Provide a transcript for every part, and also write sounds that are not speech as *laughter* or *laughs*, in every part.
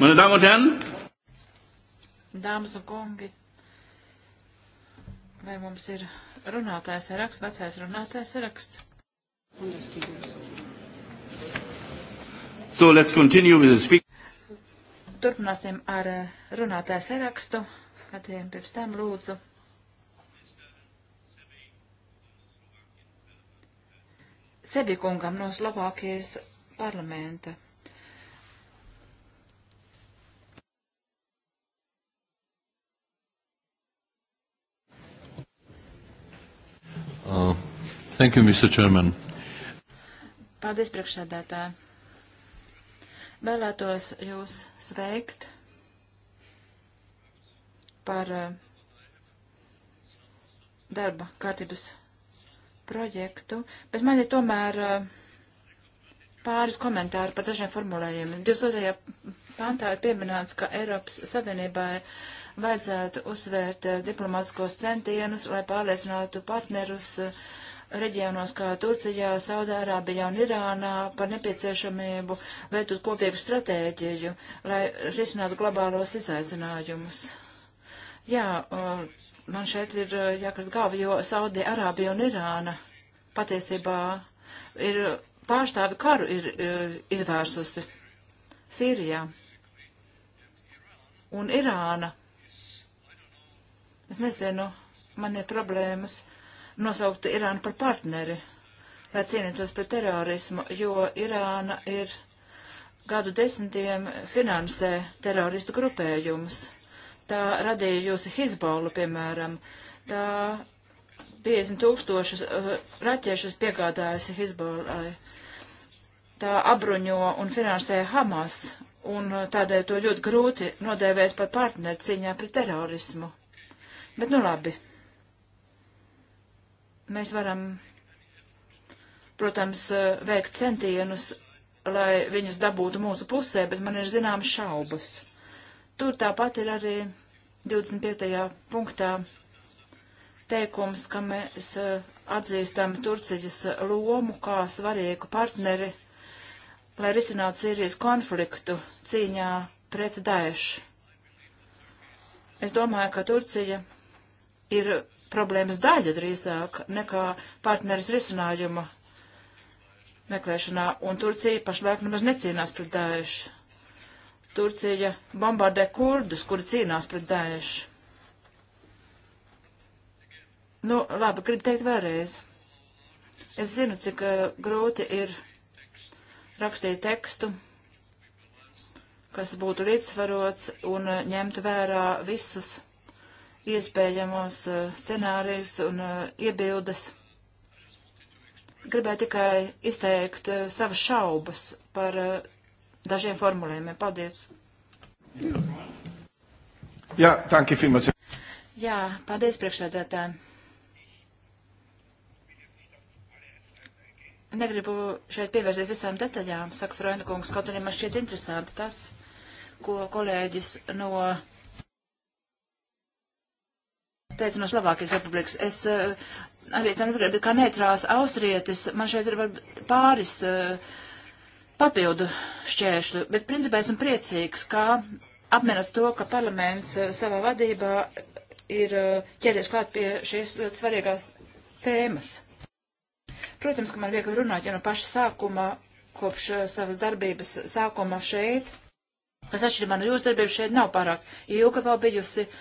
Meine Damen und Herren. Dāmas un kungi, vai mums ir runātājs saraksts, vecais runātājs saraksts? So, let's continue with the speak. Turpināsim ar eh, runātāju sarakstu. Katriem pirms tam lūdzu. Sebikungam no Slovākijas parlamenta. Uh, thank you, Mr. Chairman. Paldies, priekšsēdētāji. Vēlētos jūs sveikt par uh, darba kārtības projektu, bet man ir tomēr uh, pāris komentāri par dažiem formulējumiem. 22. pantā ir pieminēts, ka Eiropas Savienībai vajadzētu uzsvērt eh, diplomātiskos centienus, lai pārliecinātu partnerus eh, reģionos kā Turcijā, Saudārābijā un Irānā par nepieciešamību veidot kopīgu stratēģiju, lai risinātu globālos izaicinājumus. Jā, eh, man šeit ir jākart galva, jo Saudija, Arābija un Irāna patiesībā ir pārstāvi karu ir, ir izvērsusi Sīrijā. Un Irāna Es nezinu, man ir problēmas nosaukt Irānu par partneri, lai cīnītos pret terorismu, jo Irāna ir gadu desmitiem finansē teroristu grupējumus. Tā radīja jūsu Hizbolu, piemēram. Tā 50 tūkstošus uh, raķešus piegādājusi Hizbolai. Tā apbruņo un finansē Hamas, un eh, tādēļ to ļoti grūti nodēvēt par partneri cīņā pret terorismu. Bet nu labi. Mēs varam, protams, eh, veikt centienus, lai viņus dabūtu mūsu pusē, bet man ir zināmas šaubas. Tur tāpat ir arī 25. punktā teikums, ka mēs eh, atzīstam Turcijas lomu kā svarīgu partneri, lai risinātu Sīrijas konfliktu cīņā pret Daešu. Es domāju, ka Turcija ir problēmas daļa drīzāk nekā partneris risinājuma meklēšanā, un Turcija pašlaik nemaz necīnās pret Daešu. Turcija bombardē kurdus, kuri cīnās pret Daešu. Nu, labi, gribu teikt vēlreiz. Es zinu, cik uh, grūti ir rakstīt tekstu, kas būtu līdzsvarots un uh, ņemt vērā visus iespējamos eh, scenārijus un eh, iebildes. Gribēju tikai izteikt eh, savas šaubas par dažiem formulējumiem. Paldies! Jā, tanki filmas. Jā, paldies priekšsēdētājiem. Negribu šeit pievērsties visām detaļām, saka Freunde kungs, kaut arī man šķiet interesanti tas, ko kolēģis no. Uh, teica no Slovākijas republikas. Es eh, arī tam gribētu, kā neitrās austrietis, man šeit ir pāris eh, papildu šķēršļu, bet principā esmu priecīgs, kā apmienot to, ka parlaments eh, savā vadībā ir ķēries klāt pie šīs ļoti svarīgās tēmas. Protams, ka man viegli runāt, ja no paša sākuma, kopš savas darbības sākuma šeit, kas atšķirībā no jūsu darbības šeit nav pārāk ilga vēl bijusi, uh,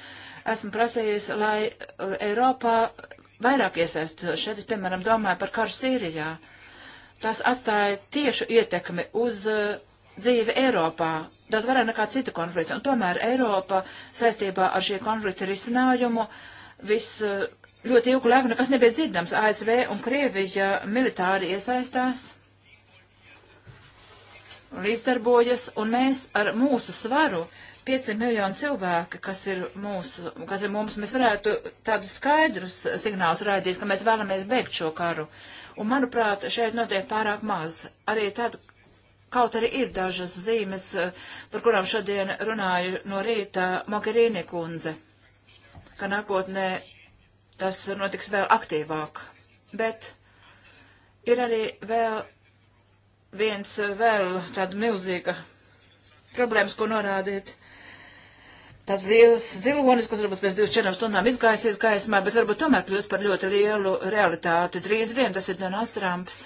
esmu prasījis, lai uh, Eiropā vairāk iesaistos. Šeit es, piemēram, domāju par karu Sīrijā. Tas atstāja tiešu ietekmi uz uh, dzīve Eiropā, daudz vairāk nekā cita konflikta, un tomēr Eiropa saistībā ar šī konflikta risinājumu viss uh, ļoti ilgu laiku nekas nebija dzirdams. ASV un Krievija militāri iesaistās, līdzdarbojas, un mēs ar mūsu svaru uh, 500 miljoni cilvēki, kas ir mūsu, kas ir mums, mēs varētu tādus skaidrus signālus raidīt, ka mēs vēlamies beigt šo karu. Un, manuprāt, šeit notiek pārāk maz. Arī tad, kaut arī ir dažas zīmes, par kurām šodien runāju no rīta Mogherini kundze, ka nākotnē tas notiks vēl aktīvāk. Bet ir arī vēl viens vēl tāda milzīga problēmas, ko norādīt tāds liels zilonis, kas varbūt pēc 24 stundām izgaisies gaismā, bet varbūt tomēr kļūst par ļoti lielu realitāti. Drīz vien tas ir Donalds Trumps.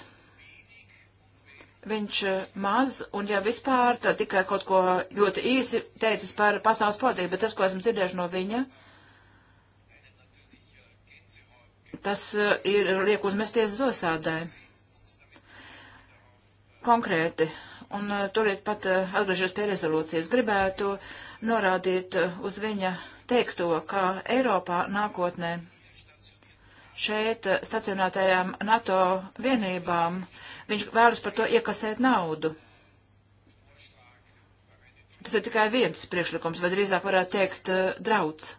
Viņš eh, maz un ja vispār tā tikai kaut ko ļoti īsi teicis par pasaules politiku, bet tas, ko esam dzirdējuši no viņa, tas eh, ir liek uzmesties zosādē. Konkrēti un eh, turiet pat eh, atgriežot pie rezolūcijas. Gribētu norādīt eh, uz viņa teikto, ka Eiropā nākotnē šeit stacionētajām NATO vienībām viņš vēlas par to iekasēt naudu. Tas ir tikai viens priekšlikums, vai drīzāk varētu teikt drauds.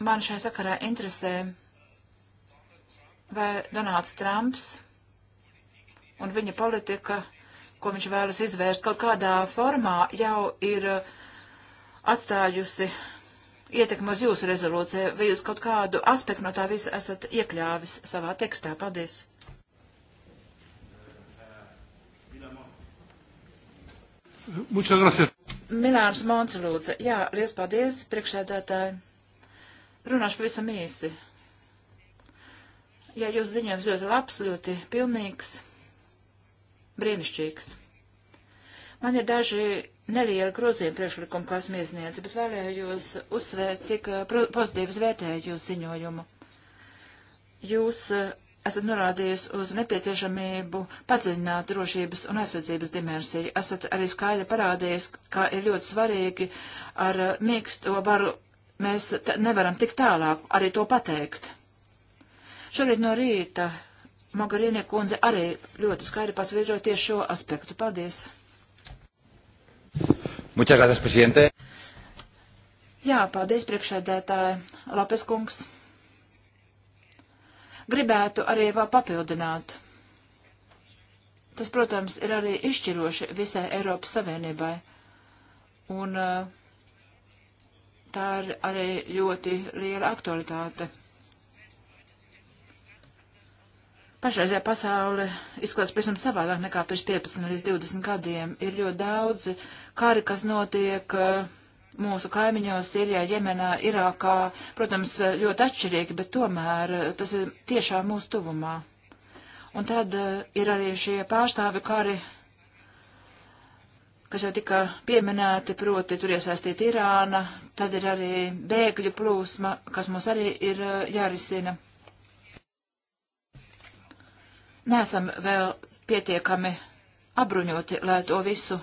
Man šajā sakarā interesē, vai Donalds Trumps un viņa politika, ko viņš vēlas izvērst kaut kādā formā, jau ir uh, atstājusi ietekmi uz jūsu rezolūciju, vai jūs kaut kādu aspektu no tā visa esat iekļāvis savā tekstā. Paldies! Muchas gracias. Milārs Mons lūdzu. Jā, liels paldies, priekšsēdētāji. Runāšu pavisam īsi. Jā, jūs ziņojums ļoti labs, ļoti pilnīgs brīnišķīgs. Man ir daži nelieli grozījumi priekšlikumi, kas miesniedz, bet vēlējos uzsvērt, cik eh, pozitīvas vērtēju jūs ziņojumu. Jūs eh, esat norādījis uz nepieciešamību padziļināt drošības un aizsardzības dimensiju. Esat arī skaidri parādījis, ka ir ļoti svarīgi ar eh, mīksto varu. Mēs nevaram tik tālāk arī to pateikt. Šorīt no rīta Magarīnie kundze arī ļoti skaidri pasvītroja tieši šo aspektu. Paldies! Muchas gracias, presidente. Jā, paldies priekšēdētāji Lapes kungs. Gribētu arī vēl papildināt. Tas, protams, ir arī izšķiroši visai Eiropas Savienībai. Un eh, tā ir arī ļoti liela aktualitāte. Pašreizajā pasaule izskatās pavisam savādāk nekā pirms 15 līdz 20 gadiem. Ir ļoti daudzi kari, kas notiek eh, mūsu kaimiņos, Sīrijā, Jemenā, Irākā. Protams, eh, ļoti atšķirīgi, bet tomēr eh, tas ir tiešām mūsu tuvumā. Un tad ir arī šie pārstāvi kari, kas jau tika pieminēti, proti tur iesaistīta Irāna, tad ir arī bēgļu plūsma, kas mums arī ir jārisina nesam vēl pietiekami apbruņoti, lai to visu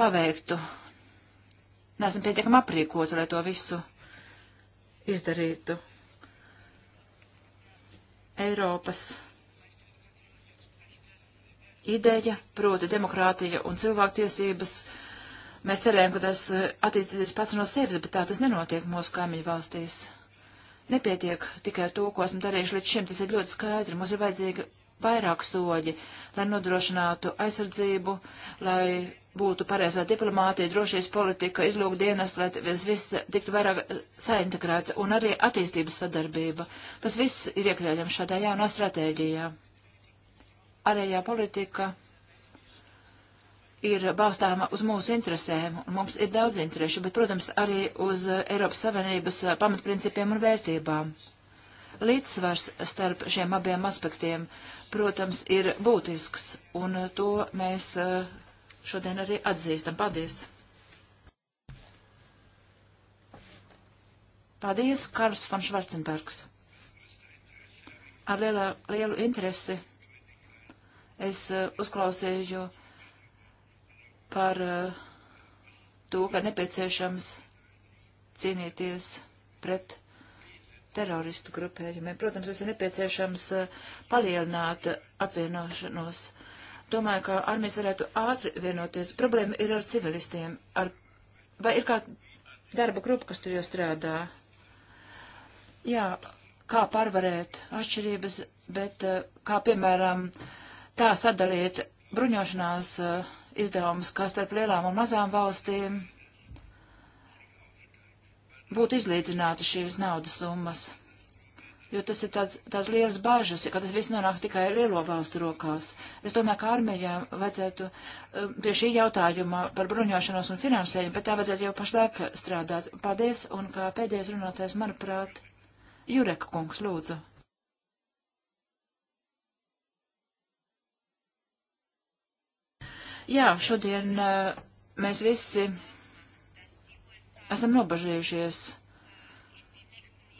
paveiktu. Nesam pietiekami aprīkoti, lai to visu izdarītu. Eiropas ideja, proti demokrātija un cilvēktiesības. Mēs cerējām, ka tas attīstīsies pats no sevis, bet tā tas nenotiek mūsu kaimiņu valstīs nepietiek tikai ar to, ko esam darījuši līdz šim, tas ir ļoti skaidri. Mums ir vajadzīgi vairāk soļi, lai nodrošinātu aizsardzību, lai būtu pareizā diplomātija, drošības politika, izlūkdienas, lai tas viss tiktu vairāk saintegrēts un arī attīstības sadarbība. Tas viss ir iekļaujams šādā jaunā stratēģijā. Arējā politika ir balstāma uz mūsu interesēm, un mums ir daudz interešu, bet, protams, arī uz Eiropas Savienības pamatprincipiem un vērtībām. Līdzsvars starp šiem abiem aspektiem, protams, ir būtisks, un to mēs eh, šodien arī atzīstam. Paldies! Paldies, Karls von Schwarzenbergs! Ar lielu, lielu interesi es eh, uzklausīju par uh, to, ka nepieciešams cīnīties pret teroristu grupējumiem. Protams, tas ir nepieciešams uh, palielināt apvienošanos. Domāju, ka armijas varētu ātri vienoties. Problēma ir ar civilistiem. Ar... Vai ir kāda darba grupa, kas tur jau strādā? Jā, kā pārvarēt atšķirības, bet uh, kā, piemēram, tā sadalīt bruņošanās uh, izdevumus, kā starp lielām un mazām valstīm būtu izlīdzināti šīs naudas summas. Jo tas ir tāds, tās lielas bažas, ka tas viss nonāks tikai lielo valstu rokās. Es domāju, ka armijā vajadzētu um, pie šī jautājuma par bruņošanos un finansējumu, bet tā vajadzētu jau pašlaik strādāt. Paldies, un kā pēdējais runātājs, manuprāt, Jureka kungs lūdzu. Jā, šodien eh, mēs visi esam nobažījušies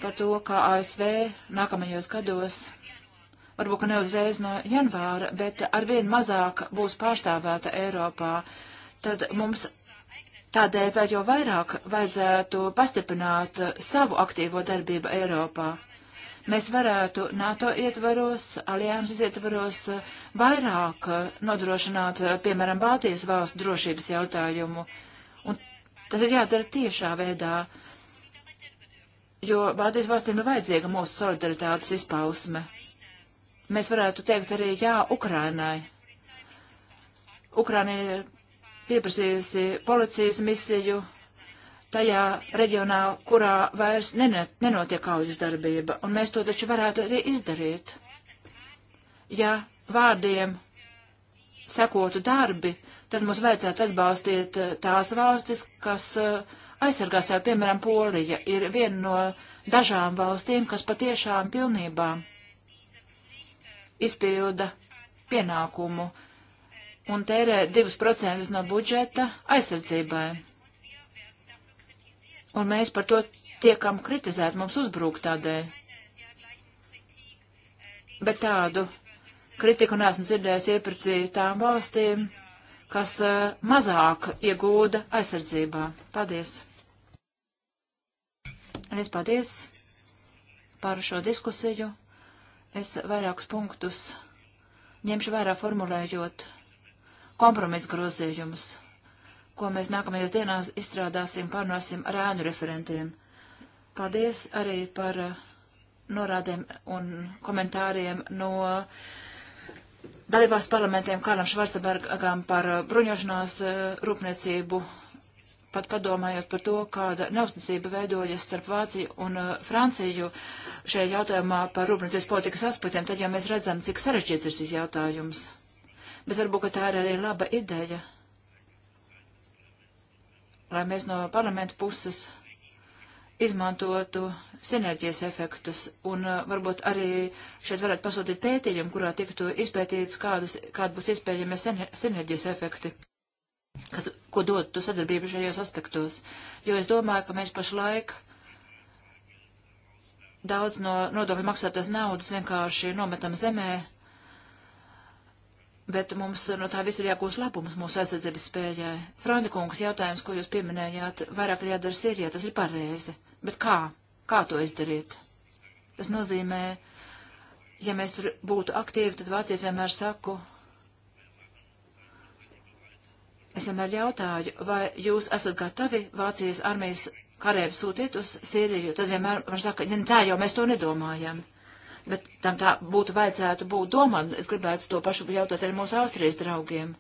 par to, kā ASV nākamajos gados, varbūt ne uzreiz no janvāra, bet arvien mazāk būs pārstāvēta Eiropā, tad mums tādēļ vēl jau vairāk vajadzētu pastiprināt savu aktīvo darbību Eiropā mēs varētu NATO ietvaros, alianses ietvaros eh, vairāk eh, nodrošināt, eh, piemēram, Baltijas valstu drošības jautājumu. Un tas ir jādara tiešā veidā, jo Baltijas valstīm ir vajadzīga mūsu solidaritātes izpausme. Mēs varētu teikt arī jā Ukrainai. Ukraina ir pieprasījusi policijas misiju tajā reģionā, kurā vairs nenotiek kaujas darbība, un mēs to taču varētu arī izdarīt. Ja vārdiem sekotu darbi, tad mums vajadzētu atbalstīt eh, tās valstis, kas eh, aizsargā sev, piemēram, Polija ir viena no dažām valstīm, kas patiešām pilnībā izpilda pienākumu un tērē 2% no budžeta aizsardzībai. Un mēs par to tiekam kritizēti, mums uzbrūk tādēļ. Bet tādu kritiku neesmu dzirdējis iepratī tām valstīm, kas uh, mazāk iegūda aizsardzībā. Paldies! Es paldies par šo diskusiju. Es vairākus punktus ņemšu vērā formulējot kompromisu grozījumus ko mēs nākamajās dienās izstrādāsim, pārnosim ar ēnu referentiem. Paldies arī par uh, norādēm un komentāriem no dalībās parlamentiem Kāram Švarcebergam par uh, bruņošanās uh, rūpniecību, pat padomājot par to, kāda neusticība veidojas starp Vāciju un Franciju šajā jautājumā par rūpniecības politikas aspektiem, tad jau mēs redzam, cik sarežģīts ir šis jautājums. Bet varbūt, ka tā ir arī laba ideja lai mēs no parlamenta puses izmantotu sinerģijas efektus, un uh, varbūt arī šeit varētu pasūtīt pētījumu, kurā tiktu izpētīts, kādas, kāda būs iespējami sinerģijas efekti, kas, ko dotu sadarbību šajos aspektos. Jo es domāju, ka mēs pašlaik daudz no nodokļu maksātas naudas vienkārši nometam zemē, bet mums no tā viss ir jāgūst labums mūsu aizsardzības spējai. Frāņa kungs, jautājums, ko jūs pieminējāt, vairāk ir jādara Sīrijā, tas ir pareizi. Bet kā? Kā to izdarīt? Tas nozīmē, ja mēs tur būtu aktīvi, tad vācieši vienmēr saku, es vienmēr jautāju, vai jūs esat gatavi Vācijas armijas karēvi sūtīt uz Sīriju, tad vienmēr man saka, ja tā jau mēs to nedomājam bet tam tā būtu vajadzētu būt domām. Es gribētu to pašu jautāt arī mūsu Austrijas draugiem.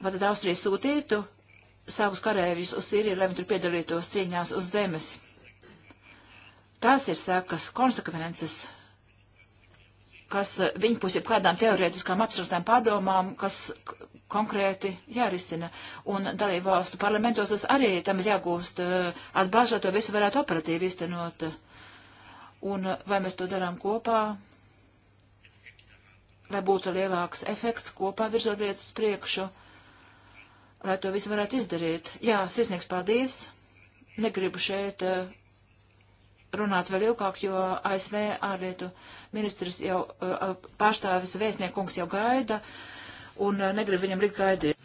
Vai tad Austrija sūtītu savus karēvis uz Sīriju, lai viņi tur piedalītos cīņās uz zemes? Tās ir sekas, konsekvences, kas eh, viņa pusē kādām teorētiskām abstraktām pārdomām, kas konkrēti jārisina. Un dalībvalstu parlamentos tas arī tam ir jāgūst eh, atbalstu, to visu varētu operatīvi iztenot. Uh, un eh, vai mēs to darām kopā, lai būtu lielāks efekts kopā virzot lietas priekšu, lai to visu varētu izdarīt. Jā, sisnieks, paldies! Negribu šeit eh, runāt vēl ilgāk, jo ASV ārlietu ministrs jau eh, pārstāvis vēstniekungs jau gaida un negribu viņam likt gaidīt.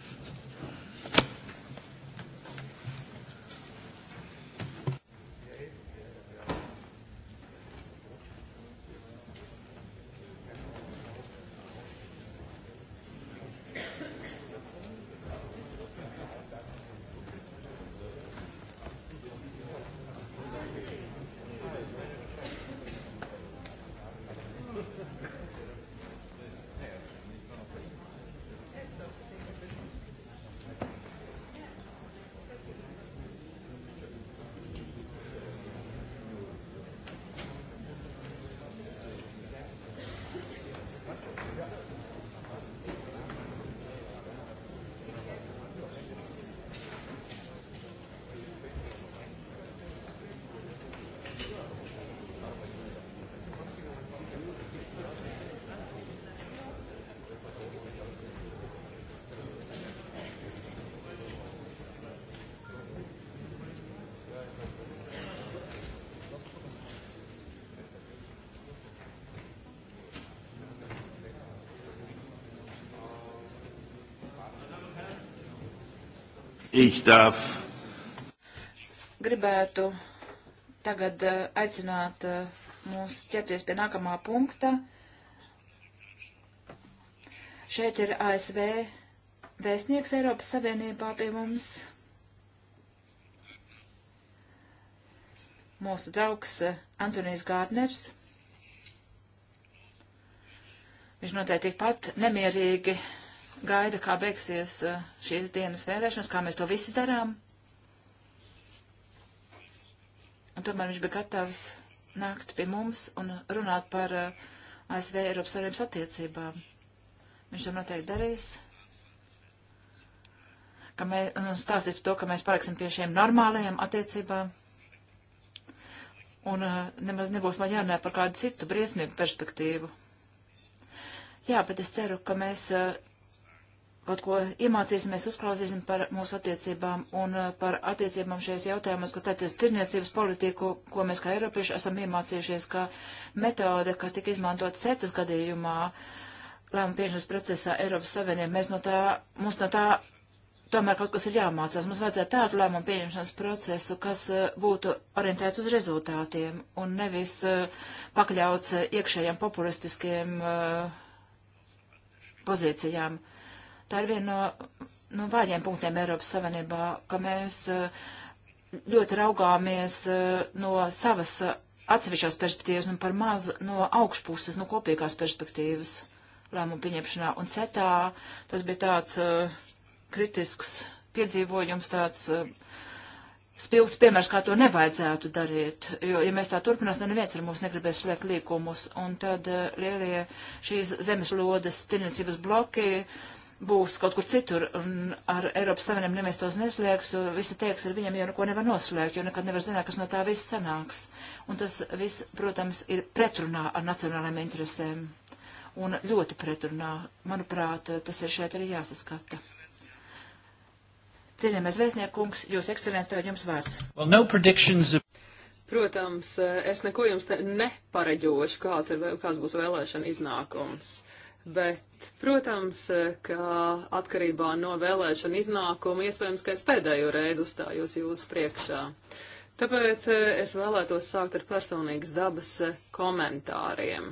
Ich darf. Gribētu tagad eh, aicināt eh, mūs ķerties pie nākamā punkta. Šeit ir ASV vēstnieks Eiropas Savienībā pie mums. Mūsu draugs eh, Antonijs Gārners. Viņš noteikti tikpat nemierīgi gaida, kā beigsies eh, šīs dienas vēlēšanas, kā mēs to visi darām. Un tomēr viņš bija gatavs nākt pie mums un runāt par eh, ASV Eiropas Savienības attiecībām. Viņš to noteikti darīs. Ka mēs, un stāstīs par to, ka mēs paliksim pie šiem normālajiem attiecībām. Un eh, nemaz nebūs man jārunā par kādu citu briesmīgu perspektīvu. Jā, bet es ceru, ka mēs kaut ko iemācīsimies, uzklausīsim par mūsu attiecībām un eh, par attiecībām šajos jautājumos, kas tāties tirniecības politiku, ko mēs kā Eiropieši esam iemācījušies, ka metode, kas tika izmantot CETAS gadījumā, lēmuma pieņemšanas procesā Eiropas Savienībā, mēs no tā, mums no tā tomēr kaut kas ir jāmācās. Mums vajadzētu tādu lēmumu pieņemšanas procesu, kas eh, būtu orientēts uz rezultātiem un nevis eh, pakļauts iekšējiem populistiskiem pozīcijām. Uh, Tā ir viena no, no vājiem punktiem Eiropas Savienībā, ka mēs eh, ļoti raugāmies eh, no savas eh, atsevišķās perspektīvas un par maz no augšpuses, no kopīgās perspektīvas lēmumu pieņemšanā. Un cetā tas bija tāds uh, kritisks piedzīvojums, tāds uh, spilgts piemērs, kā to nevajadzētu darīt. Jo, ja mēs tā turpināsim, tad neviens ar mums negribēs slēgt līkumus. Un tad uh, lielie šīs zemeslodes tirniecības bloki. Uh, būs kaut kur citur, un ar Eiropas Savienību neviens tos neslēgs, visi teiks, ar viņiem jau neko nevar noslēgt, jo nekad nevar zināt, kas no tā viss sanāks. Un tas viss, protams, ir pretrunā ar nacionālajiem interesēm. Un ļoti pretrunā, manuprāt, tas ir šeit arī jāsaskata. Cienījamies vēstniekungs, jūs ekscelents, tagad jums vārds. Well, no predictions... Protams, es neko jums nepareģošu, kāds, ir, kāds būs vēlēšana iznākums. Uh, Bet, protams, ka atkarībā no vēlēšana iznākuma iespējams, ka es pēdējo reizi uzstājos jūsu priekšā. Tāpēc eh, es vēlētos sākt ar personīgas dabas eh, komentāriem.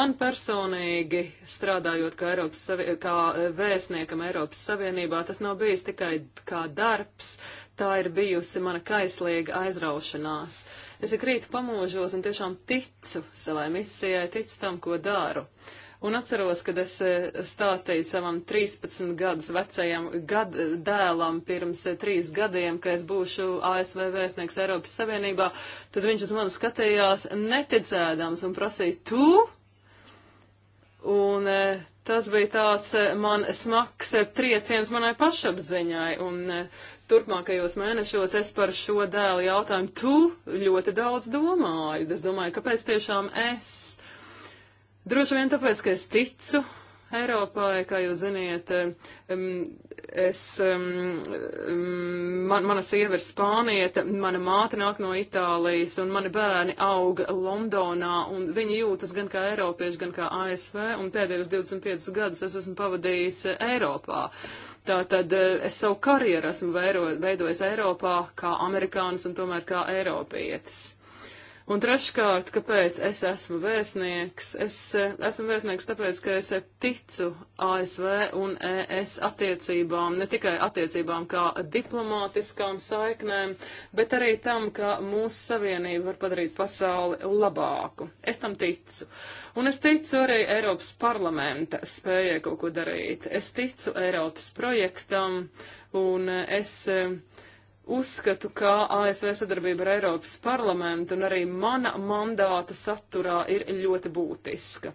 Man personīgi, strādājot kā, Eiropas, kā eh, vēstniekam Eiropas Savienībā, tas nav bijis tikai kā darbs, tā ir bijusi mana kaislīga aizraušanās. Es ik rīt pamožos un tiešām ticu savai misijai, ticu tam, ko daru. Uh, Un atceros, kad es eh, stāstīju savam 13 gadus vecajam gad, eh, dēlam pirms eh, trīs gadiem, ka es būšu ASV vēstnieks Eiropas Savienībā, tad viņš uz mani skatījās neticēdams un prasīja, tu? Un tas bija tāds man smags trieciens manai pašapziņai. Un turpmākajos mēnešos es par šo dēlu jautājumu tu ļoti daudz domāju. Es domāju, kāpēc tiešām es? Droši vien tāpēc, ka es ticu Eiropai, kā jūs ziniet, es, man, mana sieva ir spānieta, mana māte nāk no Itālijas un mani bērni aug Londonā un viņi jūtas gan kā eiropieši, gan kā ASV un pēdējos 25 gadus es esmu pavadījis Eiropā. Tātad eh, es savu karjeru esmu veidojis Eiropā kā amerikānis un tomēr kā eiropietis. Un treškārt, kāpēc es esmu vēstnieks? Es eh, esmu vēstnieks tāpēc, ka es eh, ticu ASV un ES attiecībām, ne tikai attiecībām kā diplomātiskām saiknēm, bet arī tam, ka mūsu savienība var padarīt pasauli labāku. Es tam ticu. Un es ticu arī Eiropas parlamenta spējai kaut ko darīt. Es ticu Eiropas projektam un eh, es. Uh, Uzskatu, ka ASV sadarbība ar Eiropas parlamentu un arī mana mandāta saturā ir ļoti būtiska.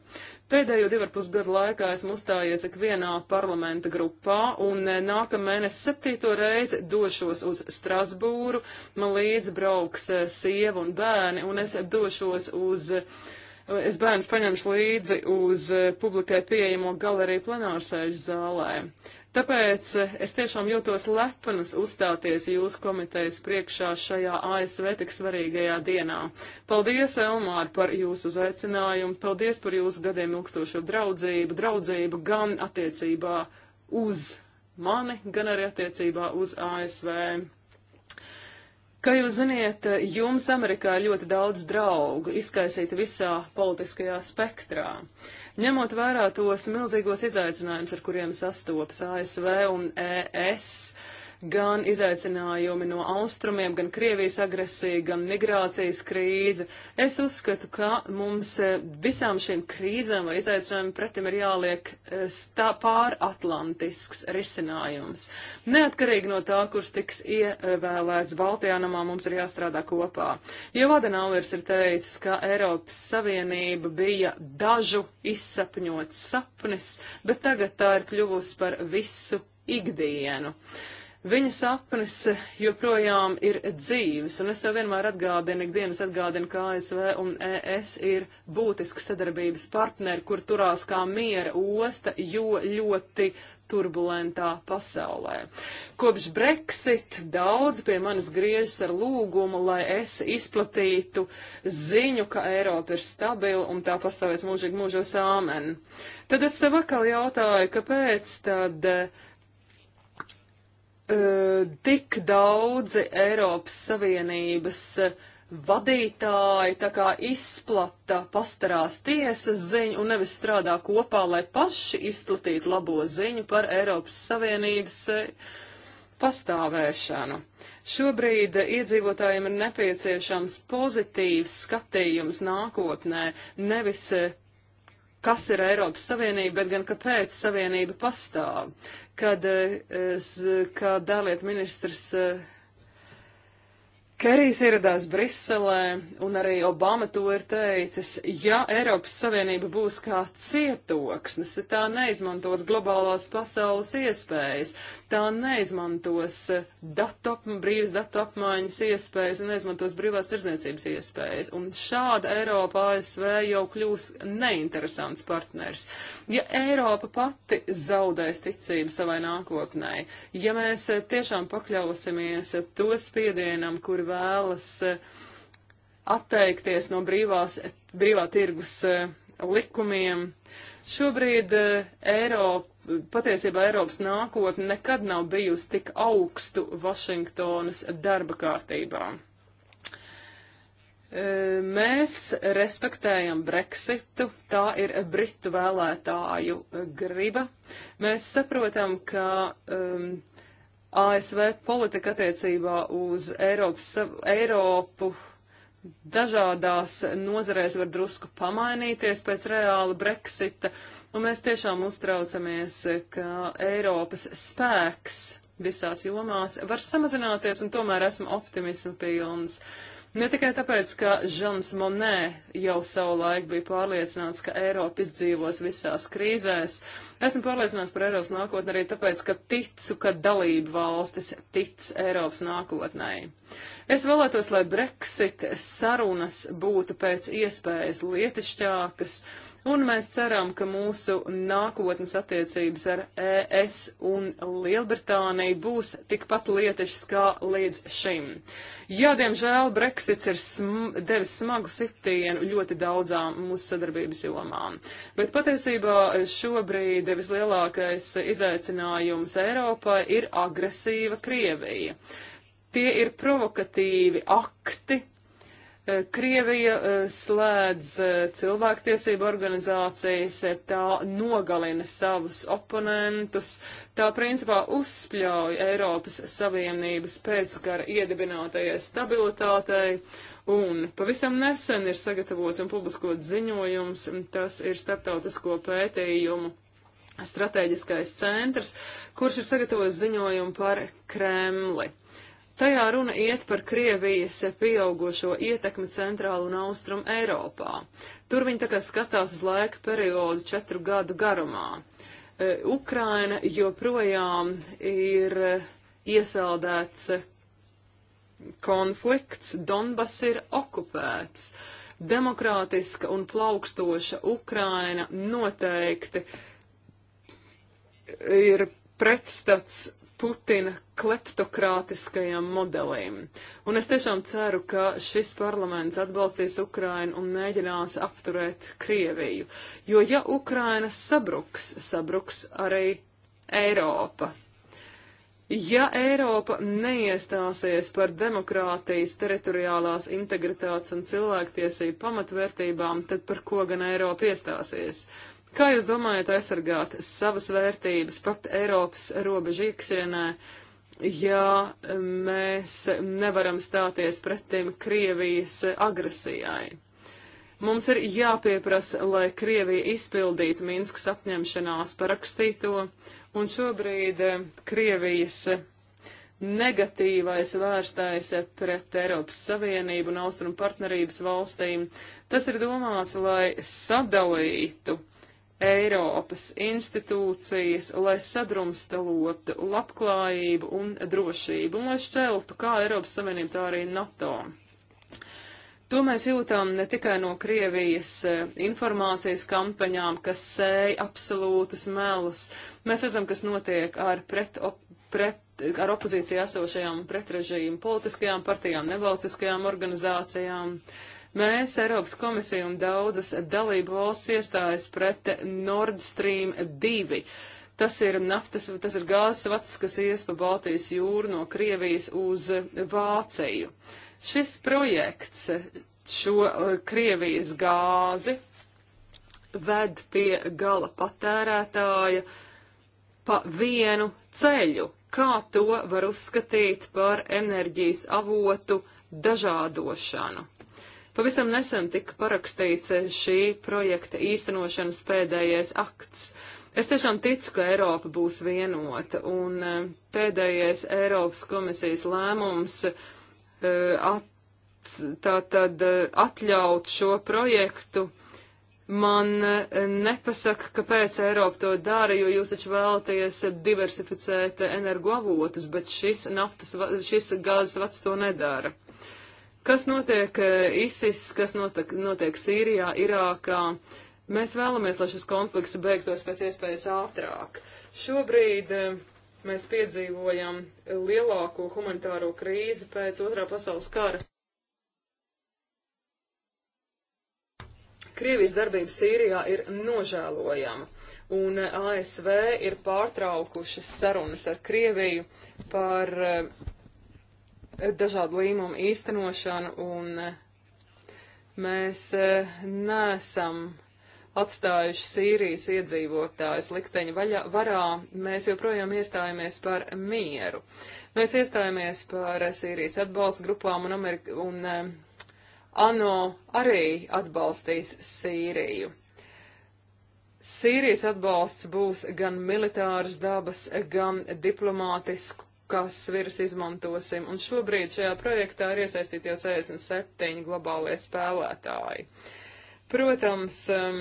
Pēdējo divu ar pus gadu laikā esmu uzstājies ikvienā parlamenta grupā, un eh, nākamēnes septīto reizi došos uz Strasbūru. Man līdzi brauks eh, sieva un bērni, un es došos uz. Eh, es bērns paņemšu līdzi uz publikai pieejamo galeriju plenārsēžu zālē. Tāpēc es tiešām jūtos lepnas uzstāties jūsu komitejas priekšā šajā ASV tik svarīgajā dienā. Paldies, Elmār, par jūsu uzaicinājumu, paldies par jūsu gadiem ilgstošo draudzību, draudzību gan attiecībā uz mani, gan arī attiecībā uz ASV. Kā jūs ziniet, jums Amerikā ir ļoti daudz draugu, izkaisīti visā politiskajā spektrā. Ņemot vērā tos milzīgos izaicinājumus, ar kuriem sastopas ASV un ES, uh, gan izaicinājumi no austrumiem, gan Krievijas agresija, gan migrācijas krīze. Es uzskatu, ka mums eh, visām šīm krīzēm vai izaicinājumiem pretim ir jāliek eh, stā, pāratlantisks risinājums. Neatkarīgi no tā, kurš tiks ievēlēts Baltijānamā, mums ir jāstrādā kopā. Jau Adenauers ir teicis, ka Eiropas Savienība bija dažu izsapņots sapnis, bet tagad tā ir kļuvusi par visu ikdienu. Viņa sapnis joprojām ir dzīves, un es jau vienmēr atgādinu, ikdienas atgādinu, ka ASV un ES ir būtiski sadarbības partneri, kur turās kā miera osta, jo ļoti turbulentā pasaulē. Kopš Brexit daudz pie manis griežas ar lūgumu, lai es izplatītu ziņu, ka Eiropa ir stabila un tā pastāvēs mūžīgi mūžos āmen. Tad es sev atkal jautāju, kāpēc tad E, tik daudzi Eiropas Savienības vadītāji tā kā izplata pastarās tiesas ziņu un nevis strādā kopā, lai paši izplatītu labo ziņu par Eiropas Savienības e, pastāvēšanu. Šobrīd iedzīvotājiem ir nepieciešams pozitīvs skatījums nākotnē, nevis e, kas ir Eiropas Savienība, bet gan kāpēc Savienība pastāv. Kad, eh, kad ārlietu ministrs eh, Kerijs ieradās Briselē, un arī Obama to ir teicis, ja Eiropas Savienība būs kā cietoksnis, tā neizmantos globālās pasaules iespējas, tā neizmantos datu, brīvas datu apmaiņas iespējas un neizmantos brīvās tirdzniecības iespējas. Un šāda Eiropa ASV jau kļūs neinteresants partners. Ja Eiropa pati zaudēs ticību savai nākotnē, ja mēs tiešām pakļausimies to spiedienam, kur vēlas eh, atteikties no brīvās, brīvā tirgus eh, likumiem. Šobrīd eh, Eiropa, patiesībā Eiropas nākotne nekad nav bijusi tik augstu Vašingtonas darba kārtībā. Mēs respektējam Brexitu, tā ir Britu vēlētāju griba. Mēs saprotam, ka um, ASV politika attiecībā uz Eiropas, Eiropu dažādās nozarēs var drusku pamainīties pēc reāla Brexita, un mēs tiešām uztraucamies, ka Eiropas spēks visās jomās var samazināties, un tomēr esmu optimismu pilns. Uh, Ne tikai tāpēc, ka Žans Monē jau savu laiku bija pārliecināts, ka Eiropa izdzīvos visās krīzēs, esmu pārliecināts par Eiropas nākotni arī tāpēc, ka ticu, ka dalība valstis tic Eiropas nākotnē. Es vēlētos, lai Brexit sarunas būtu pēc iespējas lietišķākas un mēs ceram, ka mūsu nākotnes attiecības ar ES un Lielbritāniju būs tikpat lietišas kā līdz šim. Jā, diemžēl Brexits ir sm devis smagu sitienu ļoti daudzām mūsu sadarbības jomām, bet patiesībā šobrīd vislielākais izaicinājums Eiropai ir agresīva Krievija tie ir provokatīvi akti, Krievija eh, slēdz eh, cilvēktiesību organizācijas, eh, tā nogalina savus oponentus, tā principā uzspļauj Eiropas Savienības pēckara iedibinātajai stabilitātei, un pavisam nesen ir sagatavots un publiskots ziņojums, tas ir starptautisko pētījumu strateģiskais centrs, kurš ir sagatavojis ziņojumu par Kremli. Tajā runa iet par Krievijas pieaugušo ietekmi centrālu un austrumu Eiropā. Tur viņi tā kā skatās uz laika periodu četru gadu garumā. E, Ukraina joprojām ir iesaldēts e, konflikts, Donbass ir okupēts. Demokrātiska un plaukstoša Ukraina noteikti ir pretstats Putina kleptokrātiskajam modelim. Un es tiešām ceru, ka šis parlaments atbalstīs Ukrainu un mēģinās apturēt Krieviju. Jo ja Ukraina sabruks, sabruks arī Eiropa. Ja Eiropa neiestāsies par demokrātijas, teritoriālās integritātes un cilvēktiesību pamatvērtībām, tad par ko gan Eiropa iestāsies? Kā jūs domājat aizsargāt savas vērtības pat Eiropas robežu iekšienē? ja mēs nevaram stāties pretim Krievijas agresijai. Mums ir jāpieprasa, lai Krievija izpildītu Minskas apņemšanās parakstīto, un šobrīd Krievijas negatīvais vērstais pret Eiropas Savienību un Austrum partnerības valstīm. Tas ir domāts, lai sadalītu Eiropas institūcijas, lai sadrumstalotu labklājību un drošību, un lai šķeltu kā Eiropas Savienību, tā arī NATO. To mēs jūtam ne tikai no Krievijas e, informācijas kampaņām, kas sēja absolūtus melus. Mēs redzam, kas notiek ar, pret, op, pret, ar opozīciju esošajām pretrežīmu politiskajām partijām, nevalstiskajām organizācijām. Uh, Mēs, Eiropas komisija un daudzas dalību valsts iestājas pret Nord Stream 2. Tas ir naftas, tas ir gāzes vats, kas ies pa Baltijas jūru no Krievijas uz Vāciju. Šis projekts šo uh, Krievijas gāzi ved pie gala patērētāja pa vienu ceļu. Kā to var uzskatīt par enerģijas avotu dažādošanu? Pavisam nesen tika parakstīts eh, šī projekta īstenošanas pēdējais akts. Es tiešām ticu, ka Eiropa būs vienota, un eh, pēdējais Eiropas komisijas lēmums eh, at, tā tad atļaut šo projektu man nepasaka, kāpēc Eiropa to dara, jo jūs taču vēlaties diversificēt energoavotus, bet šis naftas, šis gāzes vats to nedara. Kas notiek eh, ISIS, kas notiek, notiek Sīrijā, Irākā? Mēs vēlamies, lai šis konflikts beigtos pēc iespējas ātrāk. Šobrīd eh, mēs piedzīvojam lielāko humanitāro krīzi pēc otrā pasaules kara. Krievijas darbība Sīrijā ir nožēlojama, un eh, ASV ir pārtraukušas sarunas ar Krieviju par dažādu līmumu īstenošanu, un eh, mēs eh, nesam atstājuši Sīrijas iedzīvotājus likteņa vaļā, varā, mēs joprojām iestājamies par mieru. Mēs iestājamies par eh, Sīrijas atbalsta grupām un, Amerika, un eh, ANO arī atbalstīs Sīriju. Sīrijas atbalsts būs gan militāras dabas, gan diplomātisku kas virus izmantosim, un šobrīd šajā projektā ir iesaistīti jau 67 globālie spēlētāji. Protams, um,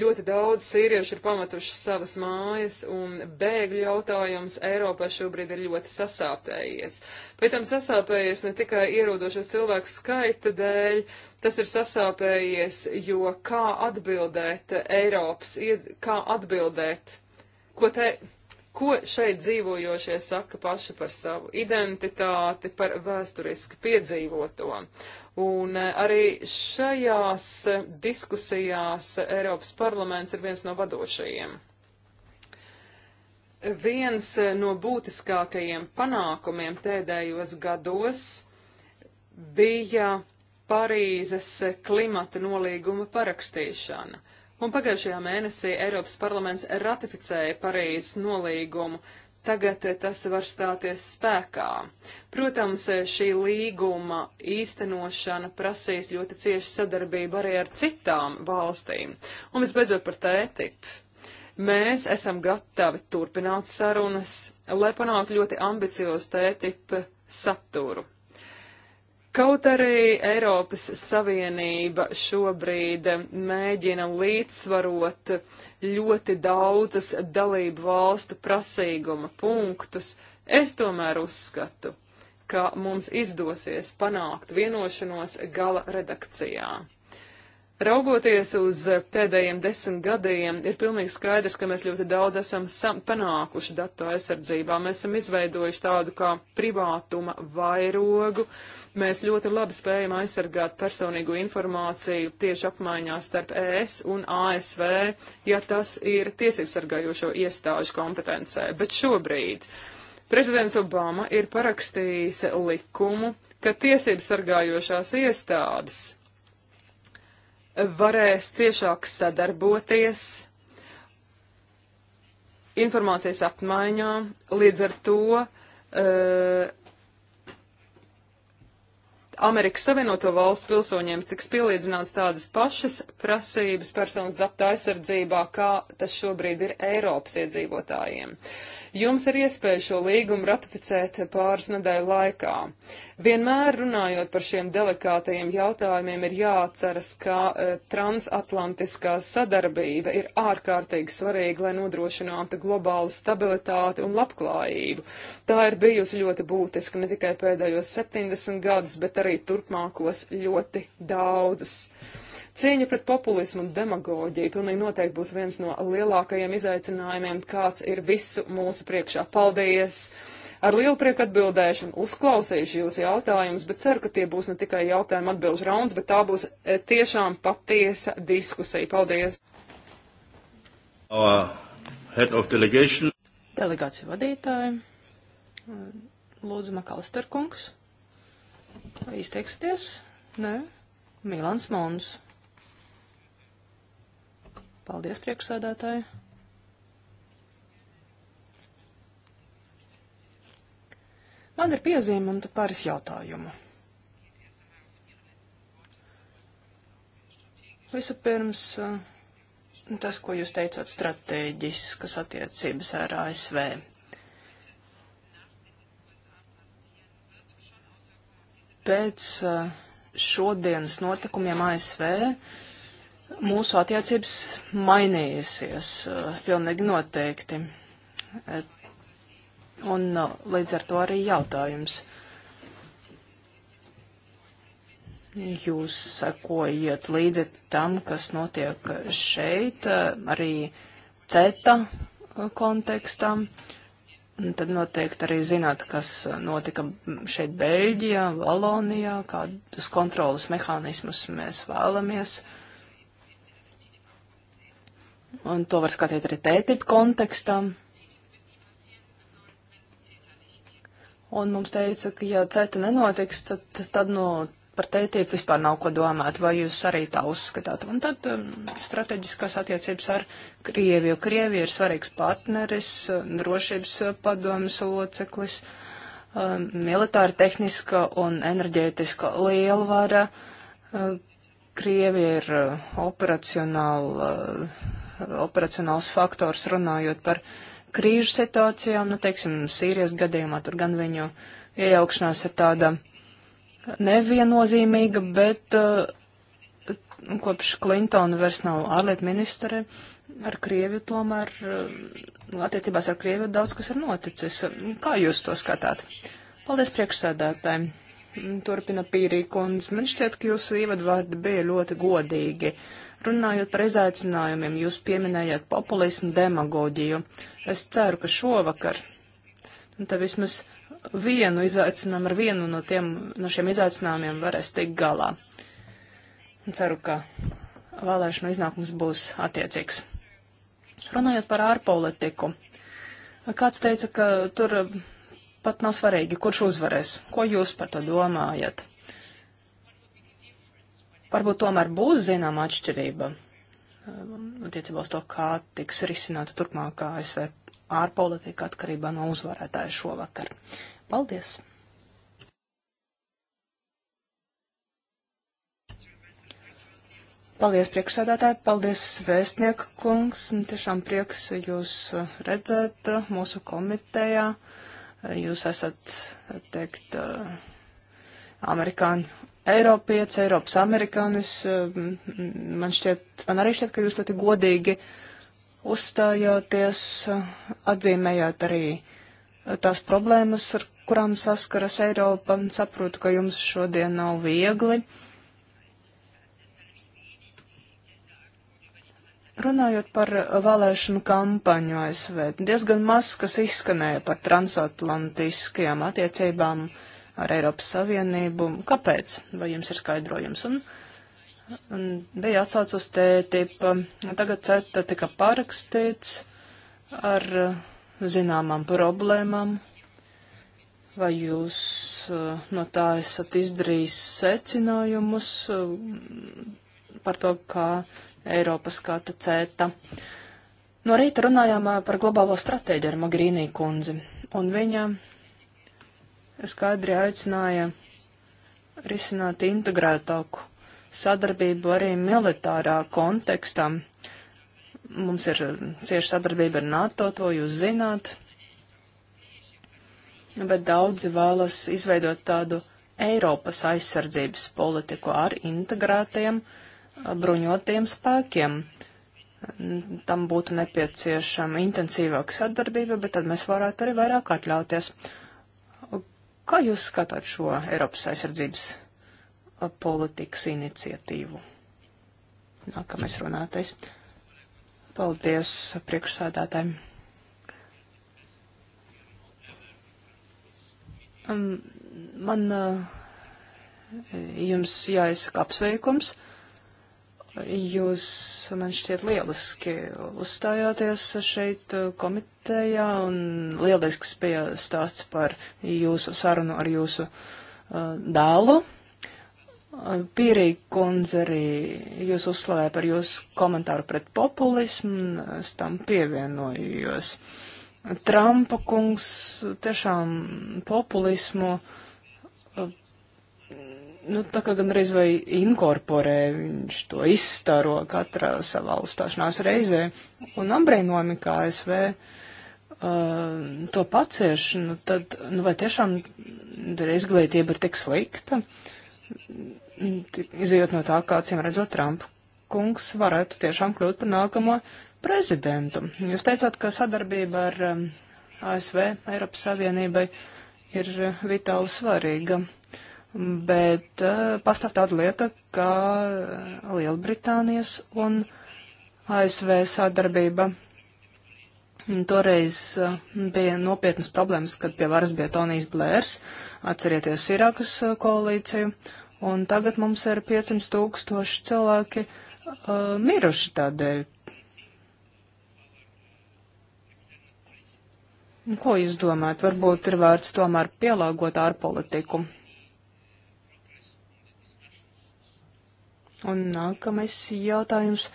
ļoti daudz sīriešu ir pametuši savas mājas, un bēgļu jautājums Eiropā šobrīd ir ļoti sasāpējies. Pēc tam sasāpējies ne tikai ierodošo cilvēku skaita dēļ, tas ir sasāpējies, jo kā atbildēt Eiropas, kā atbildēt, ko te, Ko šeit dzīvojošie saka paši par savu identitāti, par vēsturiski piedzīvoto? Un eh, arī šajās eh, diskusijās Eiropas parlaments ir viens no vadošajiem. Viens eh, no būtiskākajiem panākumiem pēdējos gados bija Parīzes klimata nolīguma parakstīšana. Un pagājušajā mēnesī Eiropas parlaments ratificēja Parīzes nolīgumu. Tagad tas var stāties spēkā. Protams, šī līguma īstenošana prasīs ļoti ciešu sadarbību arī ar citām valstīm. Un visbeidzot par tētipu mēs esam gatavi turpināt sarunas, lai panāktu ļoti ambiciozu tētipu saturu. Kaut arī Eiropas Savienība šobrīd mēģina līdzsvarot ļoti daudzus dalību valstu prasīguma punktus, es tomēr uzskatu, ka mums izdosies panākt vienošanos gala redakcijā. Raugoties uz pēdējiem desmit gadiem, ir pilnīgi skaidrs, ka mēs ļoti daudz esam panākuši datu aizsardzībā. Mēs esam izveidojuši tādu kā privātuma vairogu, uh, Mēs ļoti labi spējam aizsargāt personīgo informāciju tieši apmaiņā starp ES un ASV, ja tas ir tiesībsargājošo iestāžu kompetencē. Bet šobrīd prezidents Obama ir parakstījis likumu, ka tiesībsargājošās iestādes varēs ciešāk sadarboties informācijas apmaiņā, līdz ar to uh, Amerikas Savienoto Valstu pilsoņiem tiks pielīdzināts tādas pašas prasības personas datu aizsardzībā, kā tas šobrīd ir Eiropas iedzīvotājiem. Jums ir iespēja šo līgumu ratificēt pāris nedēļu laikā. Vienmēr runājot par šiem delikātajiem jautājumiem, ir jāatceras, ka e, transatlantiskā sadarbība ir ārkārtīgi svarīga, lai nodrošinātu globālu stabilitāti un labklājību. Tā ir bijusi ļoti būtiska ne tikai pēdējos 70 gadus, bet arī darīt turpmākos ļoti daudzus. Cīņa pret populismu un demagoģiju pilnīgi noteikti būs viens no lielākajiem izaicinājumiem, kāds ir visu mūsu priekšā. Paldies! Ar lielu prieku atbildēšu un uzklausīšu jūsu jautājumus, bet ceru, ka tie būs ne tikai jautājumu atbilžu rauns, bet tā būs e, tiešām patiesa diskusija. Paldies! Delegāciju vadītāji Lūdzu Makalisterkungs izteiksieties? Nē, Milans Mons. Paldies, priekšsēdētāji. Man ir piezīme un tad pāris jautājumu. Vispirms eh, tas, ko jūs teicāt, stratēģiskas attiecības ar ASV. pēc eh, šodienas notikumiem ASV mūsu attiecības mainījusies eh, pilnīgi noteikti. Eh, un līdz ar to arī jautājums. Jūs sekojiet līdzi tam, kas notiek šeit, arī CETA kontekstam. Uh, tad noteikti arī zināt, kas notika šeit Beļģijā, Valonijā, kādus kontrolas mehānismus mēs vēlamies. Un to var skatīt arī tētipu kontekstā. Un mums teica, ka ja ceta nenotiks, tad, tad no par tētību vispār nav ko domāt, vai jūs arī tā uzskatāt. Un tad um, strateģiskās attiecības ar Krieviju. Krievija ir svarīgs partneris, um, drošības uh, padomas loceklis, um, militāra, tehniska un enerģētiska lielvara. Uh, Krievija ir uh, operacionāla, uh, operacionāls faktors runājot par krīžu situācijām, nu, teiksim, Sīrijas gadījumā tur gan viņu iejaukšanās ir tāda neviennozīmīga, bet uh, kopš Klintona vairs nav ārlietu ministre, ar Krieviju tomēr, uh, attiecībās ar Krieviju daudz kas ir noticis. Kā jūs to skatāt? Paldies priekšsēdētājiem. Turpina Pīrī kundze. Man šķiet, ka jūsu ievadvārdi bija ļoti godīgi. Runājot par izaicinājumiem, jūs pieminējāt populismu, demagoģiju. Es ceru, ka šovakar, un te vismaz vienu izaicinājumu, ar vienu no, tiem, no šiem izaicinājumiem varēs tikt galā. Un ceru, ka vēlēšanu iznākums būs attiecīgs. Runājot par ārpolitiku, kāds teica, ka tur pat nav svarīgi, kurš uzvarēs. Ko jūs par to domājat? Varbūt tomēr būs zināma atšķirība um, attiecībā uz to, kā tiks risināta turpmākā ASV ārpolitika atkarībā no uzvarētāja šovakar. Paldies! Paldies, priekšsēdētāji, paldies, vēstnieku kungs. Tiešām prieks jūs uh, redzēt uh, mūsu komitejā. Uh, jūs esat, teikt, amerikāņu Eiropietis, Eiropas amerikānis. Man šķiet, man arī šķiet, ka jūs ļoti godīgi uzstājāties, atzīmējāt arī tās problēmas, ar kurām saskaras Eiropa, saprotu, ka jums šodien nav viegli. Runājot par vēlēšanu kampaņu ASV, diezgan maz, kas izskanēja par transatlantiskajām attiecībām ar Eiropas Savienību. Kāpēc? Vai jums ir skaidrojums? Un, un bija atsauc uz tētipa, tagad ceta tika parakstīts ar zināmām problēmām, Vai jūs eh, no tā esat izdarījis secinājumus eh, par to, kā Eiropas skata cēta? No rīta runājām eh, par globālo stratēģiju ar Magrīnī kundzi, un viņa skaidri aicināja risināt integrētāku sadarbību arī militārā kontekstā. Mums ir cieša sadarbība ar NATO, to jūs zināt Nu, bet daudzi vēlas izveidot tādu Eiropas aizsardzības politiku ar integrētajiem bruņotajiem spēkiem. Tam būtu nepieciešama intensīvāka sadarbība, bet tad mēs varētu arī vairāk atļauties. Kā jūs skatāt šo Eiropas aizsardzības politikas iniciatīvu? Nākamais runātais. Paldies priekšsādātājiem. Man jums jāizsaka apsveikums. Jūs man šķiet lieliski uzstājāties šeit komitejā un lielisks bija stāsts par jūsu sarunu ar jūsu uh, dēlu. Pīrī kundze arī jūs uzslavē par jūsu komentāru pret populismu, es tam pievienojos. Uh, Trumpa kungs tiešām populismu, nu, tā kā gandrīz vai inkorporē, viņš to izstaro katrā savā uzstāšanās reizē, un apbrīnojami, kā SV uh, to pacieš, nu, tad, nu, vai tiešām izglītība ir tik slikta, izējot no tā, kā, cīm redzot, Trumpa kungs varētu tiešām kļūt par nākamo prezidentu. Jūs teicāt, ka sadarbība ar um, ASV Eiropas Savienībai ir uh, vitāli svarīga, bet uh, pastāv tāda lieta, kā uh, Lielbritānijas un ASV sadarbība. Mm, toreiz bija nopietnas problēmas, kad pie varas bija Tonijs Blērs, atcerieties Irākas koalīciju, un tagad mums ir 500 tūkstoši cilvēki uh, miruši tādēļ, Nu, ko jūs domājat? Varbūt ir vērts tomēr pielāgot ārpolitiku. Un nākamais jautājums.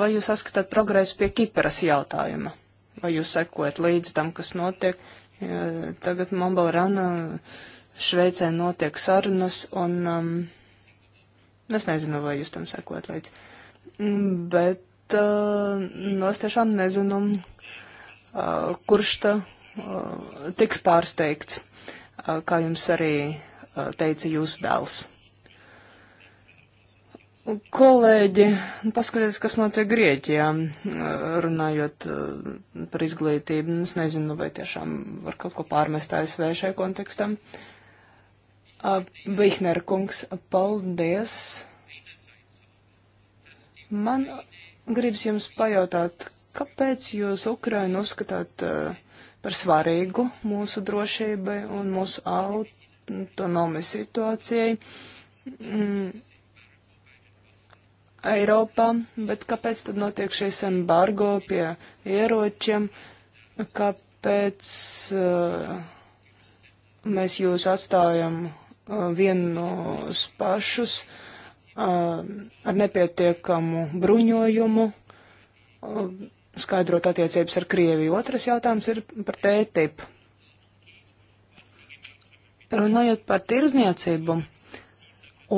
Vai jūs saskatāt progresu pie Kiperas jautājuma? Vai jūs sekojat līdzi tam, kas notiek? Ja, tagad Mombalrana Šveicē notiek sarunas, un um, es nezinu, vai jūs tam sekojat līdzi. Mm, bet uh, nu, es tiešām nezinu, uh, kurš ta tiks pārsteigts, kā jums arī teica jūsu dēls. Kolēģi, paskatieties, kas notiek Grieķijā, runājot par izglītību. Es nezinu, vai tiešām var kaut ko pārmest ASV šai kontekstam. Bihner kungs, paldies. Man gribas jums pajautāt, kāpēc jūs Ukrainu uzskatāt uh, par svarīgu mūsu drošībai un mūsu autonomai situācijai mm, Eiropā, bet kāpēc tad notiek šis embargo pie ieročiem, kāpēc uh, mēs jūs atstājam uh, vienos pašus uh, ar nepietiekamu bruņojumu. Uh, skaidrot attiecības ar Krieviju. Otrs jautājums ir par TTIP. Runājot par tirzniecību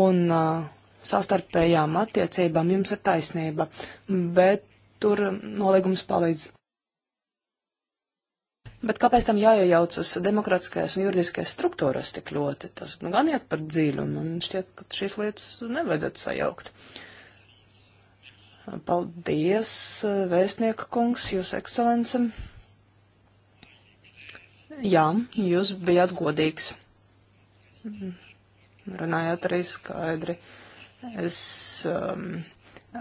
un uh, sastarpējām attiecībām, jums ir taisnība, bet tur nolīgums palīdz. Bet kāpēc tam jāiejaucas demokrātiskajās un juridiskajās struktūrās tik ļoti? Tas nu, gan iet par dziļumu, un šķiet, ka šīs lietas nevajadzētu sajaukt. Uh, Paldies, vēstnieka kungs, jūs ekscelencem. Jā, jūs bijāt godīgs. Runājāt arī skaidri. Es um,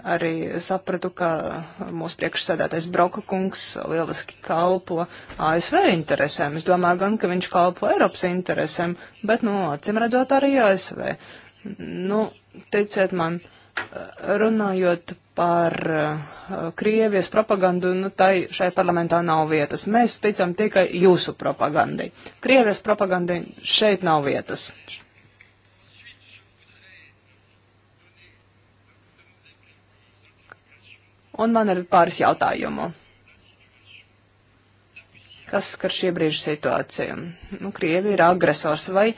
arī sapratu, ka mūsu priekšsēdētais Broka kungs lieliski kalpo ASV interesēm. Es domāju gan, ka viņš kalpo Eiropas interesēm, bet, nu, acim redzot arī ASV. Nu, teiciet man, runājot par eh, Krievijas propagandu, nu, tai šai parlamentā nav vietas. Mēs ticam tikai jūsu propagandai. Krievijas propagandai šeit nav vietas. Un man ir pāris jautājumu. Kas skar šī brīža situāciju? Nu, Krievi ir agresors vai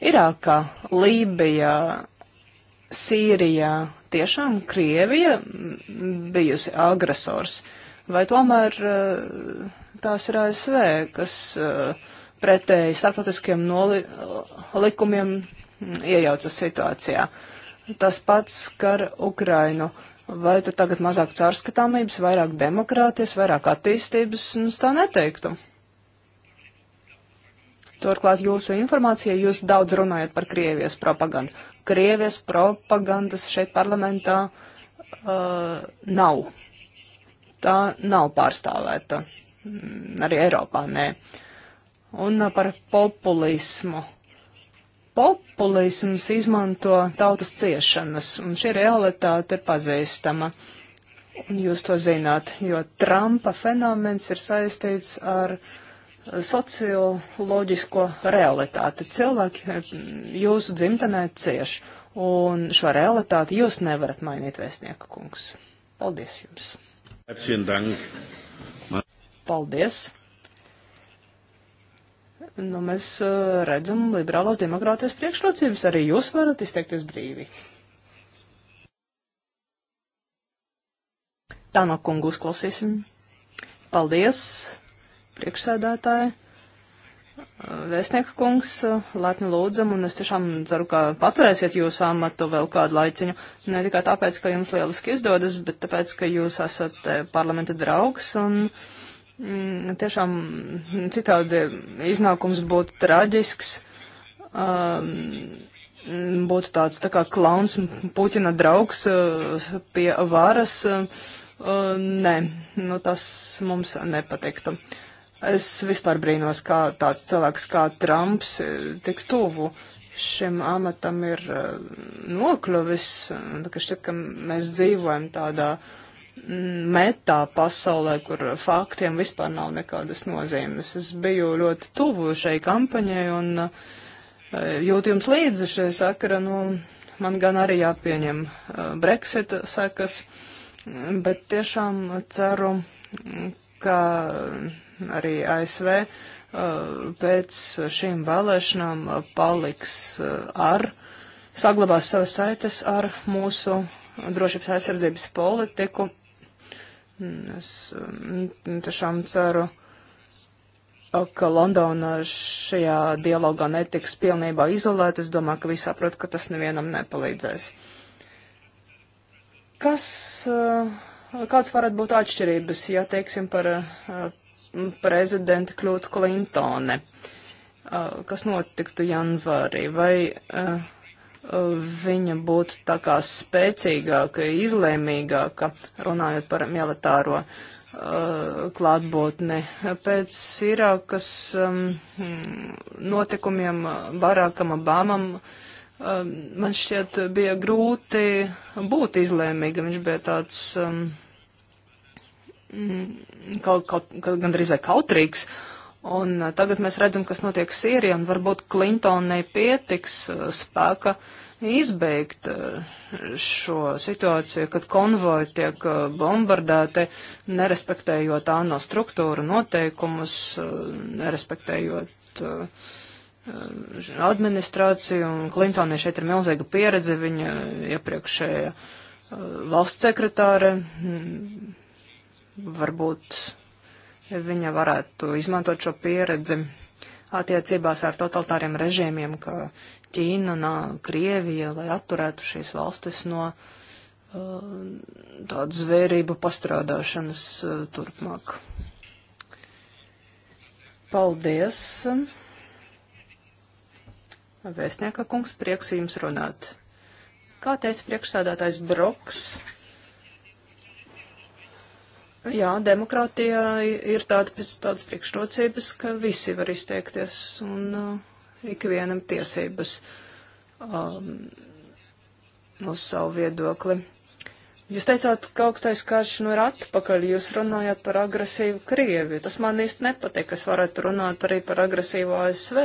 Irākā, Lībijā, Sīrijā, tiešām Krievija bijusi agresors, vai tomēr eh, tās ir ASV, kas eh, pretēji starptautiskiem likumiem mm, iejaucas situācijā. Tas pats skar Ukrainu. Vai tad tagad mazāk cārskatāmības, vairāk demokrātijas, vairāk attīstības, un es tā neteiktu. Turklāt jūsu informācija, jūs daudz runājat par Krievijas propagandu. Krievijas propagandas šeit parlamentā uh, nav. Tā nav pārstāvēta. Mm, arī Eiropā nē. Un uh, par populismu. Populisms izmanto tautas ciešanas, un šī realitāte ir pazīstama. Un jūs to zināt, jo Trumpa fenomens ir saistīts ar uh, socioloģisko realitāti. Cilvēki eh, jūsu dzimtenē cieš, un šo realitāti jūs nevarat mainīt, vēstnieka kungs. Paldies jums! Paldies! Nu, mēs eh, redzam liberālās demokrātijas priekšrocības. Arī jūs varat izteikties brīvi. Tā no kungu uzklausīsim. Paldies! priekšsēdētāji, vēstnieka kungs, lepni lūdzam, un es tiešām ceru, ka paturēsiet jūsu amatu vēl kādu laiciņu. Ne tikai tāpēc, ka jums lieliski izdodas, bet tāpēc, ka jūs esat eh, parlamenta draugs, un mm, tiešām citādi iznākums būtu traģisks. Um, būtu tāds tā kā klauns, Puķina draugs eh, pie varas. Eh, nē, nu tas mums nepatiktu. Es vispār brīnos, kā tāds cilvēks kā Trumps eh, tik tuvu šim amatam ir eh, nokļuvis. Šķiet, ka mēs dzīvojam tādā mm, metā pasaulē, kur faktiem vispār nav nekādas nozīmes. Es biju ļoti tuvu šai kampaņai un eh, jūtu jums līdzi šajā sakara. Nu, man gan arī jāpieņem Brexit sekas, mm, bet tiešām ceru, mm, ka arī ASV uh, pēc šīm vēlēšanām uh, paliks uh, ar, saglabās savas saites ar mūsu drošības aizsardzības politiku. Es mm, tiešām ceru, ka Londona šajā dialogā netiks pilnībā izolēta. Es domāju, ka visi saprot, ka tas nevienam nepalīdzēs. Kas, kāds varētu būt atšķirības, ja teiksim par prezidenta kļūtu Klintone, uh, kas notiktu janvārī, vai uh, viņa būtu tā kā spēcīgāka, izlēmīgāka, runājot par militāro uh, klātbūtni. Pēc Irākas um, notikumiem Barakam Obamam um, man šķiet bija grūti būt izlēmīgam, viņš bija tāds um, Mm, kaut, kaut, kaut, gandrīz vai kautrīgs. Un uh, tagad mēs redzam, kas notiek Sīrijā, un varbūt Klintonai pietiks uh, spēka izbeigt uh, šo situāciju, kad konvoji tiek bombardēti, nerespektējot ANO struktūru noteikumus, nerespektējot administrāciju, un Klintonai šeit ir milzīga pieredze, viņa iepriekšēja valsts sekretāre mm, varbūt viņa varētu izmantot šo pieredzi attiecībās ar totalitāriem režīmiem, kā Ķīna, nā, Krievija, lai atturētu šīs valstis no uh, tādu zvērību pastrādāšanas uh, turpmāk. Paldies! Vēstnieka kungs, prieks jums runāt. Kā teica priekšsādātājs Broks, Jā, demokrātijā ir tāda, tādas priekšrocības, ka visi var izteikties un uh, ikvienam tiesības um, uz savu viedokli. Jūs teicāt, ka augstais karš nu ir atpakaļ, jūs runājāt par agresīvu Krieviju. Tas man īsti nepatīk, es varētu runāt arī par agresīvu ASV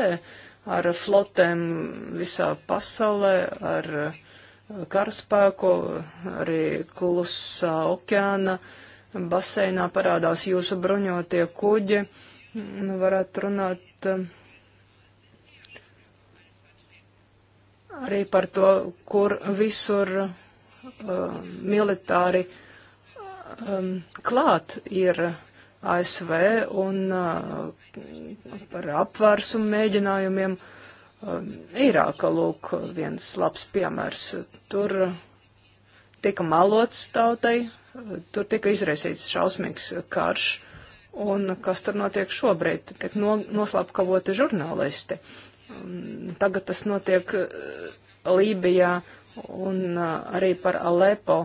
ar flotēm visā pasaulē, ar uh, karaspēku, arī klusā okeāna. Uh, baseinā parādās jūsu bruņotie kuģi. Nu, Varētu runāt um, arī par to, kur visur uh, militāri um, klāt ir ASV un uh, par apvērsumu mēģinājumiem. Uh, Irāka lūk viens labs piemērs. Tur tika malots tautai, Tur tika izraisīts šausmīgs karš, un kas tur notiek šobrīd? Tiek no, noslapkavoti žurnālisti. Tagad tas notiek uh, Lībijā un uh, arī par Alepo.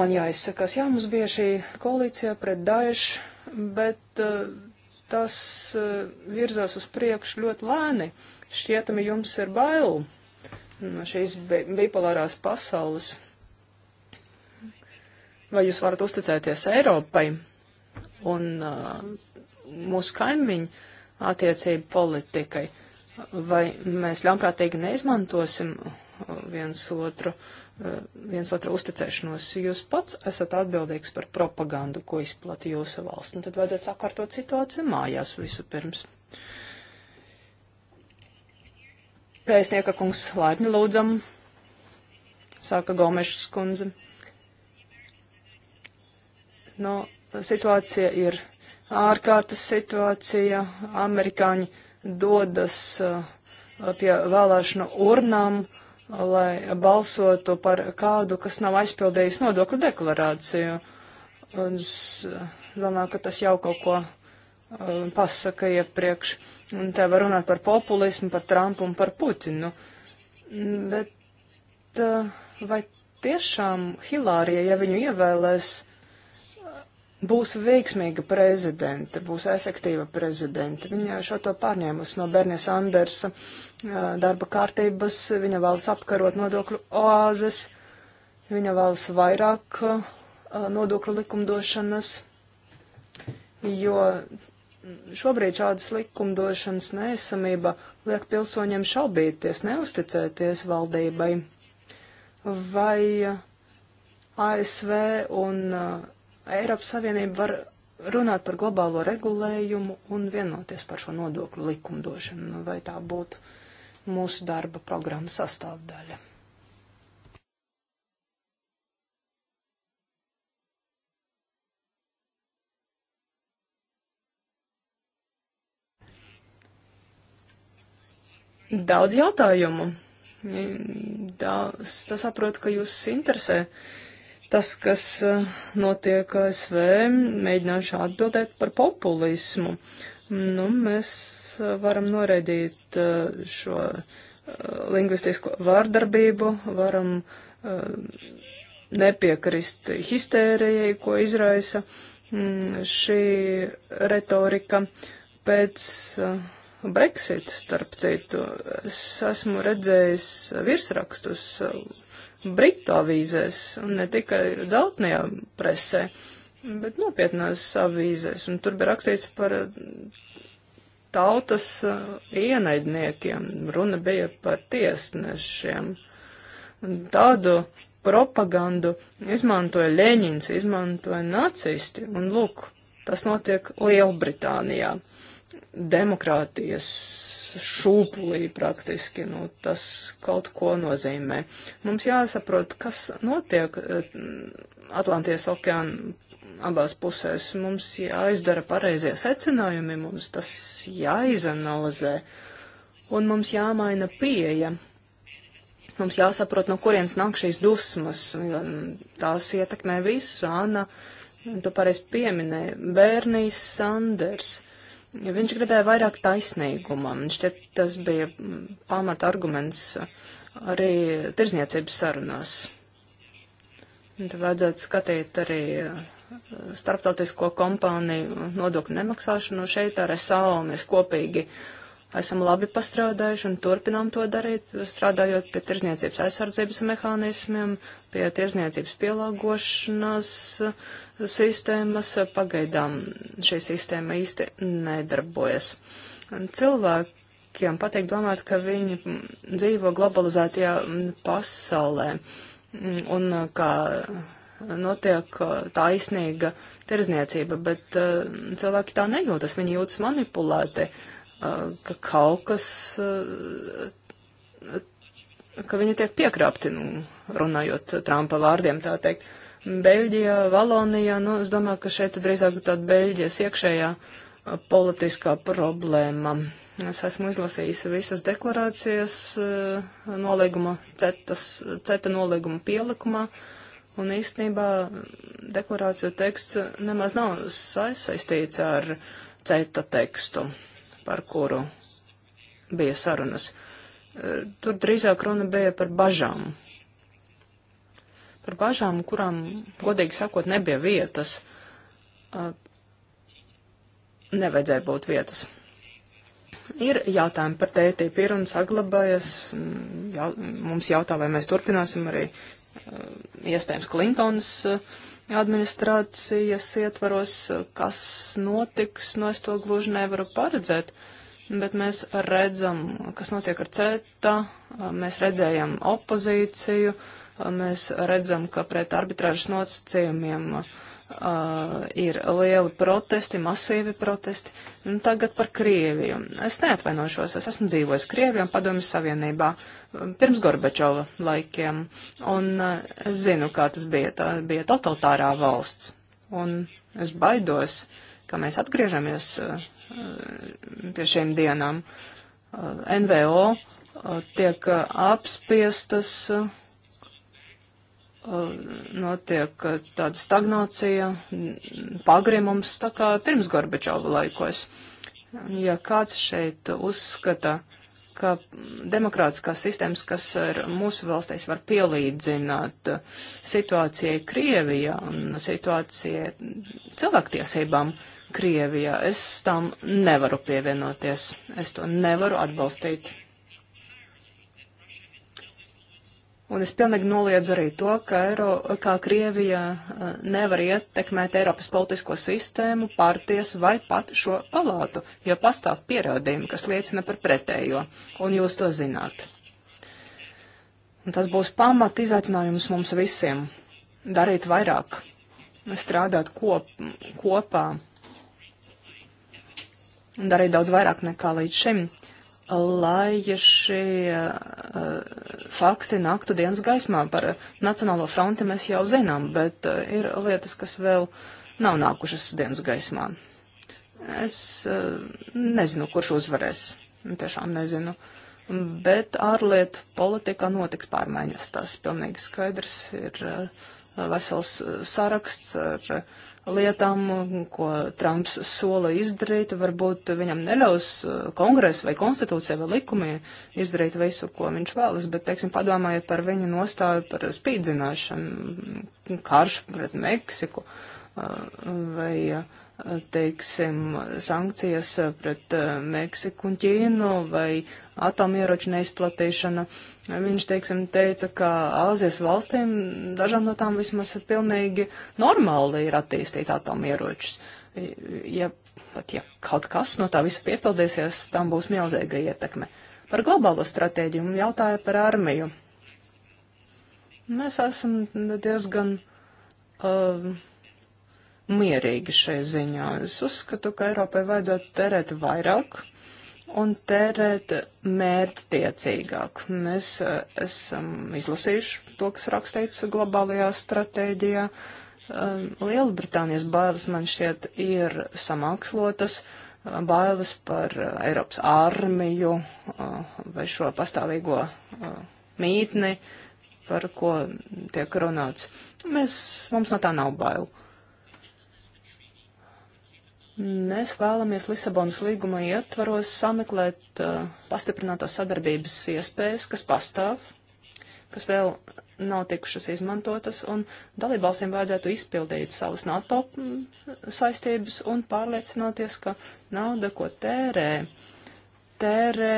Man jāizsakās, jā, mums bija šī koalīcija pret Daešu, bet uh, tas virzās uz priekšu ļoti lēni. Šķietami jums ir bail no šīs bipolārās pasaules vai jūs varat uzticēties Eiropai un uh, mūsu kaimiņu attiecību politikai, vai mēs ļaunprātīgi neizmantosim uh, viens otru, uh, viens otru uzticēšanos. Jūs pats esat atbildīgs par propagandu, ko izplata jūsu valsts, un tad vajadzētu sakārtot situāciju mājās visu pirms. Pēcnieka kungs laipni lūdzam, sāka Gomešas kundze. Nu, situācija ir ārkārtas situācija. Amerikāņi dodas uh, pie vēlēšanu urnām, lai balsotu par kādu, kas nav aizpildījis nodokļu deklarāciju. Un es uh, domāju, ka tas jau kaut ko uh, pasaka iepriekš. Un te var runāt par populismu, par Trumpu un par Putinu. Bet vai tiešām Hilārija, ja viņu ievēlēs, būs veiksmīga prezidenta, būs efektīva prezidenta. Viņa šo to pārņēmusi no Bernijas Andersa uh, darba kārtības, viņa vēlas apkarot nodokļu oāzes, viņa vēlas vairāk uh, nodokļu likumdošanas, jo šobrīd šādas likumdošanas neesamība liek pilsoņiem šaubīties, neusticēties valdībai. Vai ASV un uh, Eiropas Savienība var runāt par globālo regulējumu un vienoties par šo nodokļu likumdošanu, nu, vai tā būtu mūsu darba programmas sastāvdaļa. Daudz jautājumu. Mm, da, tas saprotu, ka jūs interesē. Uh, Tas, kas eh, notiek ASV, mēģināšu atbildēt par populismu. Nu, mēs eh, varam noraidīt eh, šo lingvistisko vārdarbību, varam nepiekrist histērijai, ko izraisa mm, šī retorika pēc Brexit, starp citu. Es esmu redzējis virsrakstus Britu avīzēs, un ne tikai dzeltnajā presē, bet nopietnās avīzēs, un tur bija rakstīts par eh, tautas eh, ienaidniekiem, runa bija par tiesnešiem. Tādu propagandu izmantoja Ļeņins, izmantoja nacisti, un lūk, tas notiek Lielbritānijā. Demokrātijas šūpulī praktiski, nu, tas kaut ko nozīmē. Mums jāsaprot, kas notiek eh, Atlantijas okeāna abās pusēs. Mums jāizdara pareizie secinājumi, mums tas jāizanalizē, un mums jāmaina pieeja. Mums jāsaprot, no kurienes nāk šīs dusmas, tās ietekmē visu, Anna, tu pareiz pieminēji, Bērnijs Sanders jo viņš gribēja vairāk taisnīguma. Šķiet, tas bija mm, pamata arguments arī tirzniecības sarunās. Tad vajadzētu skatīt arī eh, starptautisko kompāniju nodokļu nemaksāšanu šeit ar SAO. Mēs kopīgi esam labi pastrādājuši un turpinām to darīt, strādājot pie tirzniecības aizsardzības mehānismiem, pie tirzniecības pielāgošanās sistēmas. Pagaidām šī sistēma īsti nedarbojas. Cilvēkiem patīk domāt, ka viņi dzīvo globalizētajā pasaulē un kā notiek taisnīga tirzniecība, bet eh, cilvēki tā nejūtas, viņi jūtas manipulēti. Uh, ka kaut kas, ka viņi tiek piekrāpti, nu, runājot Trumpa vārdiem, tā teikt. Beļģijā, Valonijā, nu, es domāju, ka šeit drīzāk tāda Beļģijas iekšējā politiskā problēma. Es esmu izlasījis visas deklarācijas nolīguma, cetas, ceta nolīguma pielikumā, un īstenībā deklarāciju teksts nemaz nav saistīts ar ceta tekstu par kuru bija sarunas. E, tur drīzāk runa bija par bažām. Par bažām, kurām, godīgi sakot, nebija vietas. E, nevajadzēja būt vietas. Ir jautājumi par tētību, ir un saglabājas. Mm, Jā, mums jautā, vai mēs turpināsim arī e, iespējams Klintons. Uh, administrācijas ietvaros, kas notiks, no nu, es to gluži nevaru paredzēt. Bet mēs redzam, kas notiek ar CETA, mēs redzējam opozīciju, mēs redzam, ka pret arbitrāžas nosacījumiem uh, Uh, ir lieli protesti, masīvi protesti. Un nu, tagad par Krieviju. Es neatvainošos, es esmu dzīvojis Krievijā un Padomju Savienībā um, pirms Gorbačova laikiem. Un uh, es zinu, kā tas bija. Tā bija totalitārā valsts. Un es baidos, ka mēs atgriežamies uh, uh pie šīm dienām. Uh, NVO uh, tiek apspiestas. Uh, notiek tāda stagnācija, pagrimums, tā kā pirms Gorbačova laikos. Ja kāds šeit uzskata, ka demokrātiskās sistēmas, kas ir mūsu valstīs, var pielīdzināt situācijai Krievijā un situācijai cilvēktiesībām Krievijā, es tam nevaru pievienoties, es to nevaru atbalstīt. Un es pilnīgi noliedzu arī to, ka, Eiro, ka Krievija eh, nevar ietekmēt Eiropas politisko sistēmu, pārties vai pat šo palātu, jo pastāv pierādījumi, kas liecina par pretējo, un jūs to zināt. Un tas būs pamat izaicinājums mums visiem - darīt vairāk, strādāt kop, kopā, un darīt daudz vairāk nekā līdz šim lai šie uh, fakti naktu dienas gaismā. Par Nacionālo fronti mēs jau zinām, bet uh, ir lietas, kas vēl nav nākušas dienas gaismā. Es uh, nezinu, kurš uzvarēs. Tiešām nezinu. Bet ārlietu politikā notiks pārmaiņas. Tas pilnīgi skaidrs ir vesels saraksts ar lietām, ko Trumps sola izdarīt. Varbūt viņam neļaus uh, kongresa vai konstitūcija vai likumi izdarīt visu, ko viņš vēlas, bet, teiksim, padomājiet par viņa nostāju par spīdzināšanu, karšu pret Meksiku uh, vai. Uh, teiksim, sankcijas pret eh, Meksiku un Ķīnu vai atomieroču neizplatīšana. Viņš, teiksim, teica, ka Āzijas valstīm dažām no tām vismaz pilnīgi normāli ir attīstīt atomieročus. Ja, pat ja kaut kas no tā visa piepildīsies, tam būs milzīga ietekme. Par globālo stratēģiju un jautāja par armiju. Mēs esam diezgan. Uh, mierīgi šai ziņā. Es uzskatu, ka Eiropai vajadzētu terēt vairāk un tērēt mērķtiecīgāk. Mēs eh, esam izlasījuši to, kas rakstīts globālajā stratēģijā. Ehm, Lielbritānijas bailes man šķiet ir samākslotas bailes par eh, Eiropas armiju eh, vai šo pastāvīgo mītni, par ko tiek runāts. Mēs, mums no tā nav bailu Mēs vēlamies Lisabonas līguma ietvaros sameklēt uh, pastiprinātās sadarbības iespējas, kas pastāv, kas vēl nav tikušas izmantotas, un dalībvalstīm vajadzētu izpildīt savas NATO mm, saistības un pārliecināties, ka nauda, ko tērē, tērē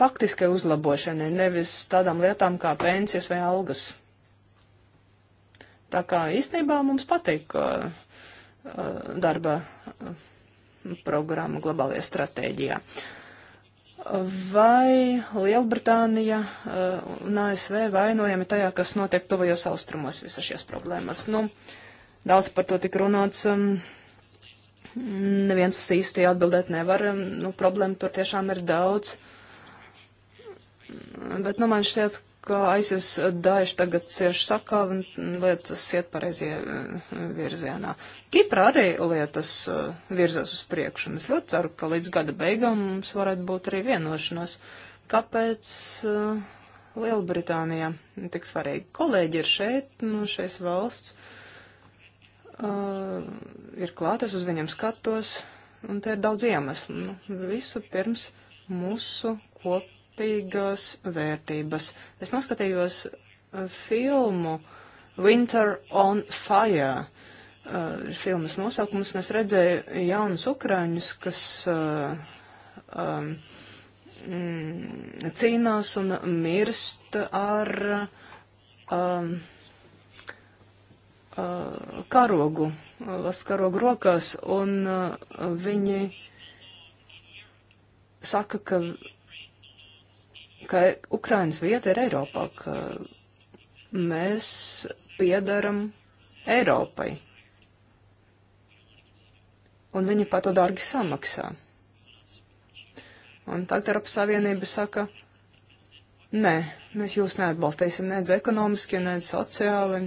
faktiskai uzlabošanai, nevis tādām lietām kā pensijas vai algas. Tā kā īstenībā mums patīk. Uh, darba programma globālajā stratēģijā. Vai Lielbritānija uh, un ASV vainojami tajā, kas notiek tuvajos austrumos visas šīs problēmas? Nu, daudz par to tik runāts. Um, neviens īsti atbildēt nevar. Um, nu, problēma tur tiešām ir daudz. Bet nu, man šķiet, ka aizjūs daži tagad cieši sakāv un lietas iet pareizie mm, virzienā. Kipra arī lietas mm, virzās uz priekšu, un es ļoti ceru, ka līdz gada beigām mums varētu būt arī vienošanās. Kāpēc uh, mm, Lielbritānijā tik svarīgi? Kolēģi ir šeit, no šīs valsts, uh, ir klātes, uz viņiem skatos, un te ir daudz iemeslu. Nu, visu pirms mūsu kop kopīgas vērtības. Es noskatījos uh, filmu Winter on Fire. Uh, filmas nosaukums, un es redzēju jaunus ukrāņus, kas uh, um, mm, cīnās un mirst ar um, uh, karogu, valsts karogu rokās, un uh, viņi saka, ka ka Ukrainas vieta ir Eiropā, ka mēs piedaram Eiropai. Un viņi pat to dārgi samaksā. Un tagad Eiropas Savienība saka, nē, mēs jūs neatbalstīsim nec ekonomiski, nec sociāli.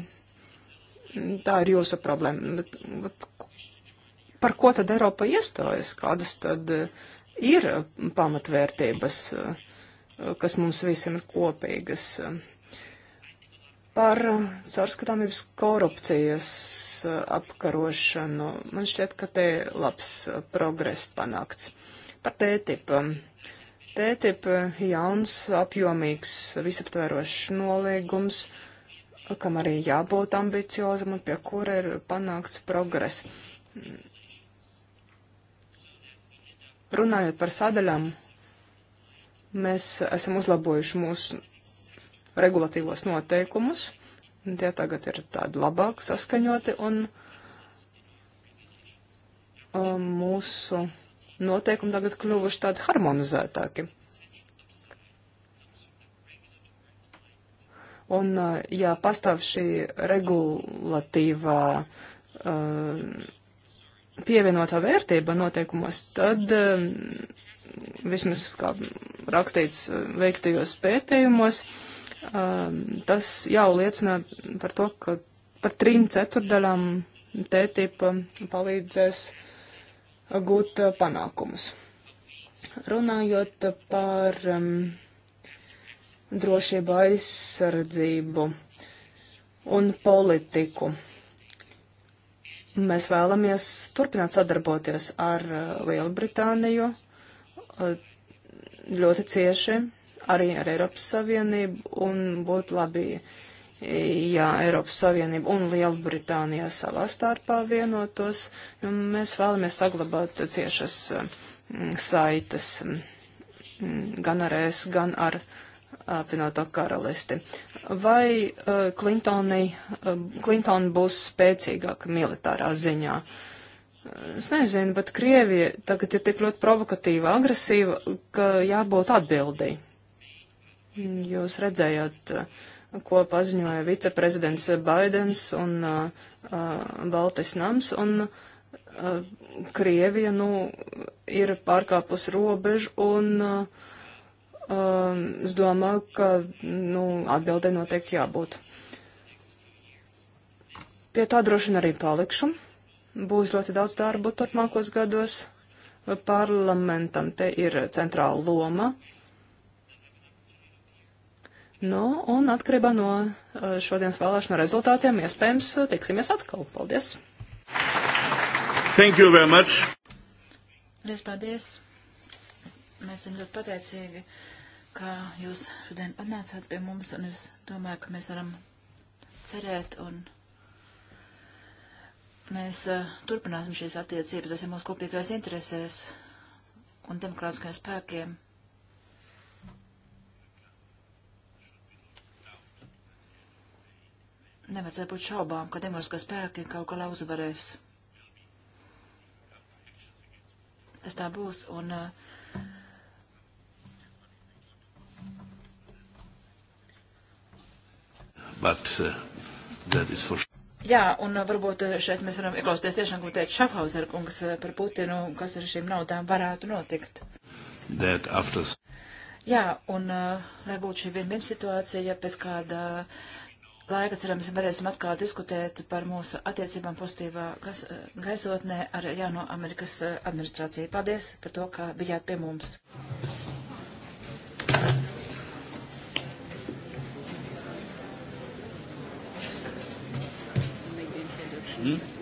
Tā ir jūsu problēma. Bet, bet par ko tad Eiropa iestājas? Kādas tad eh, ir pamatvērtības? Uh, kas mums visiem ir kopīgas. Par caurskatāmības korupcijas apkarošanu man šķiet, ka te labs progress panākts. Par tētipu. Tētipu jauns, apjomīgs, visaptverošs nolīgums, kam arī jābūt ambiciozam un pie kura ir panākts progress. Runājot par sadaļām Mēs esam uzlabojuši mūsu regulatīvos noteikumus, un tie tagad ir tādi labāk saskaņoti, un um, mūsu noteikumi tagad kļuvuši tādi harmonizētāki. Un, uh, ja pastāv šī regulatīvā uh, pievienotā vērtība noteikumos, tad uh, vismaz kā rakstīts eh, veiktajos pētījumos, um, tas jau liecina par to, ka par trim ceturdaļām tētība palīdzēs gūt eh, panākumus. Runājot par um, drošību aizsardzību un politiku. Mēs vēlamies turpināt sadarboties ar eh, Lielbritāniju, Eh, ļoti cieši arī ar Eiropas Savienību un būtu labi, ja Eiropas Savienība un Lielbritānija savā starpā vienotos, jo mēs vēlamies saglabāt ciešas mm, saites mm, gan ar ES, gan ar apvienoto karalisti. Vai Klintoni, eh, Klintoni eh, būs spēcīgāka militārā ziņā? Uh, Es nezinu, bet Krievija tagad ir tik ļoti provokatīva, agresīva, ka jābūt atbildī. Jūs redzējāt, ko paziņoja viceprezidents Baidens un uh, Baltais nams, un uh, Krievija, nu, ir pārkāpus robežu, un uh, uh, es domāju, ka, nu, atbildē noteikti jābūt. Pie tā droši vien arī palikšu. Būs ļoti daudz darbu turpmākos gados. Parlamentam te ir centrāla loma. Nu, un atkarībā no uh, šodienas vēlēšanu rezultātiem iespējams uh, tiksimies atkal. Paldies! Thank you very much! Lies paldies! Mēs esam ļoti pateicīgi, ka jūs šodien atnācāt pie mums, un es domāju, ka mēs varam cerēt un Mēs uh, turpināsim šīs attiecības, tas ir mūsu kopīgais interesēs un demokrātiskajiem spēkiem. Nevajadzētu būt šaubām, ka demokrātiskie spēki kaut kā uzvarēs. Tas tā būs, un uh, But uh, that is for sure. Jā, un varbūt šeit mēs varam ieklausīties tiešām, ko teica Šafhauser kungs eh, par Putinu, kas ar šīm naudām varētu notikt. Jā, un eh, lai būtu šī vienmēr situācija, pēc kāda laika cerams varēsim atkal diskutēt par mūsu attiecībām pozitīvā eh, gaisotnē ar jauno Amerikas administrāciju. Paldies par to, ka bijāt pie mums. Thank you. Hmm?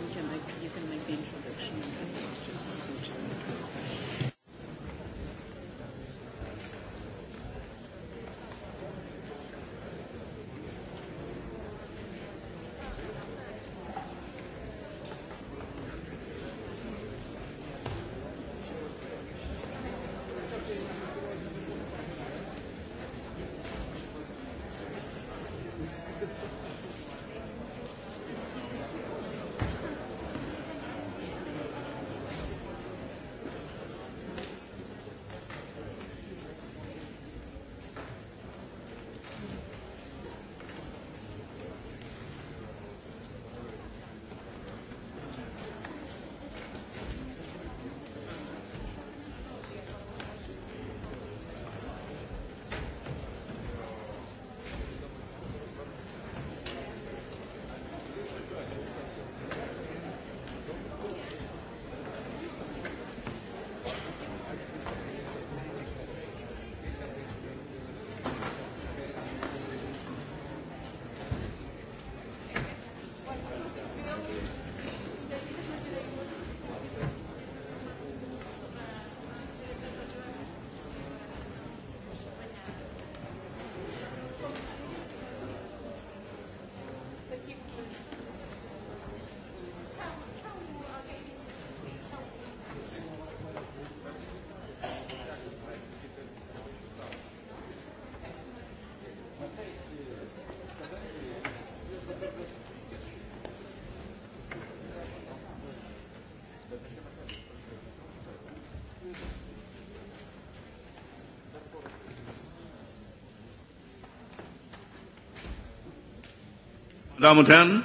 Damen un Herren,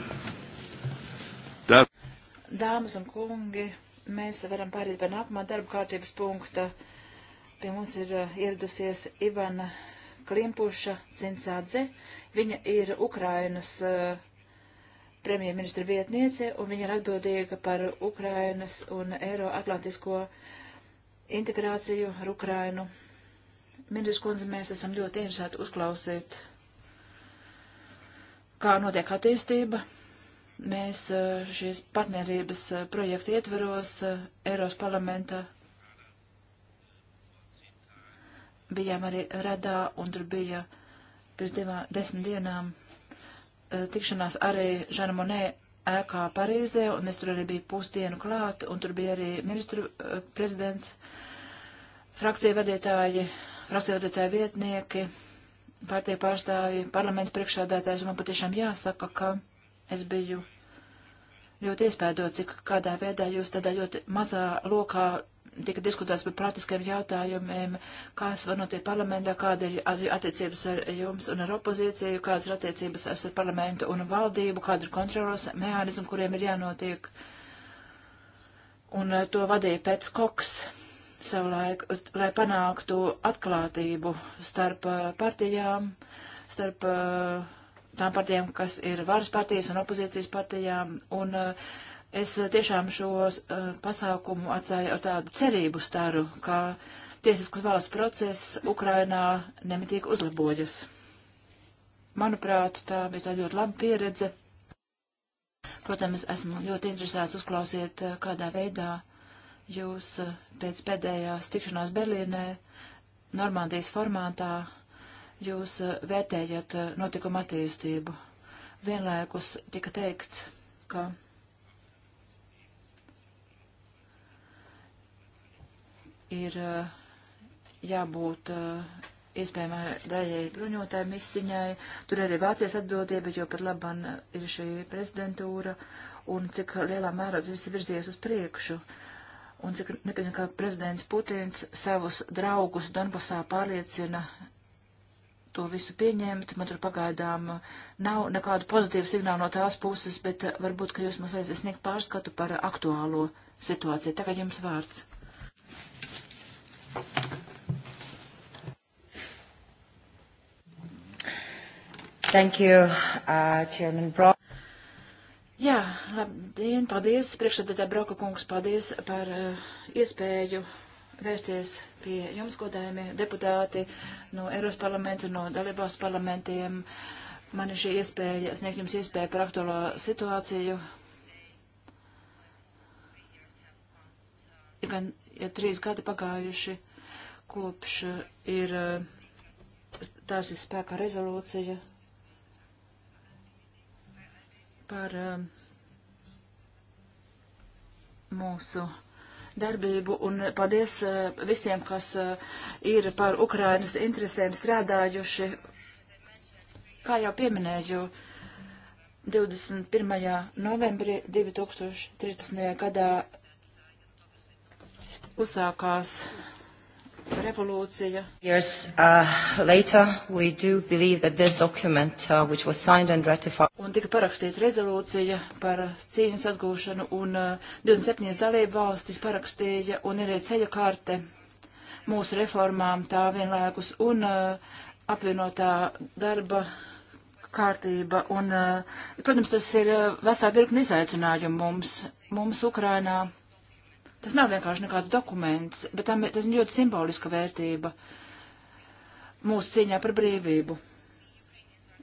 Dāmas un kungi, mēs varam pāriet pie nākamā darba kārtības punkta. Pie mums ir eh, ieradusies Ivana Klimpuša Cincādze. Viņa ir Ukrainas uh, premjerministra vietniece, un viņa ir atbildīga par Ukrainas un Eiroatlantisko integrāciju ar Ukrainu. Ministrs kundze, mēs esam ļoti interesēti uzklausīt kā notiek attīstība. Mēs e, šīs partnerības e, projekta ietveros e, Eiros parlamenta bijām arī Radā, un tur bija pirms divā, desmit dienām tikšanās arī Žana Monē ēkā Parīzē, un es tur arī biju pusdienu klāt, un tur bija arī ministru prezidents, frakcija vadītāji, frakcija vadītāji vietnieki, partija pārstāvji, parlamenta priekšādātājs, man patiešām jāsaka, ka es biju ļoti iespēdot, cik kādā veidā jūs tādā ļoti mazā lokā tika diskutēts par praktiskiem jautājumiem, kas var notiek parlamentā, kāda ir attiecības ar jums un ar opozīciju, kādas ir attiecības ar parlamentu un valdību, kāda ir kontrolas mehānismi, kuriem ir jānotiek. Un eh, to vadīja pēc koks savulaik, lai panāktu atklātību starp uh, partijām, starp uh, tām partijām, kas ir varas partijas un opozīcijas partijām. Un uh, es tiešām šo pasākumu atstāju ar tādu cerību staru, ka tiesiskas valsts process Ukrainā nemitīgi uzlabojas. Manuprāt, tā bija tā ļoti laba pieredze. Protams, esmu ļoti interesēts uzklausīt, kādā veidā Jūs eh, pēc pēdējās tikšanās Berlīnē, Normandijas formātā, jūs eh, vērtējat eh, notikuma attīstību. Vienlaikus tika teikts, ka ir jābūt iespējamai daļai bruņotai misiņai. Tur arī Vācijas atbildība, jo pat labam ir šī prezidentūra un cik lielā mērā tas viss virzies uz priekšu. Uh, un cik nepieciešams, kā prezidents Putins savus draugus Donbasā pārliecina to visu pieņemt. Man tur pagaidām nav nekādu pozitīvu signālu no tās puses, bet varbūt, ka jūs mums vajadzēs sniegt pārskatu par aktuālo situāciju. Tagad jums vārds. Thank you, uh, Chairman Brock. Jā, labdien, paldies, priekšsēdētā Broka kungs, paldies par uh, iespēju vērsties pie jums, godājumie deputāti no Eiropas parlamenta, no dalībās parlamentiem. Man ir šī iespēja, sniegt jums iespēju par aktuālo situāciju. Ir gan ja trīs gadi pagājuši, kopš eh, ir eh, tās ir spēkā rezolūcija par um, mūsu darbību un paldies uh, visiem, kas uh, ir par Ukrainas interesēm strādājuši. Kā jau pieminēju, 21. novembrī 2013. gadā uzsākās revolūcija. Years, uh, later, we do believe that this document, uh, which was signed and ratified. Un tika parakstīta rezolūcija par cīņas atgūšanu, un uh, 27 dalību valstis parakstīja, un ir arī ceļa karte mūsu reformām tā vienlaikus, un uh, apvienotā darba kārtība. Un, uh, protams, tas ir uh, vesā virkni izaicinājumu mums, mums Ukrainā Tas nav vienkārši nekāds dokuments, bet tam, tas ir ļoti simboliska vērtība mūsu cīņā par brīvību.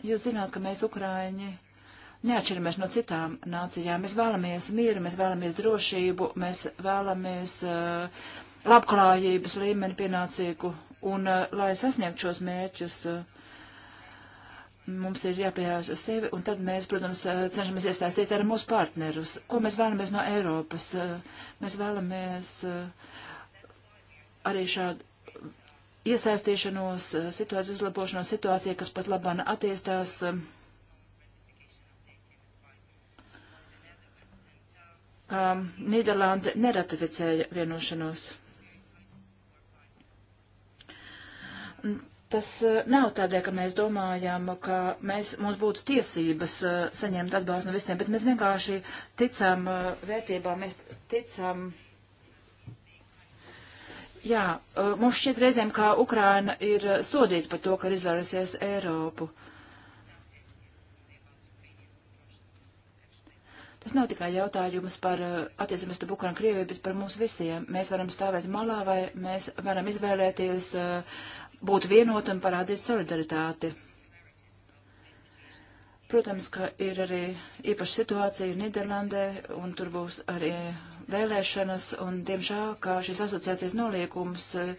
Jūs zināt, ka mēs, Ukraiņi, neatšķiramies no citām nācijām. Mēs vēlamies mieru, mēs vēlamies drošību, mēs vēlamies uh, labklājības līmeni pienācīgu, un, uh, lai sasniegtu šos mērķus, uh, mums ir jāpievērš uz sevi, un tad mēs, protams, eh, cenšamies iestāstīt arī mūsu partnerus. Ko mēs vēlamies no Eiropas? Eh, mēs vēlamies eh, arī šādu iesaistīšanos, situāciju uzlabošanos, situācija, kas pat labāk attīstās. Um, Nīderlanda neratificēja vienošanos. Tas eh, nav tādēļ, ka mēs domājam, ka mēs, mums būtu tiesības eh, saņemt atbalstu no visiem, bet mēs vienkārši ticam eh, vērtībām, mēs ticam. Jā, mums šķiet reizēm, kā Ukraina ir sodīta par to, ka ir izvērusies Eiropu. Tas nav tikai jautājums par attiecības starp Ukrainu un Krieviju, bet par mums visiem. Mēs varam stāvēt malā vai mēs varam izvēlēties uh, būt vienot un parādīt solidaritāti. Protams, ka ir arī īpaša situācija Nīderlandē, un tur būs arī vēlēšanas, un diemžēl, kā šis asociācijas noliekums, eh,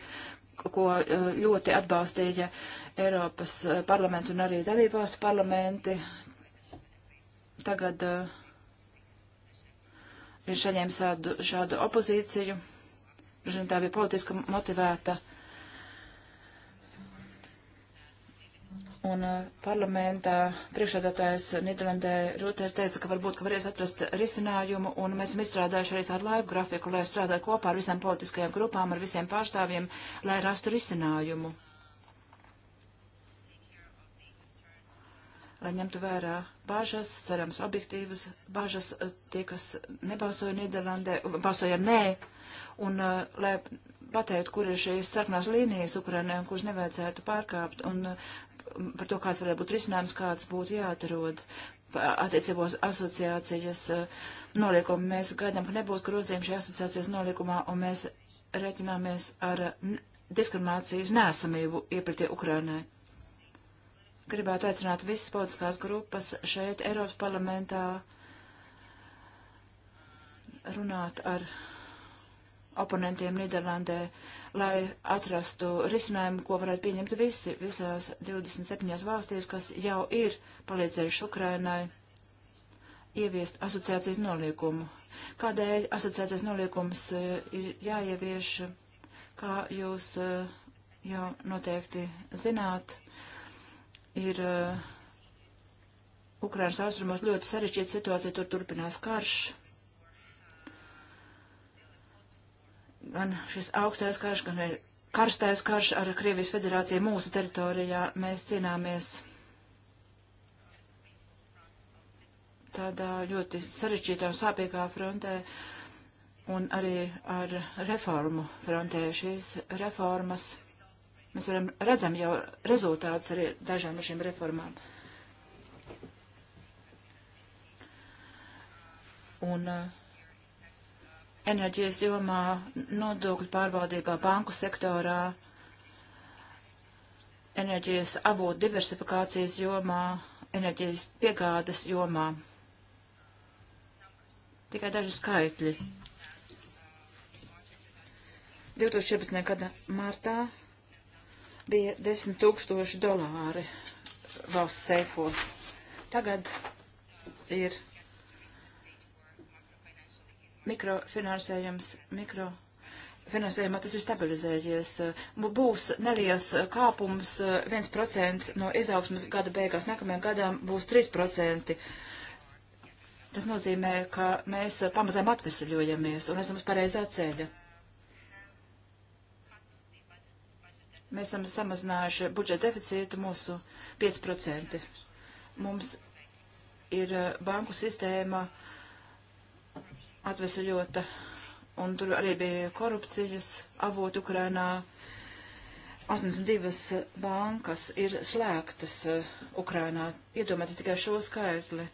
ko eh, ļoti atbalstīja Eiropas eh, parlaments un arī dalībvalstu parlamenti, tagad ir saņēmis šādu, šādu opozīciju. Žinot, nu, tā bija politiski motivēta uh, Un uh, parlamentā priekšādātājs Nīderlandē Rūtēs teica, ka varbūt, ka varēs atrast risinājumu, un mēs esam izstrādājuši arī tādu laiku grafiku, lai strādātu kopā ar visām politiskajām grupām, ar visiem pārstāvjiem, lai rastu risinājumu. Lai ņemtu vērā bažas, cerams, objektīvas bažas, uh, tie, kas nebalsoja Nīderlandē, balsoja nē, un uh, lai pateikt, kur ir šīs sarkanās līnijas Ukrainai un kuras nevajadzētu pārkāpt. Un par to, kāds varētu būt risinājums, kāds būtu jāatrod attiecībos asociācijas eh, noliekumu. Mēs gaidām, ka nebūs grozījumi šajā asociācijas noliekumā, un mēs reķināmies ar diskriminācijas nēsamību iepratie Ukrainai. Gribētu aicināt visas politiskās grupas šeit Eiropas parlamentā runāt ar oponentiem Nīderlandē lai atrastu risinājumu, ko varētu pieņemt visi, visās 27 valstīs, kas jau ir palīdzējuši Ukrainai ieviest asociācijas noliekumu. Kādēļ asociācijas noliekums eh, ir jāievieš, kā jūs eh, jau noteikti zināt, ir eh, Ukrainas austrumos ļoti sarežģīta situācija, tur turpinās karš gan šis augstais karš, gan ir karstais karš ar Krievijas federāciju mūsu teritorijā. Mēs cīnāmies tādā ļoti sarežģītā un sāpīgā frontē un arī ar reformu frontē šīs reformas. Mēs varam redzam jau rezultātus arī dažām no šīm reformām. Un uh, enerģijas jomā, nodokļu pārvaldībā, banku sektorā, enerģijas avotu diversifikācijas jomā, enerģijas piegādes jomā. Tikai daži skaitļi. 2014. gada martā bija 10 tūkstoši dolāri valsts seifos. Tagad ir mikrofinansējums, mikrofinansējumā tas ir stabilizējies. Būs neliels eh, kāpums 1% eh, no izaugsmas gada beigās, nākamajam gadam būs 3%. Tas nozīmē, ka mēs eh, pamazām atvesaļojamies un esam uz pareizā ceļa. Mēs esam samazinājuši budžeta deficītu mūsu 5%. Mums ir banku sistēma uh, atvesaļota, un tur arī bija korupcijas avot Ukrainā. 82 bankas ir slēgtas uh, Ukrainā. Iedomājieties tikai šo skaitli.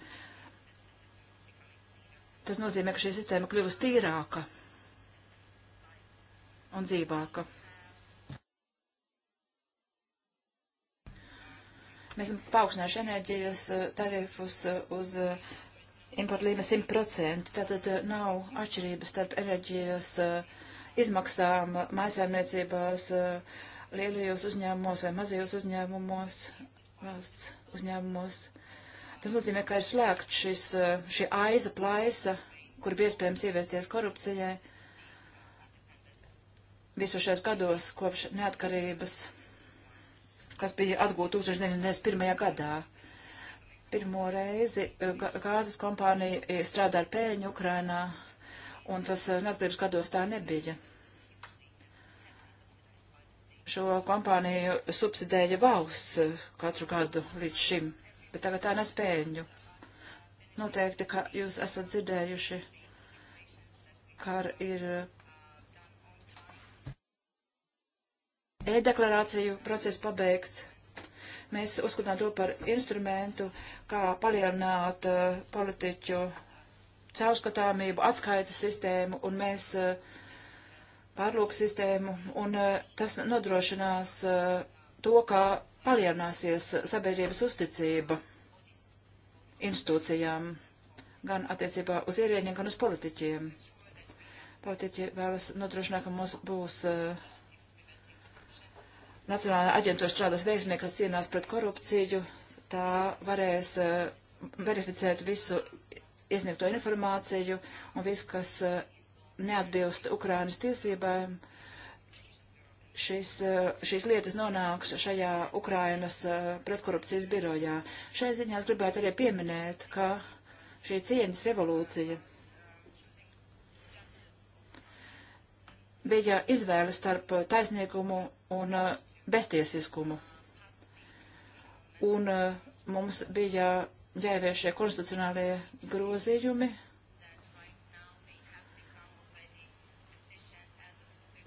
Tas nozīmē, ka šī sistēma kļuvusi tīrāka un dzīvāka. Mēs esam paaugstinājuši enerģijas eh, tarifus eh, uz importa līmenis 100%, tātad eh, nav atšķirības starp enerģijas eh, izmaksām mājasēmniecībās, eh, lielajos uzņēmumos vai mazajos uzņēmumos, valsts uzņēmumos. Tas nozīmē, ka ir slēgt šis, šī aiza plaisa, kur bija iespējams ieviesties korupcijai visos šajos gados kopš neatkarības, kas bija atgūta 1991. gadā. Pirmo reizi eh, gāzes kompānija eh, strādā ar pēļņu Ukrainā, un tas eh, neatkarības gados tā nebija. Šo kompāniju subsidēja valsts katru gadu līdz šim, bet tagad tā nespēļņu. Noteikti, ka jūs esat dzirdējuši, ka ir e-deklarāciju process pabeigts. Mēs uzskatām to par instrumentu, kā palielināt uh, politiķu caurskatāmību, atskaitas sistēmu un mēs uh, pārlūku sistēmu, un uh, tas nodrošinās to, kā palielināsies sabiedrības uzticība institūcijām, gan attiecībā uz ierēģiem, gan uz politiķiem. Politiķi vēlas nodrošināt, ka mums būs uh, Nacionālā aģentūra strādās veiksmīgi, kas cīnās pret korupciju. Tā varēs eh, verificēt visu iesniegto informāciju un visu, kas eh, neatbilst Ukrainas tiesībām. Šis, eh, šīs lietas nonāks šajā Ukrainas pretkorupcijas birojā. Šai ziņā es gribētu arī pieminēt, ka šī cieņas revolūcija bija izvēle starp taisnīgumu un beztiesiskumu. Un uh, mums bija jāievieš šie konstitucionālie grozījumi.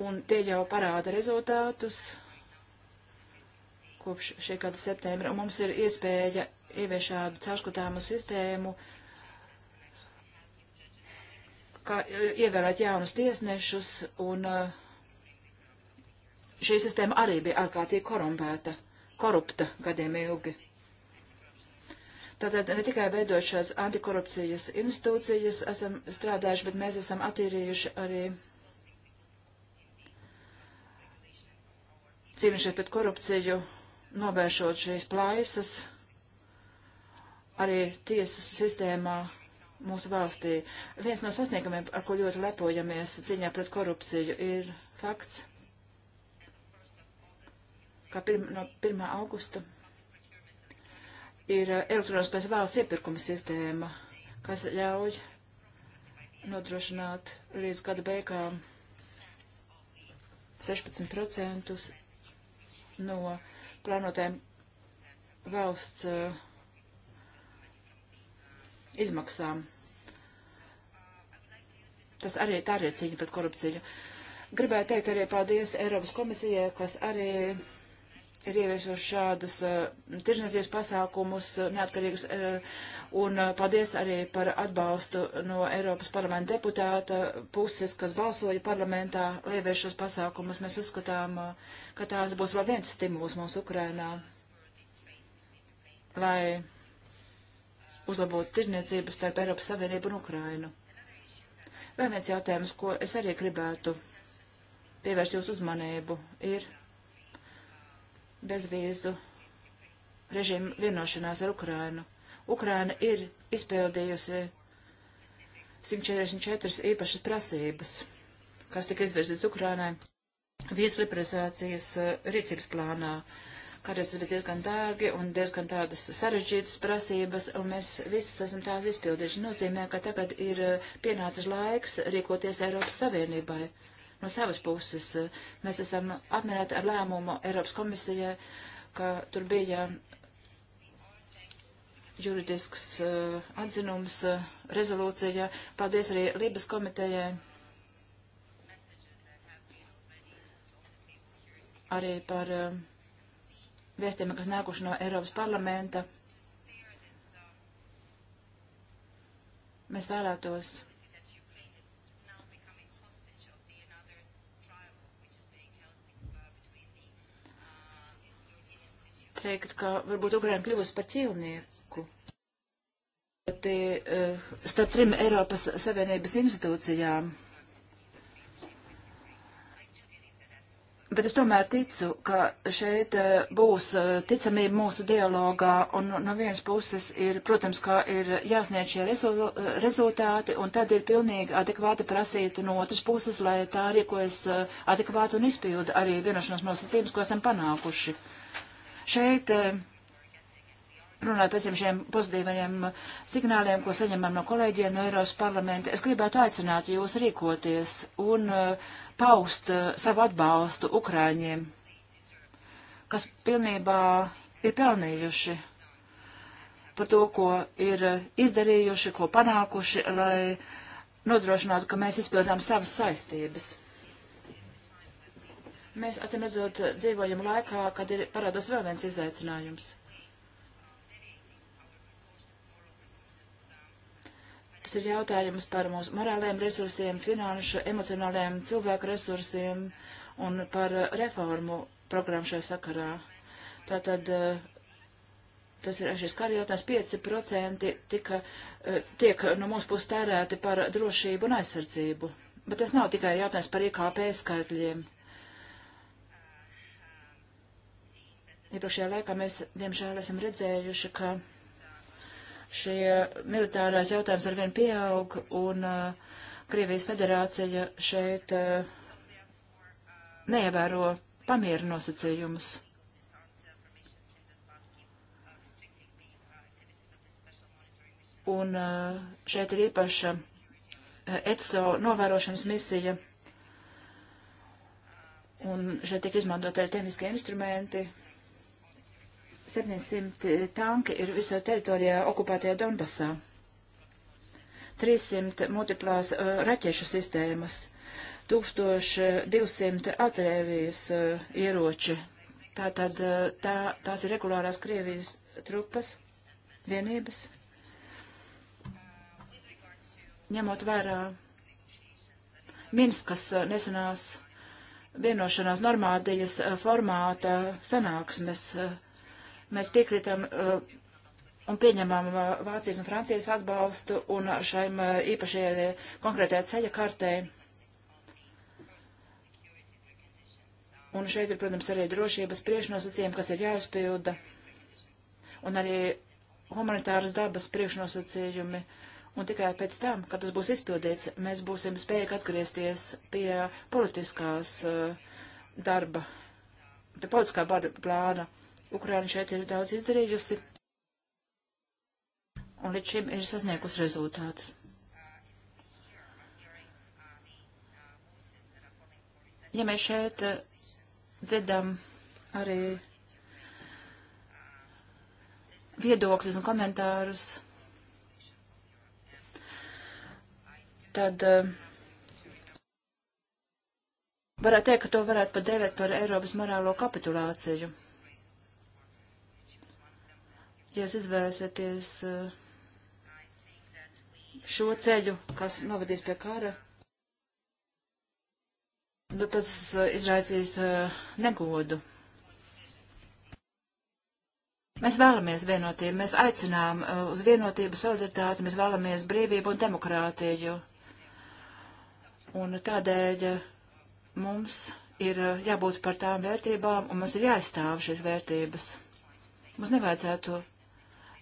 Un tie jau parāda rezultātus kopš šī gada septembra. Un mums ir iespēja ievieš šādu caurskatāmu sistēmu, kā eh, ievēlēt jaunus tiesnešus un uh, šī sistēma arī bija ārkārtīgi korumpēta, korupta gadiem ilgi. Tātad ne tikai veidojot šādas antikorupcijas institūcijas esam strādājuši, bet mēs esam attīrījuši arī cīnīšies pret korupciju, novēršot šīs plaisas arī tiesu sistēmā mūsu valstī. Viens no sasniegumiem, ar ko ļoti lepojamies cīņā pret korupciju, ir fakts, kā pirma, no 1. augusta ir eh, elektroniskās valsts iepirkuma sistēma, kas ļauj nodrošināt līdz gada beigām 16% no plānotēm valsts uh, izmaksām. Tas arī tā ir cīņa pret korupciju. Gribēju teikt arī paldies Eiropas komisijai, kas arī ir ieviesuši šādus uh, tirzniecības pasākumus, uh, neatkarīgus, uh, un uh, paldies arī par atbalstu no Eiropas parlamenta deputāta puses, kas balsoja parlamentā, lai ievieš šos pasākumus. Mēs uzskatām, uh, ka tās būs vēl viens stimuls mums Ukrainā, lai uzlabotu tirzniecības starp Eiropas Savienību un Ukrainu. Vēl viens jautājums, ko es arī gribētu pievērst jūsu uzmanību, ir bezvīzu režīmu vienošanās ar Ukrainu. Ukraina ir izpildījusi 144 īpašas prasības, kas tika izvirzītas Ukrainai vīzu liberalizācijas uh, rīcības plānā. Kādreiz tas bija diezgan dārgi un diezgan tādas sarežģītas prasības, un mēs visas esam tās izpildījuši. Nozīmē, ka tagad ir eh, pienācis laiks rīkoties Eiropas Savienībai. Uh, No savas puses mēs esam apmierināti ar lēmumu Eiropas komisijai, ka tur bija juridisks uh, atzinums, uh, rezolūcija. Paldies arī Lībijas komitejai. Arī par uh, eh, vēstiem, kas nākuši no Eiropas parlamenta. Mēs vēlētos. teikt, ka varbūt Ukraina kļūst par ķīlnieku. Tie, uh, starp trim Eiropas Savienības institūcijām. Bet es tomēr ticu, ka šeit uh, būs uh, ticamība mūsu dialogā, un no vienas puses ir, protams, kā ir jāsniedz šie rezu, eh, rezultāti, un tad ir pilnīgi adekvāti prasīt no otras puses, lai tā rīkojas adekvāti un izpilda arī vienošanās nosacījumus, ko esam panākuši. Uh, Šeit eh, runāt par visiem šiem pozitīvajiem signāliem, ko saņemam no kolēģiem no Eiropas parlamenta, es gribētu aicināt jūs rīkoties un eh, paust eh, savu atbalstu Ukraiņiem, kas pilnībā ir pelnījuši par to, ko ir izdarījuši, ko panākuši, lai nodrošinātu, ka mēs izpildām savas saistības. Mēs, atcīm redzot, dzīvojam laikā, kad ir parādās vēl viens izaicinājums. Tas ir jautājums par mūsu morāliem resursiem, finanšu, emocionāliem cilvēku resursiem un par reformu programmu šajā sakarā. Tātad eh, tas ir šis karjotājs 5% tika, eh, tiek no mūsu puses tērēti par drošību un aizsardzību. Bet tas nav tikai jautājums par IKP skaitļiem. Iepriekšējā laikā mēs, diemžēl, esam redzējuši, ka šie militārais jautājums arvien pieaug, un uh, Krievijas federācija šeit uh, neievēro pamieru nosacījumus. Un uh, šeit ir īpaša uh, ETSO novērošanas misija, un šeit tiek izmantoti tehniskie instrumenti, 700 tanki ir visā teritorijā okupētajā Donbasā. 300 multiplās uh, raķešu sistēmas, 1200 artērijas uh, ieroči. Tātad uh, tā, tās ir regulārās Krievijas trupas, vienības. Ņemot vērā Minskas uh, nesenās vienošanās Normādijas uh, formāta sanāksmes, uh, Mēs piekritam uh, un pieņemam uh, Vācijas un Francijas atbalstu un šaim uh, īpašajai konkrētajai ceļa kartei. Un šeit ir, protams, arī drošības priekšnosacījumi, kas ir jāizpilda, un arī humanitāras dabas priekšnosacījumi. Un tikai pēc tam, kad tas būs izpildīts, mēs būsim spējīgi atgriezties pie politiskās uh, darba, pie politiskā plāna. Uh, Ukraina šeit ir daudz izdarījusi, un līdz šim ir sasniegus rezultātus. Ja mēs šeit eh, dzirdam arī viedokļus un komentārus, tad eh, varētu teikt, ka to varētu pat dēvēt par Eiropas morālo kapitulāciju ja jūs izvēlēsieties eh, šo ceļu, kas novadīs pie kara, nu, tas eh, izraicīs eh, negodu. Mēs vēlamies vienotību, mēs aicinām uz vienotību, solidaritāti, mēs vēlamies brīvību un demokrātiju. Un tādēļ mums ir jābūt par tām vērtībām, un mums ir jāizstāv šīs vērtības. Mums nevajadzētu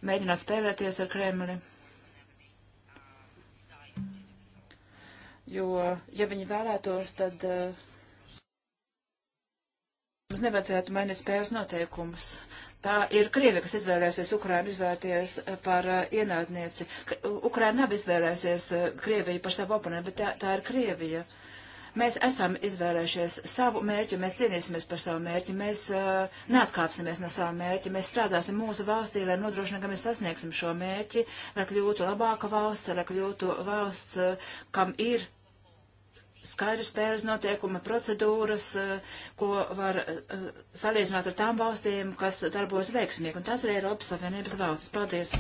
mēģināt spēlēties ar Kremli. Jo, ja viņi vēlētos, tad uh, mums nevajadzētu mainīt spēles noteikumus. Tā ir Krievija, kas izvēlēsies Ukrainu izvēlēties eh, par uh, eh, ienaidnieci. Ukraina nav izvēlēsies uh, Krieviju par savu oponentu, bet tā, tā ir Krievija. Uh, Mēs esam izvēlējušies savu mērķi, mēs cīnīsimies par savu mērķi, mēs uh, neatkāpsimies no savu mērķi, mēs strādāsim mūsu valstī, lai nodrošinātu, ka mēs sasniegsim šo mērķi, lai kļūtu labāka valsts, lai kļūtu valsts, uh, kam ir skaidri spēles notiekuma procedūras, uh, ko var uh, salīdzināt ar tām valstīm, kas darbos veiksmīgi. Un tas ir Eiropas Savienības valsts. Paldies!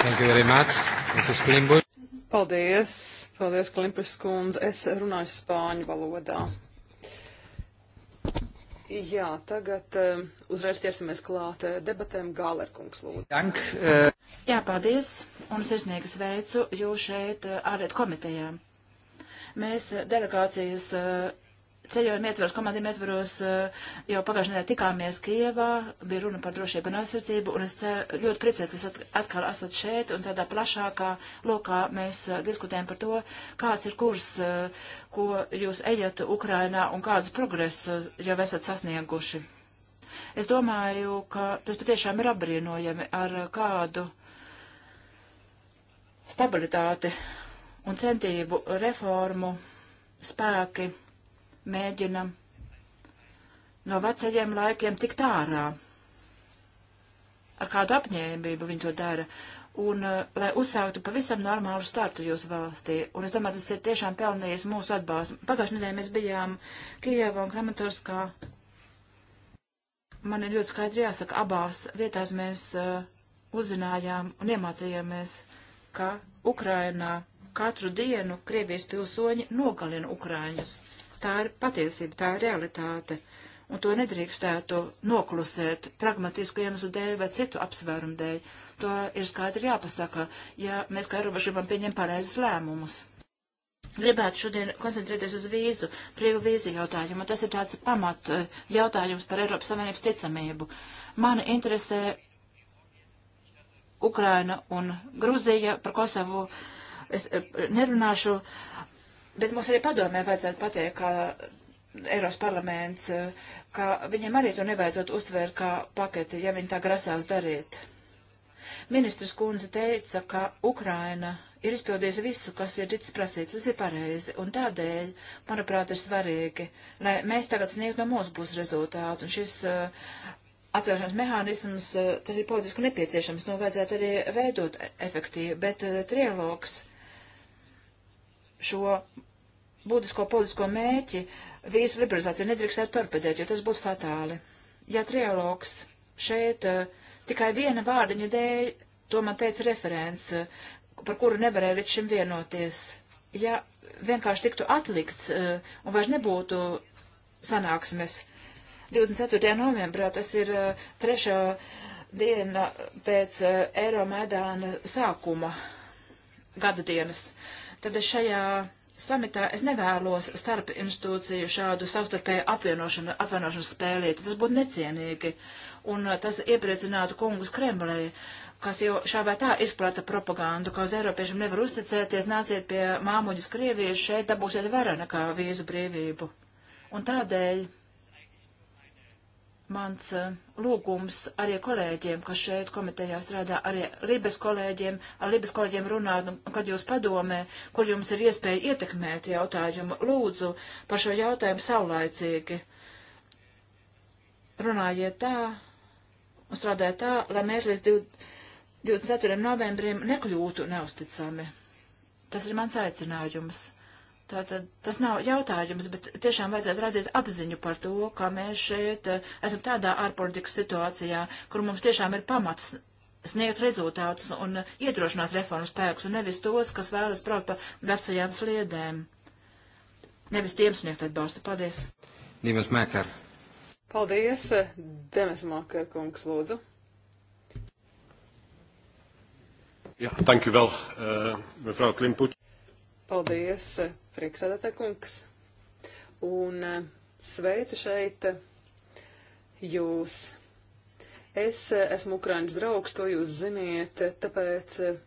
Thank you very much, Mrs. Klimburg. Paldies, paldies, Klimpas kundze. Es runāju spāņu valodā. Jā, tagad uh, uzreiz ķersimies klāt uh, debatēm. Gālerkungs, lūdzu. Dank, uh... Jā, paldies, un sirsnīgi sveicu jūs šeit uh, ārēt komitejā. Mēs uh, delegācijas uh, ceļojuma ietvaros, komandiem ietvaros eh, jau pagājušajā nedēļā tikāmies Kievā, bija runa par drošību un aizsardzību, un es ceru, ļoti priecēju, ka jūs atkal esat šeit, un tādā plašākā lokā mēs eh, diskutējam par to, kāds ir kurs, eh, ko jūs ejat Ukrainā, un kādus progresus jau esat sasnieguši. Es domāju, ka tas patiešām ir apbrīnojami ar kādu stabilitāti un centību reformu spēki mēģinam no vecajiem laikiem tikt ārā. Ar kādu apņēmību viņi to dara. Un, eh, lai uzsāktu pavisam normālu startu jūsu valstī. Un es domāju, tas ir tiešām pelnījis mūsu atbalstu. Pagājušajā nedēļā mēs bijām Kijavā un Kramatorskā. Man ir ļoti skaidri jāsaka, abās vietās mēs uh, uzzinājām un iemācījāmies, ka Ukrainā katru dienu Krievijas pilsoņi nogalina Ukraiņus. Tā ir patiesība, tā ir realitāte. Un to nedrīkstētu noklusēt pragmatisku iemeslu dēļ vai citu apsvērumu dēļ. To ir skaidri jāpasaka, ja mēs kā Eiropa gribam pieņemt pareizus lēmumus. Gribētu šodien koncentrēties uz vīzu, brīvu vīzu jautājumu. Tas ir tāds pamat eh, jautājums par Eiropas Savienības ticamību. Mani interesē Ukraina un Gruzija, par Kosovu es eh, nerunāšu, Bet mums arī padomē vajadzētu pateikt, ka Eiros parlaments, ka viņiem arī to nevajadzētu uztvērt kā paketi, ja viņi tā grasās darīt. Ministrs kundze teica, ka Ukraina ir izpildījusi visu, kas ir ticis prasīts, tas ir pareizi, un tādēļ, manuprāt, ir svarīgi, lai mēs tagad sniegtu no mūsu puses rezultātu, un šis uh, atcelšanas mehānisms, uh, tas ir politiski nepieciešams, nu vajadzētu arī veidot efektīvi, bet uh, trialogs šo būtisko politisko mēķi vīzu liberalizācija nedrīkstētu torpedēt, jo tas būtu fatāli. Ja trialogs šeit eh, tikai viena vārdiņa dēļ, to man teica referents, eh, par kuru nevarēja līdz šim vienoties, ja vienkārši tiktu atlikts eh, un vairs nebūtu sanāksmes. 24. novembrā tas ir trešā diena pēc Eiro Maidāna sākuma gada dienas. Tad es šajā samitā es nevēlos starp institūciju šādu savstarpēju apvienošanu, apvienošanu spēlīt. Tas būtu necienīgi. Un uh, tas iepriecinātu kungus Kremlī, kas jau šā vai tā izplata propagandu, ka uz Eiropiešiem nevar uzticēties, nāciet pie māmuģis Krievijas, šeit dabūsiet vairāk nekā vīzu brīvību. Un tādēļ mans uh, lūgums arī kolēģiem, kas šeit komitejā strādā, arī Libes kolēģiem, ar Libes kolēģiem runāt, nu, kad jūs padomē, kur jums ir iespēja ietekmēt jautājumu, lūdzu par šo jautājumu saulaicīgi. Runājiet tā un strādājiet tā, lai mēs līdz 24. novembrim nekļūtu neusticami. Tas ir mans aicinājums. Tātad tas nav jautājums, bet tiešām vajadzētu radīt apziņu par to, ka mēs šeit eh, esam tādā ārpolitikas situācijā, kur mums tiešām ir pamats sniegt rezultātus un eh, iedrošināt reformu spēkus, un nevis tos, kas vēlas braukt pa vecajām sliedēm. Nevis tiem sniegt atbalstu. Paldies! Dīmas Mēkar. Paldies, eh, Demes Mākar kungs, lūdzu. Jā, ja, thank you vēl, well, uh, mevrouw Klimput. Paldies, priekšsēdētāja kungs. Un eh, sveicu šeit jūs. Es eh, esmu Ukrainas draugs, to jūs ziniet, tāpēc eh,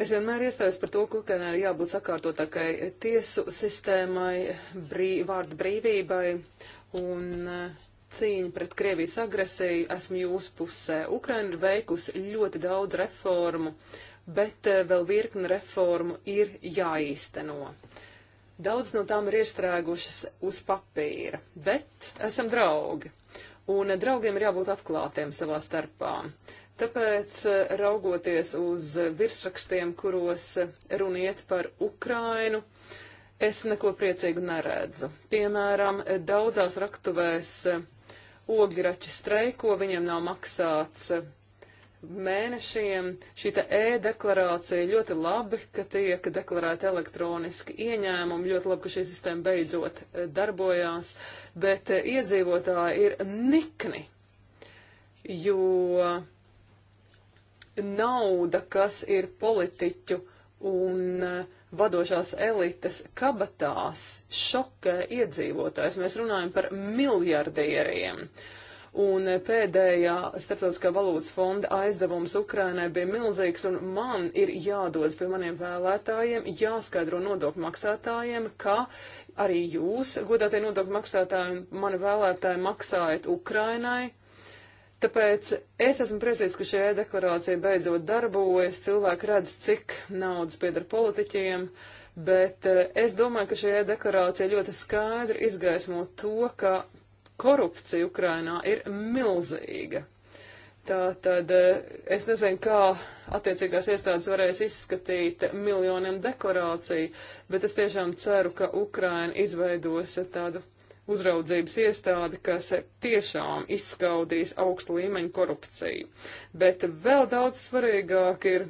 es vienmēr iestājos par to, ka Ukrainai ir jābūt sakārtotākai tiesu sistēmai, brī, vārdu brīvībai un cīņa pret Krievijas agresiju. Esmu jūsu pusē. Ukraina ir veikusi ļoti daudz reformu. Uh, bet eh, vēl virkni reformu ir jāīsteno. Daudz no tām ir iestrēgušas uz papīra, bet esam draugi. Un draugiem ir jābūt atklātiem savā starpā. Tāpēc, eh, raugoties uz virsrakstiem, kuros runiet par Ukrainu, es neko priecīgu neredzu. Piemēram, daudzās raktuvēs eh, ogļraķi streiko, viņiem nav maksāts mēnešiem. Šī e-deklarācija ļoti labi, ka tiek deklarēta elektroniski ieņēmumi, ļoti labi, ka šī sistēma beidzot e, darbojās, bet e, iedzīvotāji ir nikni, jo nauda, kas ir politiķu un e, vadošās elites kabatās, šokē iedzīvotājs. Mēs runājam par miljardieriem. Uh, un pēdējā starptautiskā valūtas fonda aizdevums Ukrainai bija milzīgs, un man ir jādodas pie maniem vēlētājiem, jāskaidro nodokļu maksātājiem, ka arī jūs, godātie nodokļu maksātāji, mani vēlētāji maksājat Ukrainai, Tāpēc es esmu priecīgs, ka šī deklarācija beidzot darbojas. Cilvēki redz, cik naudas pieder politiķiem, bet eh, es domāju, ka šī deklarācija ļoti skaidri izgaismo to, ka korupcija Ukrainā ir milzīga. Tā tad eh, es nezinu, kā attiecīgās iestādes varēs izskatīt miljoniem deklarāciju, bet es tiešām ceru, ka Ukraina izveidos tādu uzraudzības iestādi, kas tiešām izskaudīs augstu līmeņu korupciju. Bet vēl daudz svarīgāk ir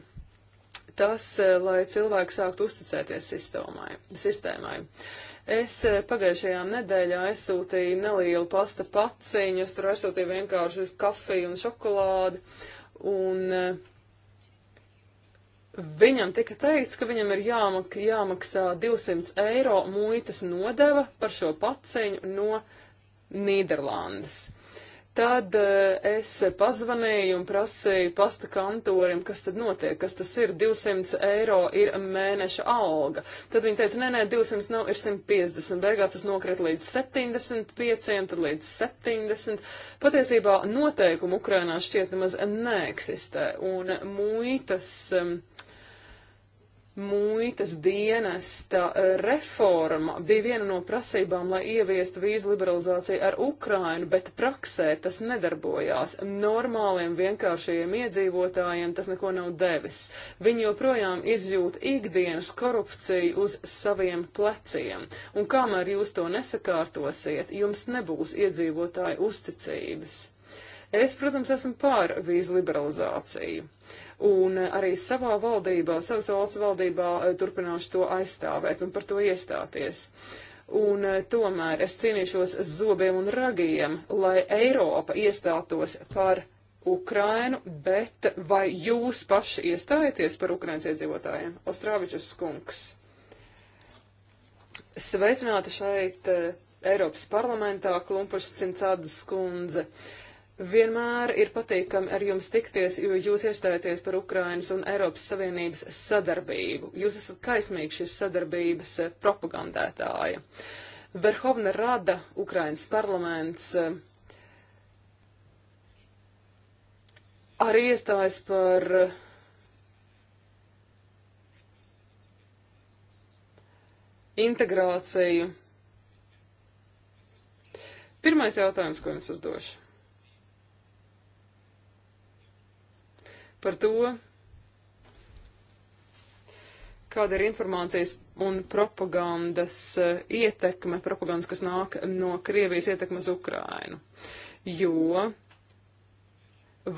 tas, eh, lai cilvēki sāktu uzticēties sistēmai. sistēmai. Uh, Es eh, pagājušajā nedēļā aizsūtīju nelielu pasta paciņu, es tur aizsūtīju vienkārši kafiju un šokolādi, un eh, viņam tika teikts, ka viņam ir jāmak jāmaksā 200 eiro muitas nodeva par šo paciņu no Nīderlandes. Tad eh, es pazvanīju un prasīju pasta kantorim, kas tad notiek, kas tas ir, 200 eiro ir mēneša alga. Tad viņi teica, nē, nē, 200 nav, ir 150, beigās tas nokrita līdz 75, tad līdz 70. Patiesībā noteikumu Ukrainā šķiet nemaz neeksistē, un muitas. Um, muitas dienesta eh, reforma bija viena no prasībām, lai ieviestu vīzu liberalizāciju ar Ukrainu, bet praksē tas nedarbojās. Normāliem vienkāršajiem iedzīvotājiem tas neko nav devis. Viņi joprojām izjūt ikdienas korupciju uz saviem pleciem. Un kamēr jūs to nesakārtosiet, jums nebūs iedzīvotāju uzticības. Es, protams, esmu pār vīzu liberalizāciju. Un arī savā valdībā, savas valsts valdībā e, turpināšu to aizstāvēt un par to iestāties. Un e, tomēr es cīnīšos zobiem un ragiem, lai Eiropa iestātos par Ukrainu, bet vai jūs paši iestājaties par Ukrainas iedzīvotājiem? Ostrāvičus skunks. Sveicināti šeit e, Eiropas parlamentā Klumpušs Cincādas skundze. Uh, Vienmēr ir patīkami ar jums tikties, jo jūs iestājaties par Ukrainas un Eiropas Savienības sadarbību. Jūs esat kaismīgi šīs sadarbības eh, propagandētāja. Verhovna Rada, Ukrainas parlaments, eh, arī iestājas par eh, integrāciju. Pirmais jautājums, ko jums uzdošu. par to, kāda ir informācijas un propagandas eh, ietekme, propagandas, kas nāk no Krievijas ietekmes Ukrainu. Jo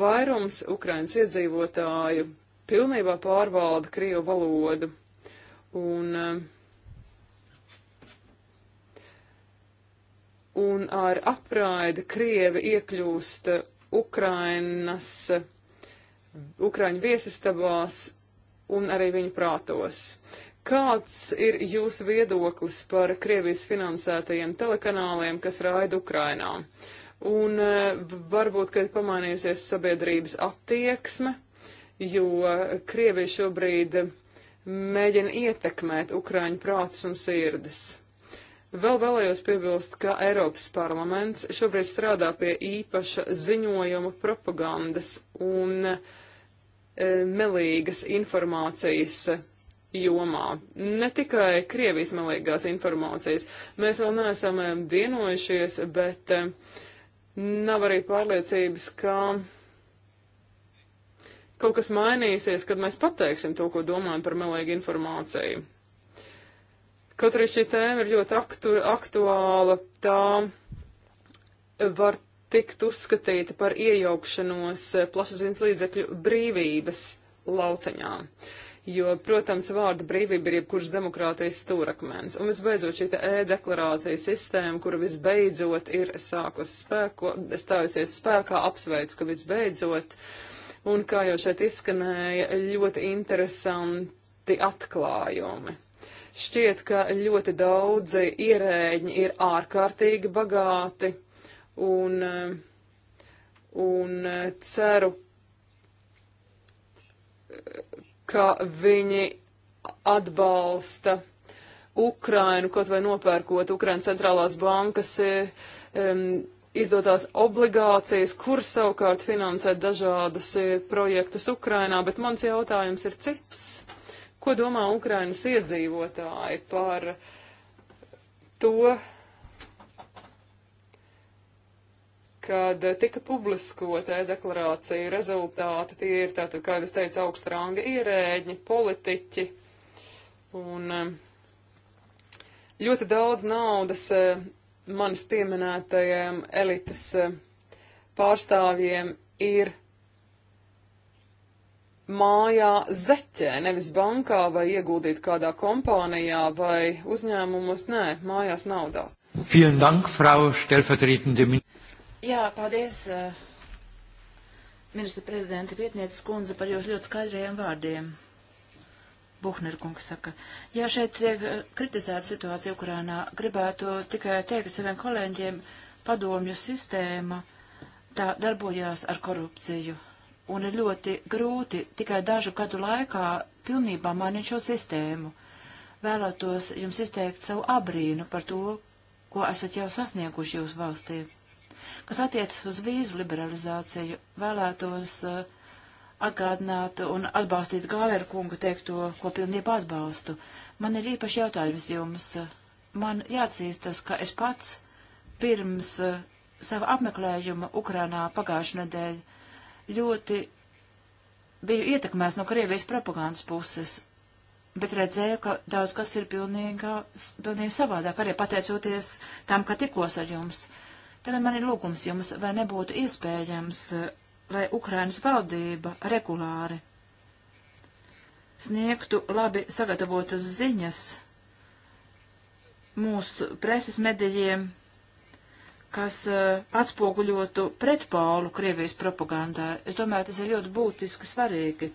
vairums Ukrainas iedzīvotāju pilnībā pārvalda Krievu valodu. Un, eh, un ar apraidi Krievi iekļūst Ukrainas Ukraiņu viesistabās un arī viņu prātos. Kāds ir jūsu viedoklis par Krievijas finansētajiem telekanāliem, kas raida Ukrainā? Un e, varbūt, ka ir pamainījusies sabiedrības attieksme, jo Krievija šobrīd mēģina ietekmēt Ukraiņu prātus un sirdis. Vēl vēlējos piebilst, ka Eiropas parlaments šobrīd strādā pie īpaša ziņojuma propagandas un uh, E, melīgas informācijas jomā, ne tikai Krievijas melīgās informācijas. Mēs vēl neesam e, vienojušies, bet e, nav arī pārliecības, ka kaut kas mainīsies, kad mēs pateiksim to, ko domājam par melīgu informāciju. Kaut arī šī tēma ir ļoti aktu, aktuāla, tā var tiktu uzskatīta par iejaukšanos plašsaziņas līdzekļu brīvības lauceņā. Jo, protams, vārda brīvība ir jebkurš demokrātijas stūrakmens. Un visbeidzot šī e-deklarācija sistēma, kura visbeidzot ir sākus spēko, stājusies spēkā, apsveicu, ka visbeidzot, un kā jau šeit izskanēja, ļoti interesanti atklājumi šķiet, ka ļoti daudzi ierēģi ir ārkārtīgi bagāti, un, un ceru, ka viņi atbalsta Ukrainu, kaut vai nopērkot Ukrainas centrālās bankas um, izdotās obligācijas, kur savukārt finansē dažādus e, projektus Ukrainā, bet mans jautājums ir cits. Ko domā Ukrainas iedzīvotāji par to, kad tika publiskota e-deklarācija rezultāti, tie ir tātad, kā es teicu, augsta ranga ierēģi, politiķi un um, ļoti daudz naudas um, manis pieminētajiem elites um, pārstāvjiem ir mājā zeķē, nevis bankā vai ieguldīt kādā kompānijā vai uzņēmumos, nē, mājās naudā. Vielen Dank, Frau stellvertretende Ministre. Jā, paldies, uh, ministra prezidenta vietnieces kundze, par jūsu ļoti skaidriem vārdiem. Buhner kungs saka, ja šeit tiek eh, kritizēta situācija Ukrainā, gribētu tikai teikt saviem kolēģiem, padomju sistēma tā darbojās ar korupciju. Un ir ļoti grūti tikai dažu gadu laikā pilnībā mainīt šo sistēmu. Vēlētos jums izteikt savu abrīnu par to, ko esat jau sasnieguši jūsu valstī. Kas attiecas uz vīzu liberalizāciju, vēlētos eh, atgādināt un atbalstīt Gālēra kunga teikto, ko pilnībā atbalstu. Man ir īpaši jautājums jums. Man jāatzīstas, ka es pats pirms eh, sava apmeklējuma Ukrainā pagājušajā nedēļā ļoti biju ietekmēts no Krievijas propagandas puses, bet redzēju, ka daudz kas ir pilnīgi, pilnīgi savādāk, arī pateicoties tam, ka tikos ar jums. Tad man ir lūgums jums, vai nebūtu iespējams, eh, lai Ukrainas valdība regulāri sniegtu labi sagatavotas ziņas mūsu preses medijiem, kas uh, atspoguļotu pretpālu Krievijas propagandā. Es domāju, tas ir ļoti būtiski svarīgi.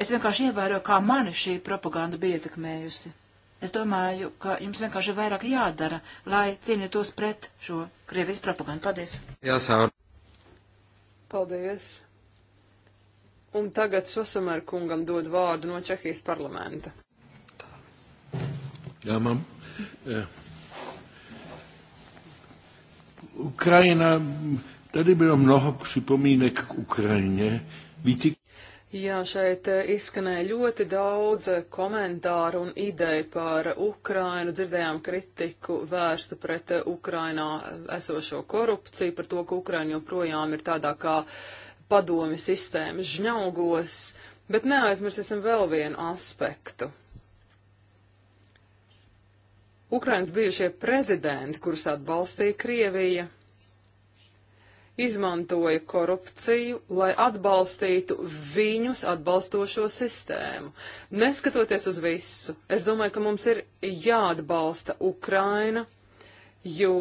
Es vienkārši ievēroju, kā mani šī propaganda bija ietekmējusi. Es domāju, ka jums vienkārši ir vairāk jādara, lai cīnītos pret šo Krievijas propagandu. Paldies! Jā, sār. Paldies! Un tagad Sosamēr kungam dod vārdu no Čehijas parlamenta. Jā, mam. Jā. Ukrajina, tady bylo mnoho připomínek k Ukrajině. Víte... Jā, šeit eh, izskanēja ļoti daudz eh, komentāru un ideju par Ukrainu. Dzirdējām kritiku vērstu pret eh, Ukrainā esošo korupciju, par to, ka Ukraina joprojām ir tādā kā padomi sistēma žņaugos, bet neaizmirsīsim vēl vienu aspektu. Ukrainas bijušie prezidenti, kurus atbalstīja Krievija izmantoja korupciju, lai atbalstītu viņus atbalstošo sistēmu. Neskatoties uz visu, es domāju, ka mums ir jāatbalsta Ukraina, jo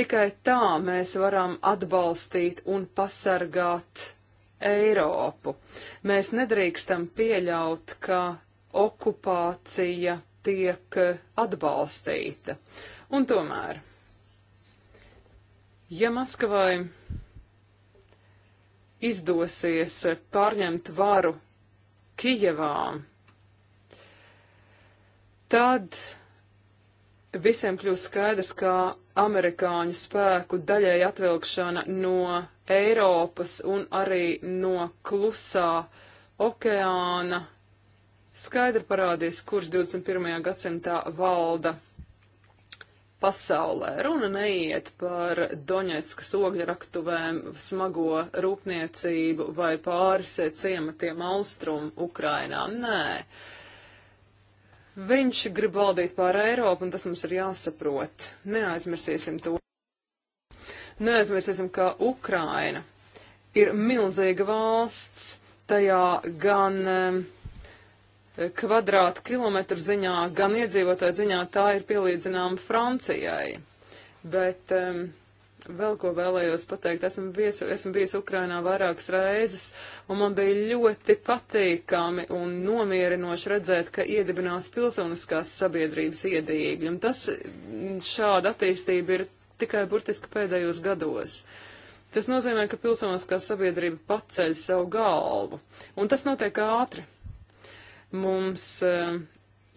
tikai tā mēs varam atbalstīt un pasargāt Eiropu. Mēs nedrīkstam pieļaut, ka okupācija tiek atbalstīta. Un tomēr Ja Maskavai izdosies pārņemt varu Kijevā, tad visiem kļūst skaidrs, ka amerikāņu spēku daļai atvilkšana no Eiropas un arī no klusā okeāna skaidri parādīs, kurš 21. gadsimtā valda pasaulē. Runa neiet par Doņetskas ogļraktuvēm, smago rūpniecību vai pāris ciematiem austrum Ukrainā. Nē. Viņš grib valdīt pār Eiropu, un tas mums ir jāsaprot. Neaizmirsīsim to. Neaizmirsīsim, ka Ukraina ir milzīga valsts, tajā gan um, kvadrātu kilometru ziņā, gan iedzīvotāju ziņā tā ir pielīdzināma Francijai. Bet um, vēl ko vēlējos pateikt, esmu bijis, esmu bijis Ukrainā vairākas reizes, un man bija ļoti patīkami un nomierinoši redzēt, ka iedibinās pilsoniskās sabiedrības iedīgļi. Un tas šāda attīstība ir tikai burtiski pēdējos gados. Tas nozīmē, ka pilsoniskā sabiedrība paceļ savu galvu, un tas notiek ātri. Mums eh,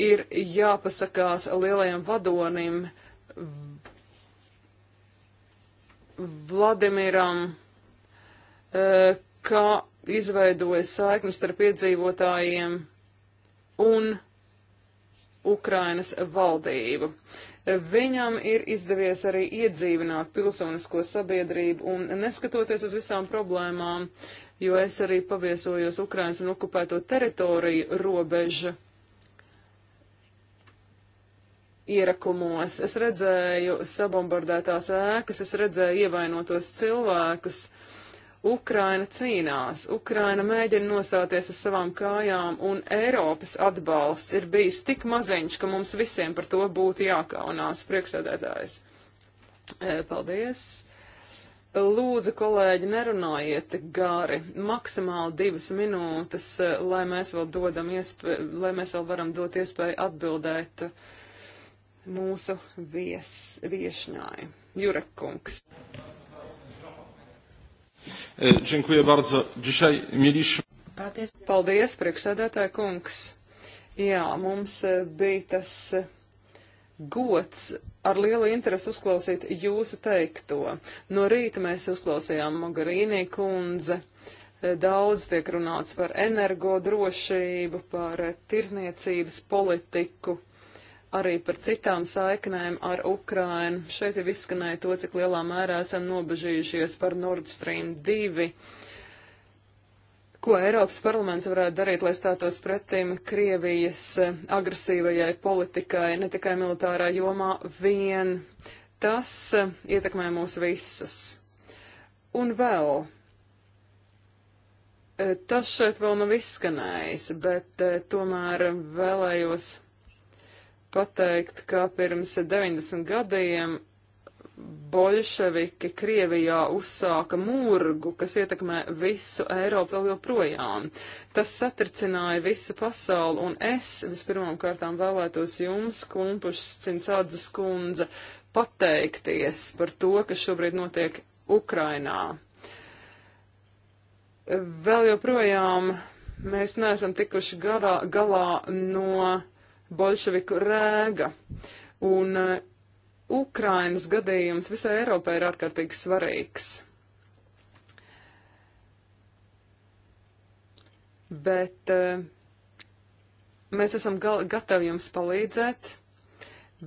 ir jāpasakās lielajam vadonim Vladimiram, eh, kā izveidojas saiknes starp iedzīvotājiem un Ukrainas valdību. Viņam ir izdevies arī iedzīvināt pilsonisko sabiedrību un neskatoties uz visām problēmām, jo es arī paviesojos Ukrainas un okupēto teritoriju robeža ierakumos. Es redzēju sabombardētās ēkas, es redzēju ievainotos cilvēkus. Ukraina cīnās, Ukraina mēģina nostāties uz savām kājām, un Eiropas atbalsts ir bijis tik maziņš, ka mums visiem par to būtu jākaunās, priekšsēdētājs. Paldies! Lūdzu, kolēģi, nerunājiet tik gari. Maksimāli divas minūtes, eh, lai mēs vēl, dodam iespēju, lai mēs vēl varam dot iespēju atbildēt mūsu vies, viešņai. Jurek kungs. E, dziękuję bardzo. Dzisiaj mieliśmy. Paldies, Paldies priekšsēdētāji kungs. Jā, mums e, bija tas e, gods ar lielu interesi uzklausīt jūsu teikto. No rīta mēs uzklausījām Mogarīnī kundze. Daudz tiek runāts par energodrošību, par tirzniecības politiku, arī par citām saiknēm ar Ukrainu. Šeit ir izskanēja to, cik lielā mērā esam nobežījušies par Nord Stream 2 ko Eiropas parlaments varētu darīt, lai stātos pretim Krievijas eh, agresīvajai politikai, ne tikai militārā jomā vien. Tas eh, ietekmē mūs visus. Un vēl. Eh, tas šeit vēl nav izskanējis, bet tomēr vēlējos pateikt, ka pirms 90 gadiem bolševiki Krievijā uzsāka mūrgu, kas ietekmē visu Eiropu vēl joprojām. Tas satricināja visu pasauli, un es vispirmām kārtām vēlētos jums, klumpušas Cincādzes kundze, pateikties par to, kas šobrīd notiek Ukrainā. Vēl joprojām mēs neesam tikuši garā, galā no bolševiku rēga. Un Ukrainas gadījums visai Eiropai ir ārkārtīgi svarīgs. Bet eh, mēs esam gatavi jums palīdzēt,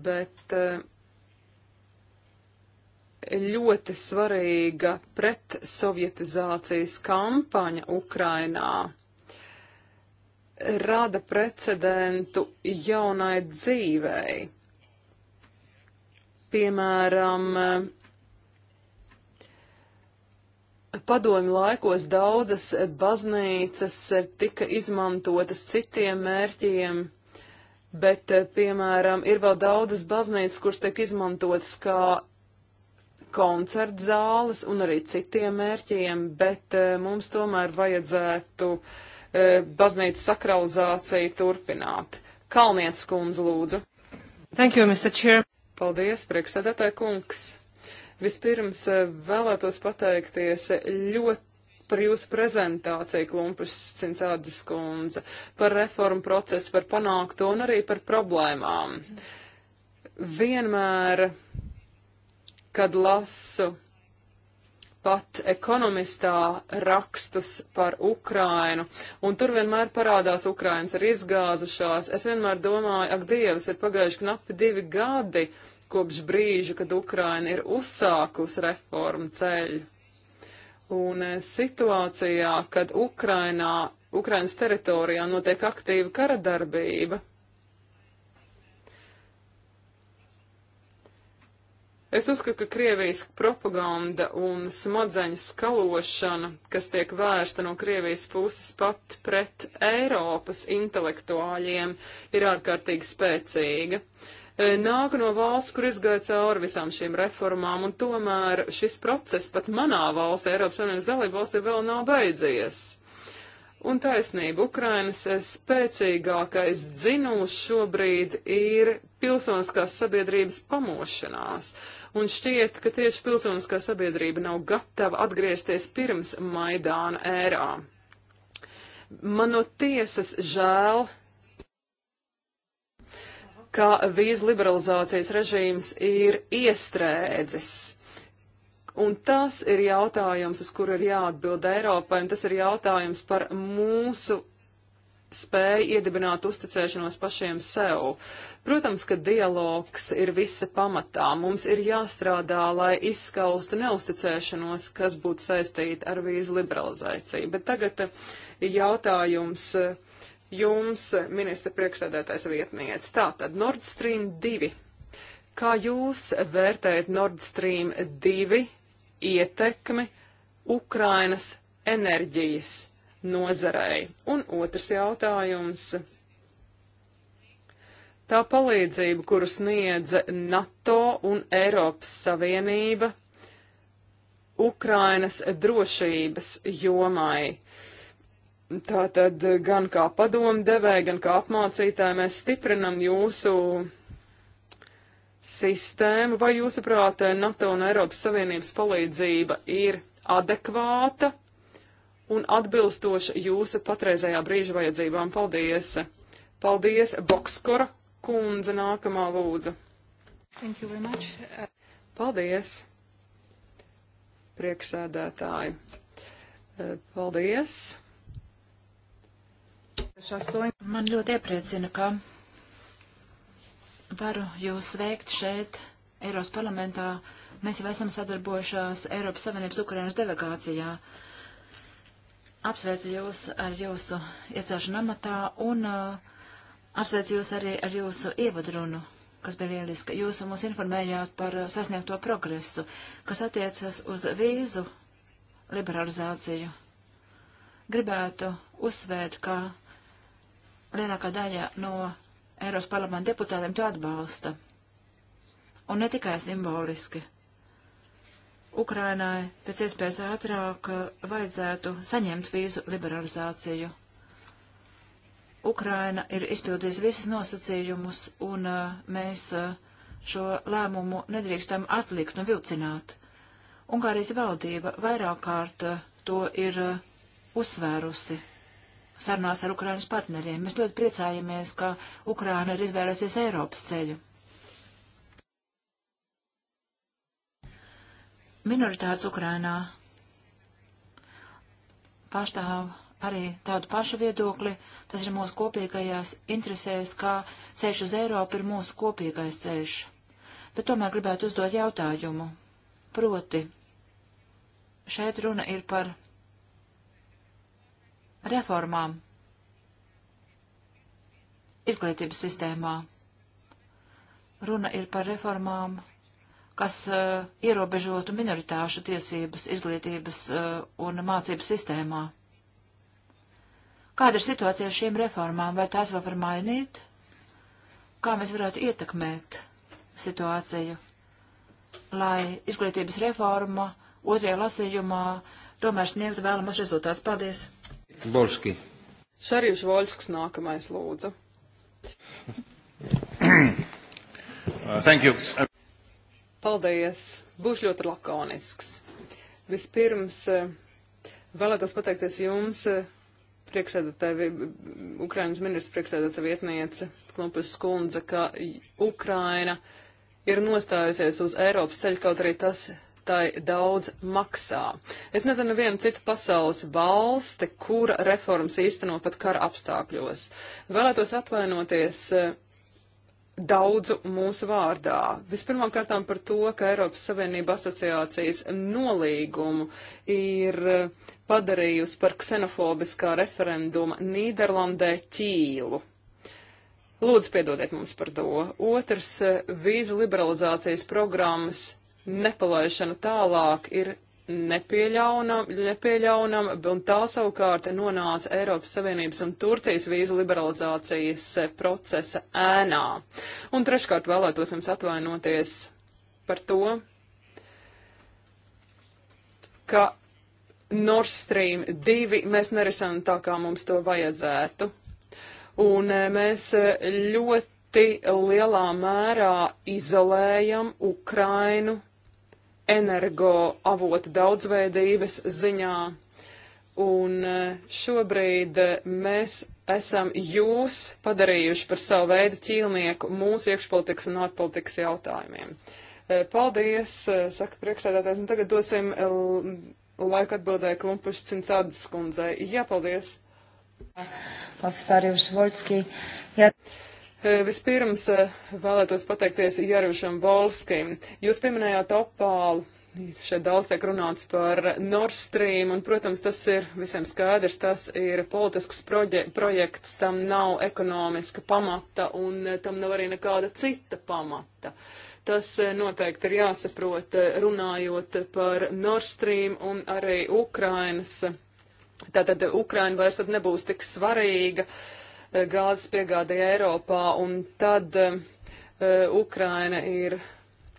bet eh, ļoti svarīga pretsovietizācijas kampaņa Ukrainā rada precedentu jaunai dzīvei. Piemēram, padomju laikos daudzas baznīcas tika izmantotas citiem mērķiem, bet, piemēram, ir vēl daudzas baznīcas, kuras tiek izmantotas kā koncerta zāles un arī citiem mērķiem, bet eh, mums tomēr vajadzētu eh, baznīcu sakralizāciju turpināt. Kalnietis kundze, lūdzu. Thank you, Mr. Chair. Paldies, priekšsēdētāji kungs! Vispirms eh, vēlētos pateikties ļoti par jūsu prezentāciju, Klumpus Cincādzes kundze, par reformu procesu, par panākto un arī par problēmām. Vienmēr, kad lasu pat ekonomistā rakstus par Ukrainu, un tur vienmēr parādās Ukrainas ir izgāzušās. Es vienmēr domāju, ak Dievs, ir pagājuši knapi divi gadi kopš brīža, kad Ukraina ir uzsākus reformu ceļu. Un eh, situācijā, kad Ukrainā, Ukrainas teritorijā notiek aktīva kara darbība, Es uzskatu, ka Krievijas propaganda un smadzeņu skalošana, kas tiek vērsta no Krievijas puses pat pret Eiropas intelektuāļiem, ir ārkārtīgi spēcīga. E, nāk no valsts, kur izgāja cauri visām šīm reformām, un tomēr šis process pat manā valstī, Eiropas Savienības dalība valstī, vēl nav beidzies. Un taisnība, Ukrainas eh, spēcīgākais dzinums šobrīd ir pilsoniskās sabiedrības pamošanās. Un šķiet, ka tieši pilsoniskā sabiedrība nav gatava atgriezties pirms Maidāna ērā. Man no tiesas žēl, ka vīzu liberalizācijas režīms ir iestrēdzis Un tas ir jautājums, uz kuru ir jāatbild Eiropai, un tas ir jautājums par mūsu spēju iedibināt uzticēšanos pašiem sev. Protams, ka dialogs ir visa pamatā. Mums ir jāstrādā, lai izskaustu neuzticēšanos, kas būtu saistīta ar vīzu liberalizāciju. Bet tagad eh, jautājums eh, jums, ministra priekšsēdētājs vietniec. Tātad Nord Stream 2. Kā jūs vērtējat Nord Stream 2 ietekmi Ukrainas enerģijas nozarei? Un otrs jautājums. Tā palīdzība, kuru sniedza NATO un Eiropas Savienība Ukrainas drošības jomai. Tātad gan kā padomdevēja, gan kā apmācītāja mēs stiprinam jūsu sistēmu, vai jūsuprāt eh, NATO un Eiropas Savienības palīdzība ir adekvāta un atbilstoša jūsu patreizējā brīža vajadzībām? Paldies! Paldies, Bokskora kundze, nākamā lūdzu. Thank you very much. Paldies, prieksēdētāji. Eh, paldies. Man ļoti iepriecina, ka Varu jūs sveikt šeit, Eiropas parlamentā. Mēs jau esam sadarbojušās Eiropas Savienības Ukrainas delegācijā. Apsveicu jūs ar jūsu iecelšanu amatā un uh, apsveicu jūs arī ar jūsu ievadrunu kas bija lieliska. Jūs mums informējāt par uh, sasniegto progresu, kas attiecas uz vīzu liberalizāciju. Gribētu uzsvērt, ka lielākā daļa no Eiros parlamenta deputātiem to atbalsta. Un ne tikai simboliski. Ukrainai pēc iespējas ātrāk vajadzētu saņemt vīzu liberalizāciju. Ukraina ir izpildījusi visus nosacījumus, un uh, mēs uh, šo lēmumu nedrīkstam atlikt un vilcināt. Ungārijas valdība vairāk kārt uh, to ir uzsvērusi sarunās ar Ukrainas partneriem. Mēs ļoti priecājamies, ka Ukraina ir izvēlēsies Eiropas ceļu. Minoritātes Ukrainā pārstāv arī tādu pašu viedokli, tas ir mūsu kopīgajās interesēs, kā ceļš uz Eiropu ir mūsu kopīgais ceļš. Bet tomēr gribētu uzdot jautājumu. Proti, šeit runa ir par reformām izglītības sistēmā. Runa ir par reformām, kas uh, ierobežotu minoritāšu tiesības izglītības uh, un mācības sistēmā. Kāda ir situācija ar šīm reformām? Vai tās vēl var mainīt? Kā mēs varētu ietekmēt situāciju, lai izglītības reforma otrajā lasījumā tomēr sniegtu vēlamas rezultātus? Paldies! Volski. Šarīvs Voļsks nākamais lūdzu. Uh, thank you. Paldies. Būšu ļoti lakonisks. Vispirms eh, vēlētos pateikties jums, eh, priekšsēdētāji, Ukrainas ministrs priekšsēdētāja vietniece Klumpis Skundze, ka Ukraina ir nostājusies uz Eiropas ceļu, kaut arī tas tai daudz maksā. Es nezinu vienu citu pasaules valsti, kura reformas īstenot pat kara apstākļos. Vēlētos atvainoties eh, daudzu mūsu vārdā. Vispirmām kārtām par to, ka Eiropas Savienība asociācijas nolīgumu ir eh, padarījusi par ksenofobiskā referenduma Nīderlandē ķīlu. Lūdzu, piedodiet mums par to. Otrs eh, - vīzu liberalizācijas programmas nepalaišana tālāk ir nepieļaunam, nepieļaunam, un tā savukārt nonāca Eiropas Savienības un Turcijas vīzu liberalizācijas procesa ēnā. Un treškārt vēlētos jums atvainoties par to, ka Nord Stream 2 mēs nerisam tā, kā mums to vajadzētu. Un eh, mēs eh, ļoti lielā mērā izolējam Ukrainu energo avotu daudzveidības ziņā. Un eh, šobrīd eh, mēs esam jūs padarījuši par savu veidu ķīlnieku mūsu iekšpolitikas un ārpolitikas jautājumiem. Eh, paldies, saka priekšsēdētājs, un tagad dosim laiku atbildēju Klumpuši Cincādas kundzei. Jā, paldies. Profesori Švolski. Jā. Ja. Eh, vispirms eh, vēlētos pateikties Jarušam Volskim. Jūs pieminējāt opālu. Šeit daudz tiek runāts par Nord Stream, un, protams, tas ir visiem skaidrs, tas ir politisks projekts, tam nav ekonomiska pamata, un eh, tam nav arī nekāda cita pamata. Tas noteikti ir jāsaprot, runājot par Nord Stream un arī Ukrainas. Tātad Ukraina vairs tad nebūs tik svarīga. Uh, Eh, gāzes piegādēja Eiropā, un tad uh, Ukraina ir,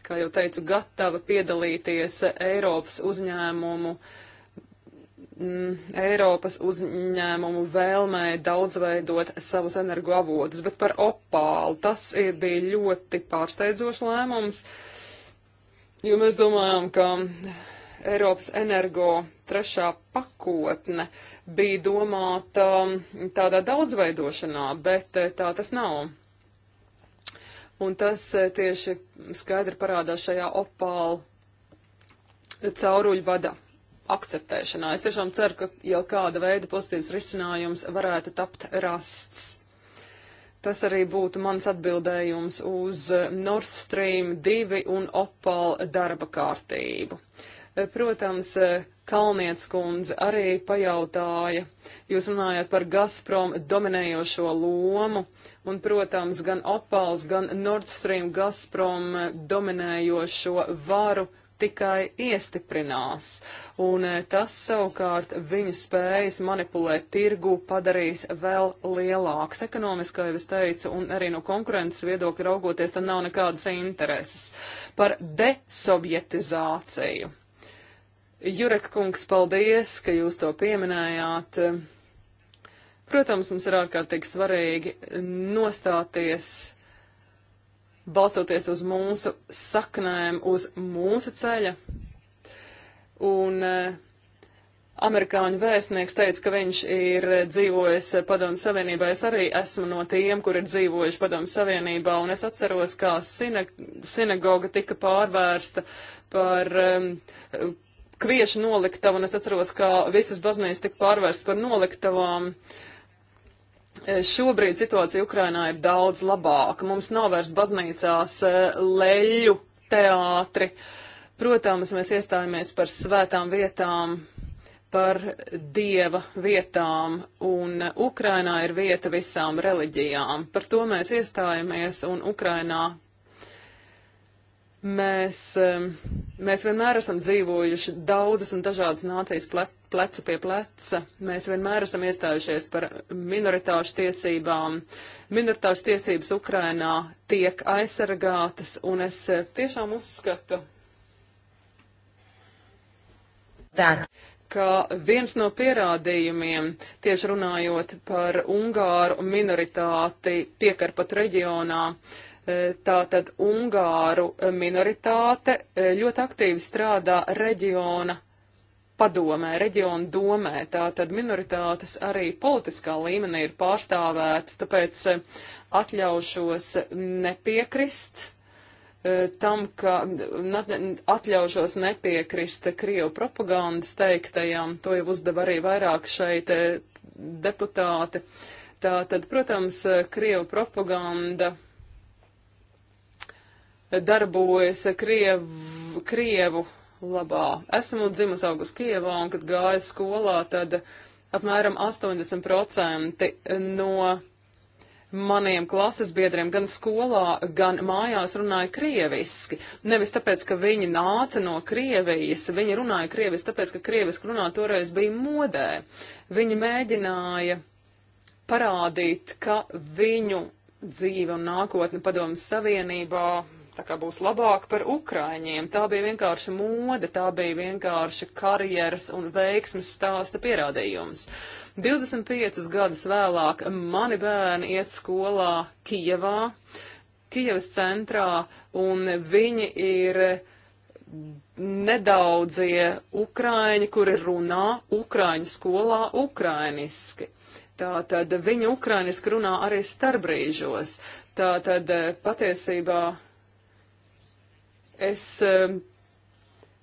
kā jau teicu, gatava piedalīties Eiropas uzņēmumu, mm, Eiropas uzņēmumu vēlmē daudzveidot savus energoavotus, bet par opālu tas ir, bija ļoti pārsteidzošs lēmums, jo mēs domājām, ka Eiropas energo trešā pakotne bija domāta um, tādā daudzveidošanā, bet eh, tā tas nav. Un tas eh, tieši skaidri parādās šajā opāla cauruļvada akceptēšanā. Es tiešām ceru, ka jau kāda veida pozitīvs risinājums varētu tapt rasts. Tas arī būtu mans atbildējums uz Nord Stream 2 un opāla darba kārtību. Uh, Protams, eh, Kalnietis kundze arī pajautāja, jūs runājat par Gazprom dominējošo lomu, un, protams, gan Opals, gan Nord Stream Gazprom eh, dominējošo varu tikai iestiprinās, un eh, tas savukārt viņu spējas manipulēt tirgu padarīs vēl lielāks. Ekonomiski, kā jau es teicu, un arī no konkurences viedokļa raugoties, tam nav nekādas intereses par desobjetizāciju. Jurek kungs, paldies, ka jūs to pieminējāt. Protams, mums ir ārkārtīgi svarīgi nostāties, balstoties uz mūsu saknēm, uz mūsu ceļa. Un eh, amerikāņu vēstnieks teica, ka viņš ir dzīvojis Padomu Savienībā. Es arī esmu no tiem, kur ir dzīvojuši Padomu Savienībā, un es atceros, kā sina sinagoga tika pārvērsta par um, kviešu noliktavu, un es atceros, ka visas baznīcas tika pārvērst par noliktavām. E, šobrīd situācija Ukrainā ir daudz labāka. Mums nav vairs baznīcās e, leļu teātri. Protams, mēs iestājāmies par svētām vietām, par dieva vietām, un Ukrainā ir vieta visām reliģijām. Par to mēs iestājāmies, un Ukrainā mēs, mēs vienmēr esam dzīvojuši daudzas un dažādas nācijas ple, plecu pie pleca. Mēs vienmēr esam iestājušies par minoritāšu tiesībām. Minoritāšu tiesības Ukrainā tiek aizsargātas, un es eh, tiešām uzskatu, That. ka viens no pierādījumiem, tieši runājot par Ungāru minoritāti piekarpat reģionā, uh, Tātad Ungāru minoritāte e, ļoti aktīvi strādā reģiona padomē, reģiona domē. Tātad minoritātes arī politiskā līmenī ir pārstāvētas, tāpēc e, atļaušos nepiekrist e, tam, ka atļaušos nepiekrist Krievu propagandas teiktajām, to jau uzdeva arī vairāk šeit deputāti. Tātad, protams, Krievu propaganda darbojas Kriev, Krievu labā. Esmu dzimusi augus Kievā, un kad gāju skolā, tad apmēram 80% no maniem klases biedriem gan skolā, gan mājās runāja krieviski. Nevis tāpēc, ka viņi nāca no Krievijas, viņi runāja krieviski, tāpēc, ka krieviski runā toreiz bija modē. Viņi mēģināja parādīt, ka viņu dzīve un nākotne padomas savienībā tā kā būs labāka par Ukraiņiem. Tā bija vienkārši mode, tā bija vienkārši karjeras un veiksmes stāsta pierādījums. 25 gadus vēlāk mani bērni iet skolā Kijevā, Kijevas centrā, un viņi ir nedaudzie ukraini, kuri runā ukraiņu skolā ukrainiski. Tātad viņi ukrainiski runā arī starbrīžos. Tātad patiesībā Es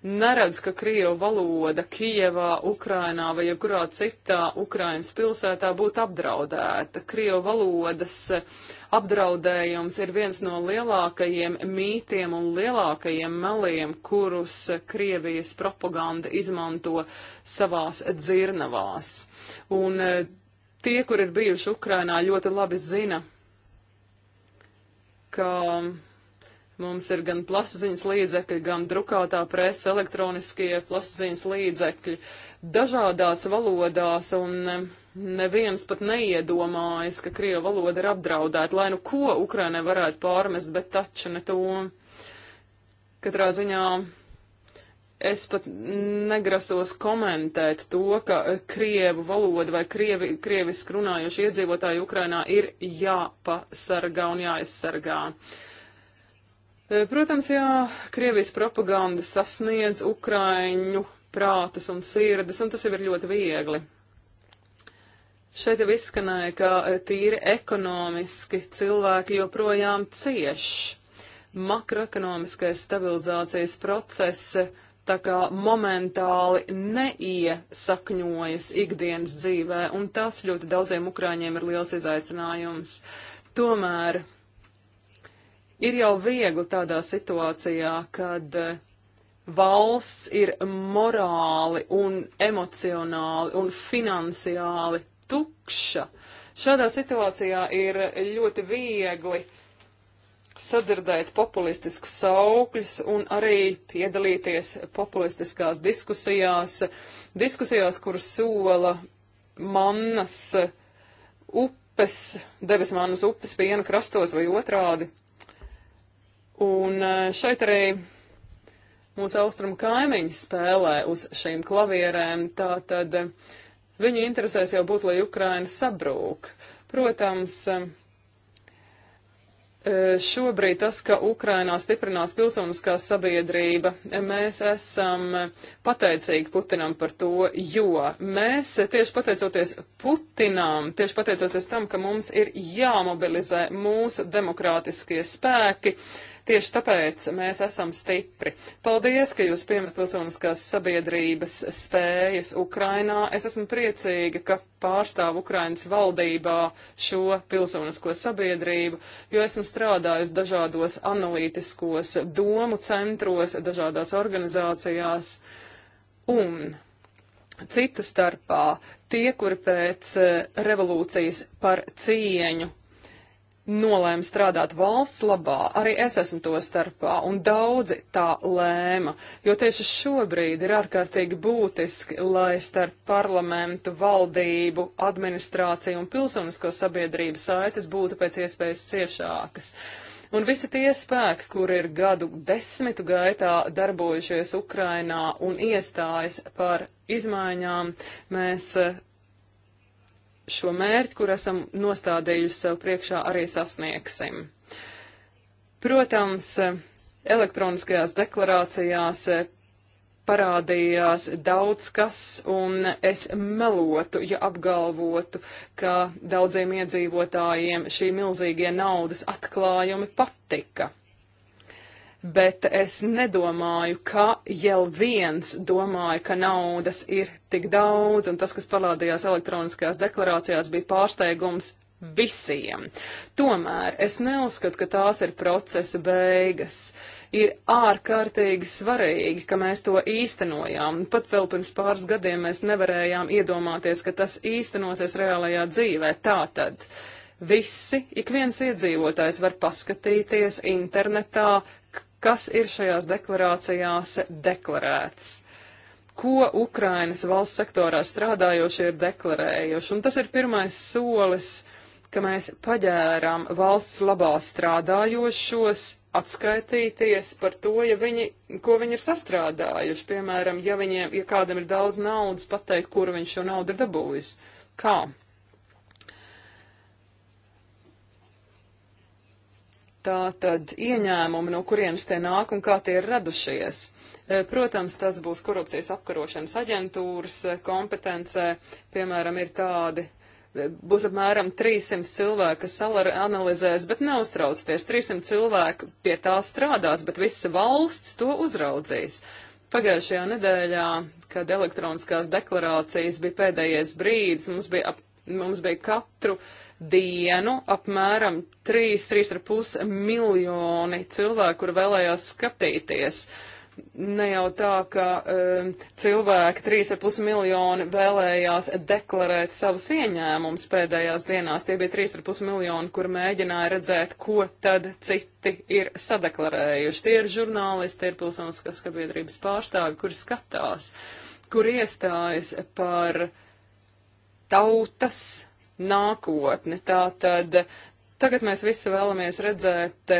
neredzu, ka Krievu valoda Kijevā, Ukrainā vai jebkurā citā Ukrainas pilsētā būtu apdraudēta. Krievu valodas eh, apdraudējums ir viens no lielākajiem mītiem un lielākajiem meliem, kurus eh, Krievijas propaganda izmanto savās dzirnavās. Un eh, tie, kur ir bijuši Ukrainā, ļoti labi zina, ka Mums ir gan plašsaziņas līdzekļi, gan drukātā presa, elektroniskie plašsaziņas līdzekļi, dažādās valodās, un eh, neviens pat neiedomājas, ka krievu valoda ir apdraudēta, lai nu ko Ukrainai varētu pārmest, bet taču ne to. Katrā ziņā es pat negrasos komentēt to, ka krievu valoda vai krievi, krieviski runājoši iedzīvotāji Ukrainā ir jāpasargā un jāaizsargā. Uh, E, protams, jā, Krievijas propaganda sasniedz Ukraiņu prātus un sirdes, un tas jau ir ļoti viegli. Šeit jau izskanēja, ka e, tīri ekonomiski cilvēki joprojām cieš. Makroekonomiskais stabilizācijas process e, tā kā momentāli neiesakņojas ikdienas dzīvē, un tas ļoti daudziem ukrāņiem ir liels izaicinājums. Tomēr Ir jau viegli tādā situācijā, kad eh, valsts ir morāli un emocionāli un finansiāli tukša. Šādā situācijā ir ļoti viegli sadzirdēt populistiskus saukļus un arī piedalīties populistiskās diskusijās, diskusijās, kur sola mannas upes, devis mannas upes piena krastos vai otrādi. Un eh, šeit arī mūsu austrumu kaimiņi spēlē uz šīm klavierēm, tā tad eh, viņu interesēs jau būt, lai Ukraina sabrūk. Protams, eh, šobrīd tas, ka Ukrainā stiprinās pilsoniskā sabiedrība, mēs esam pateicīgi Putinam par to, jo mēs tieši pateicoties Putinam, tieši pateicoties tam, ka mums ir jāmobilizē mūsu demokrātiskie spēki, uh, Tieši tāpēc mēs esam stipri. Paldies, ka jūs pieminat pilsoniskās sabiedrības spējas Ukrainā. Es esmu priecīga, ka pārstāvu Ukrainas valdībā šo pilsonisko sabiedrību, jo esmu strādājusi dažādos analītiskos domu centros, dažādās organizācijās. Un citu starpā tie, kuri pēc eh, revolūcijas par cieņu nolēma strādāt valsts labā, arī es esmu to starpā, un daudzi tā lēma, jo tieši šobrīd ir ārkārtīgi būtiski, lai starp parlamentu, valdību, administrāciju un pilsonisko sabiedrību saites būtu pēc iespējas ciešākas. Un visi tie spēki, kur ir gadu desmitu gaitā darbojušies Ukrainā un iestājas par izmaiņām, mēs šo mērķi, kur esam nostādījuši sev priekšā, arī sasniegsim. Protams, elektroniskajās deklarācijās eh, parādījās daudz kas, un es melotu, ja apgalvotu, ka daudziem iedzīvotājiem šī milzīgie naudas atklājumi patika bet es nedomāju, ka jau viens domāja, ka naudas ir tik daudz, un tas, kas parādījās elektroniskajās deklarācijās, bija pārsteigums visiem. Tomēr es neuzskatu, ka tās ir procesa beigas. Ir ārkārtīgi svarīgi, ka mēs to īstenojām. Pat vēl pirms pāris gadiem mēs nevarējām iedomāties, ka tas īstenosies reālajā dzīvē. Tātad visi, ik viens iedzīvotājs var paskatīties internetā, kas ir šajās deklarācijās deklarēts ko Ukrainas valsts sektorā strādājošie ir deklarējuši. Un tas ir pirmais solis, ka mēs paģērām valsts labā strādājošos atskaitīties par to, ja viņi, ko viņi ir sastrādājuši. Piemēram, ja, viņiem, ja kādam ir daudz naudas, pateikt, kur viņš šo naudu ir dabūjis. Kā? Tā tad ieņēmumi, no kurienes tie nāk un kā tie ir radušies. E, protams, tas būs korupcijas apkarošanas aģentūras e, kompetencē. Piemēram, ir tādi, e, būs apmēram 300 cilvēki, kas analizēs, bet neuztraucieties, 300 cilvēki pie tā strādās, bet visa valsts to uzraudzīs. Pagājušajā nedēļā, kad elektroniskās deklarācijas bija pēdējais brīdis, mums bija ap Mums bija katru dienu apmēram 3-3,5 miljoni cilvēku, kur vēlējās skatīties. Ne jau tā, ka um, cilvēki 3,5 miljoni vēlējās deklarēt savus ieņēmumus pēdējās dienās. Tie bija 3,5 miljoni, kur mēģināja redzēt, ko tad citi ir sadeklarējuši. Tie ir žurnālisti, tie ir pilsoniskas sabiedrības pārstāvi, kuri skatās, kur iestājas par uh, tautas nākotni. Tātad tagad mēs visi vēlamies redzēt,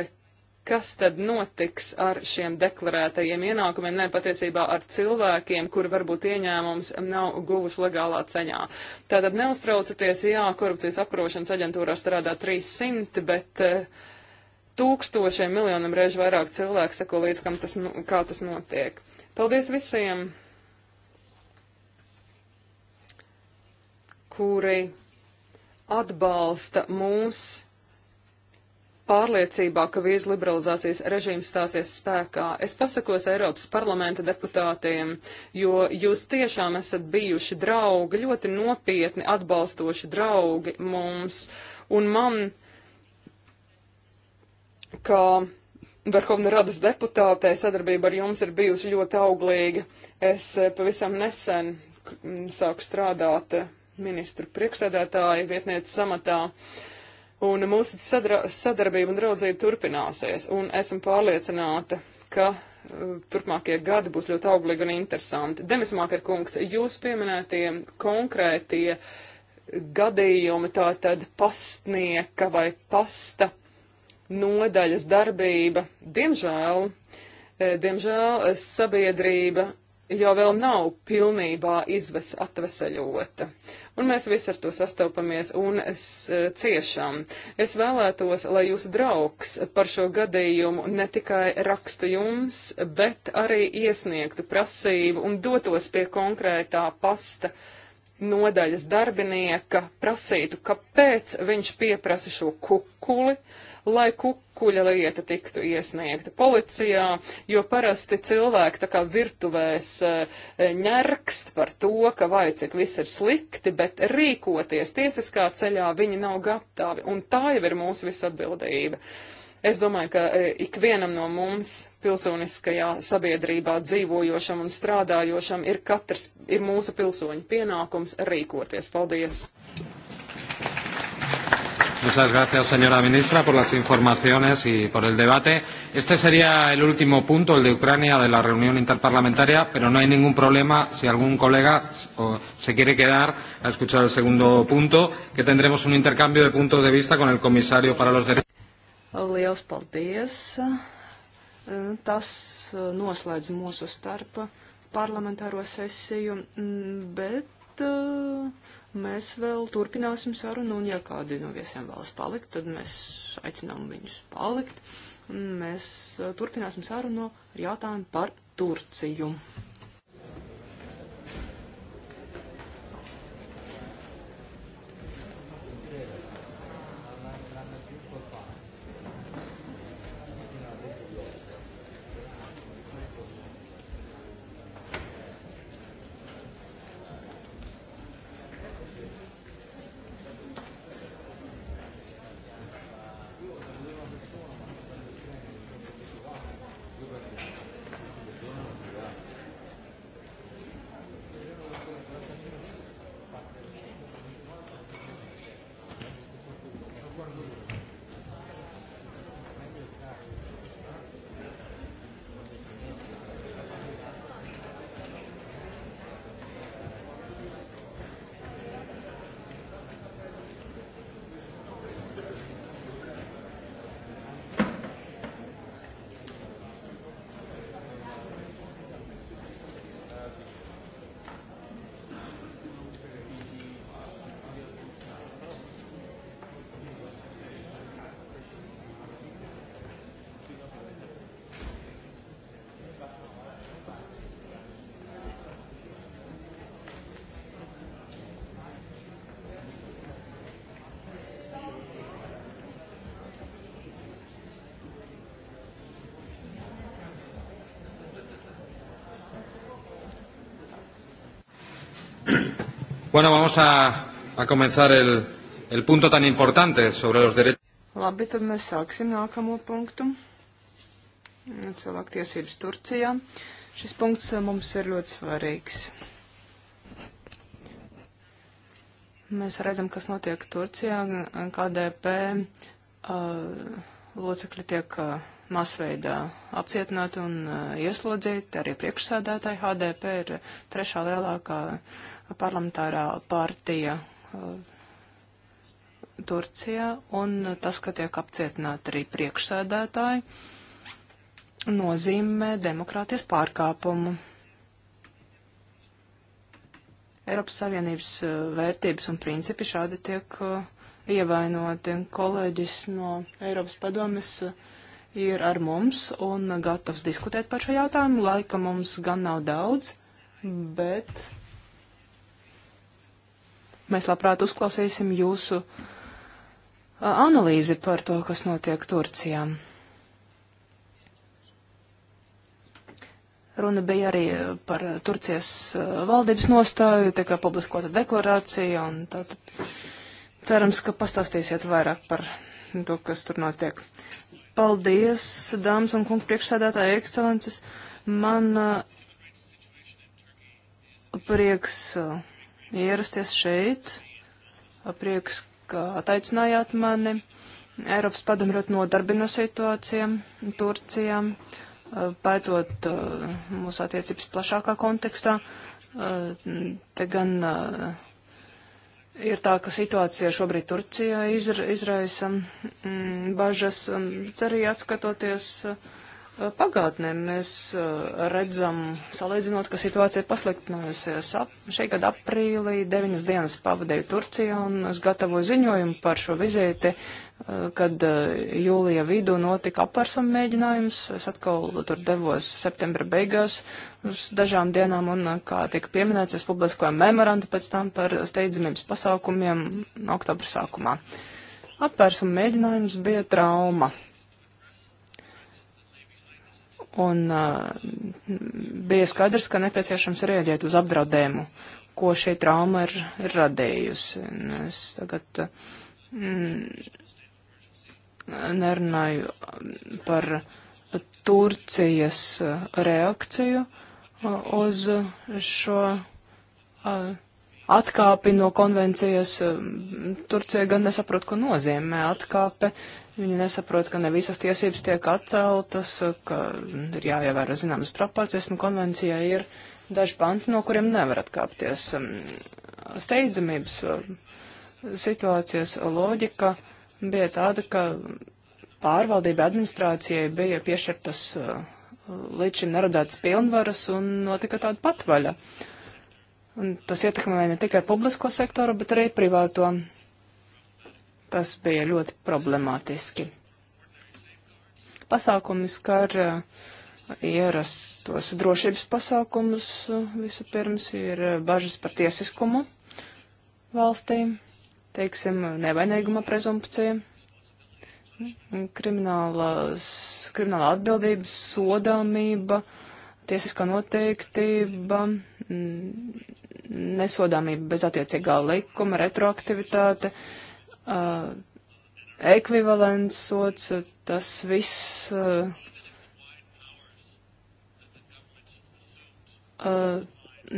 kas tad notiks ar šiem deklarētajiem ienākumiem, ne patiesībā ar cilvēkiem, kuri varbūt ieņēmums nav guvuši legālā ceļā. Tātad neuztraucieties, jā, korupcijas apkarošanas aģentūrā strādā 300, bet uh, tūkstošiem miljoniem reižu vairāk cilvēku seko līdz, kam tas, kā tas notiek. Paldies visiem! kuri atbalsta mūs pārliecībā, ka vīzu liberalizācijas režīms stāsies spēkā. Es pasakos Eiropas parlamenta deputātiem, jo jūs tiešām esat bijuši draugi, ļoti nopietni atbalstoši draugi mums. Un man, kā Verhovna radas deputātei, sadarbība ar jums ir bijusi ļoti auglīga. Es eh, pavisam nesen sāku strādāt eh, ministru priekšsēdētāja vietnieces samatā. Un mūsu sadra, sadarbība un draudzība turpināsies, un esmu pārliecināta, ka uh, turpmākie gadi būs ļoti auglīgi un interesanti. Demismāker kungs, jūs pieminētie konkrētie gadījumi, tātad pastnieka vai pasta nodaļas darbība, diemžēl, eh, diemžēl eh, sabiedrība jau vēl nav pilnībā izves atvesaļota. Un mēs visi ar to sastopamies un es e, ciešam. Es vēlētos, lai jūsu draugs par šo gadījumu ne tikai raksta jums, bet arī iesniegtu prasību un dotos pie konkrētā pasta nodaļas darbinieka, prasītu, kāpēc viņš pieprasa šo kukuli, uh, lai kukuļa lieta tiktu iesniegta policijā, jo parasti cilvēki tā kā virtuvēs eh, ņerkst par to, ka vai cik viss ir slikti, bet rīkoties tiesiskā ceļā viņi nav gatavi, un tā jau ir mūsu visatbildība. Es domāju, ka eh, ikvienam no mums, pilsoniskajā sabiedrībā dzīvojošam un strādājošam, ir katrs, ir mūsu pilsoņu pienākums rīkoties. Paldies! Muchas gracias, señora ministra, por las informaciones y por el debate. Este sería el último punto, el de Ucrania, de la reunión interparlamentaria, pero no hay ningún problema si algún colega se quiere quedar a escuchar el segundo punto, que tendremos un intercambio de puntos de vista con el comisario para los derechos. Liels paldies. Tas noslēdz mūsu starp parlamentāro sesiju, bet Mēs vēl turpināsim sarunu, un ja kādi no viesiem vēlas palikt, tad mēs aicinām viņus palikt. Mēs uh, turpināsim sarunu ar jautājumu par Turciju. Bueno, vamos a, a comenzar el, el punto tan importante sobre los derechos. Labi, tad mēs sāksim nākamo punktu. Cilvēktiesības Turcijā. Šis punkts eh, mums ir ļoti svarīgs. Mēs redzam, kas notiek Turcijā. KDP uh, eh, locekļi tiek uh, masveidā apcietināti un ieslodzīti, arī priekšsādātāji HDP ir trešā lielākā parlamentārā partija Turcijā, un tas, ka tiek apcietināti arī priekšsēdētāji, nozīmē demokrātijas pārkāpumu. Eiropas Savienības vērtības un principi šādi tiek ievainoti. Kolēģis no Eiropas padomes uh, ir ar mums un gatavs diskutēt par šo jautājumu. Laika mums gan nav daudz, bet mēs labprāt uzklausīsim jūsu analīzi par to, kas notiek Turcijā. Runa bija arī par Turcijas valdības nostāju, tika publiskota deklarācija, un tātad cerams, ka pastāstīsiet vairāk par to, kas tur notiek. Paldies, dāmas un kungi priekšsēdētāji, ekscelences. Man uh, prieks uh, ierasties šeit, uh, prieks, ka ataicinājāt mani. Eiropas padomu ļoti nodarbina situācija Turcijā, pētot mūsu attiecības plašākā kontekstā. Te gan Ir tā, ka situācija šobrīd Turcijā izra, izraisa mm, bažas, bet arī atskatoties eh, pagātnē, mēs eh, redzam, salīdzinot, ka situācija ir pasliktinājusies. Ap, šī gada aprīlī deviņas dienas pavadīju Turcijā un es gatavoju ziņojumu par šo vizīti kad eh, jūlija vidū notika apvērsuma mēģinājums. Es atkal tur devos septembra beigās uz dažām dienām, un, eh, kā tika pieminēts, es publiskoju memorandu pēc tam par steidzamības pasākumiem oktobra sākumā. Apvērsuma mēģinājums bija trauma. Un uh, bija skaidrs, ka nepieciešams rēģēt uz apdraudējumu, ko šī trauma ir, ir radējusi. Un es tagad mm, nerunāju um, par Turcijas uh, reakciju uh, uz šo uh, atkāpi no konvencijas. Um, Turcija gan nesaprot, ko nozīmē atkāpe. Viņi nesaprot, ka ne visas tiesības tiek atceltas, ka ir jāievēro zināmas proporcijas, un konvencijā ir daži panti, no kuriem nevar atkāpties. Um, Steidzamības situācijas loģika bija tāda, ka pārvaldība administrācijai bija piešķirtas uh, līdz šim neradētas pilnvaras un notika tāda patvaļa. Un tas ietekmēja ne tikai publisko sektoru, bet arī privāto. Tas bija ļoti problemātiski. Pasākumi skar uh, ierastos drošības pasākumus uh, vispirms, ir bažas par tiesiskumu valstīm teiksim, nevainīguma prezumpcija, krimināla atbildība, sodāmība, tiesiskā noteiktība, nesodāmība bez attiecīgā likuma, retroaktivitāte, uh, ekvivalents sots, tas viss. Uh, uh,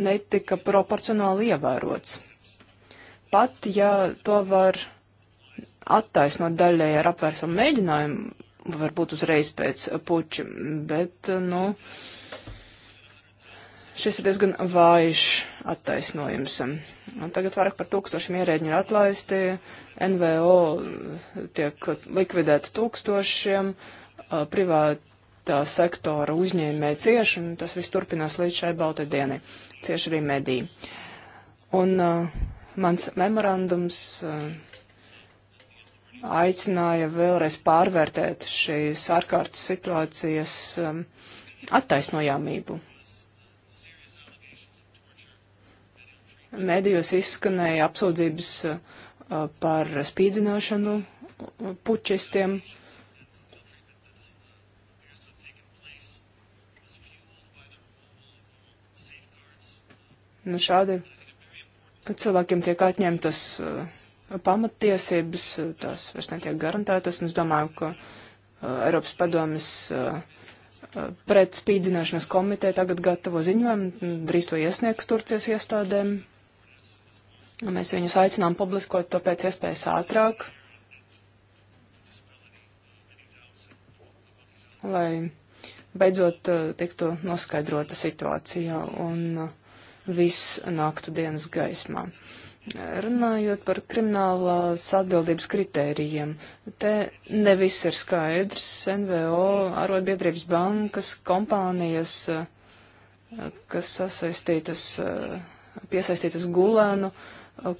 netika proporcionāli ievērots pat ja to var attaisnot daļai ar apvērsumu mēģinājumu, varbūt uzreiz pēc puča, bet, nu, šis ir diezgan vājš attaisnojums. Un tagad vairāk par tūkstošiem ierēģi ir atlaisti, NVO tiek likvidēta tūkstošiem, privātā sektora uzņēmē cieši, un tas viss turpinās līdz šai balta dienai, cieši arī mediju. Un uh, Mans memorandums eh, aicināja vēlreiz pārvērtēt šīs ārkārtas situācijas eh, attaisnojamību. Mēdījos izskanēja apsūdzības eh, par spīdzināšanu pučistiem. Nu, šādi ka cilvēkiem tiek atņemtas uh, pamatiesības, uh, tās vairs netiek garantētas, un es domāju, ka uh, Eiropas padomas pret spīdzināšanas komiteja tagad gatavo ziņojumu, drīz to iesniegs Turcijas iestādēm. Mēs viņus aicinām publiskot to pēc iespējas ātrāk. lai beidzot tiktu noskaidrota situācija. Un viss naktu dienas gaismā. Runājot par kriminālās atbildības kritērijiem, te ne viss ir skaidrs. NVO, arotbiedrības bankas, kompānijas, eh, kas sasaistītas, eh, piesaistītas gulēnu, uh,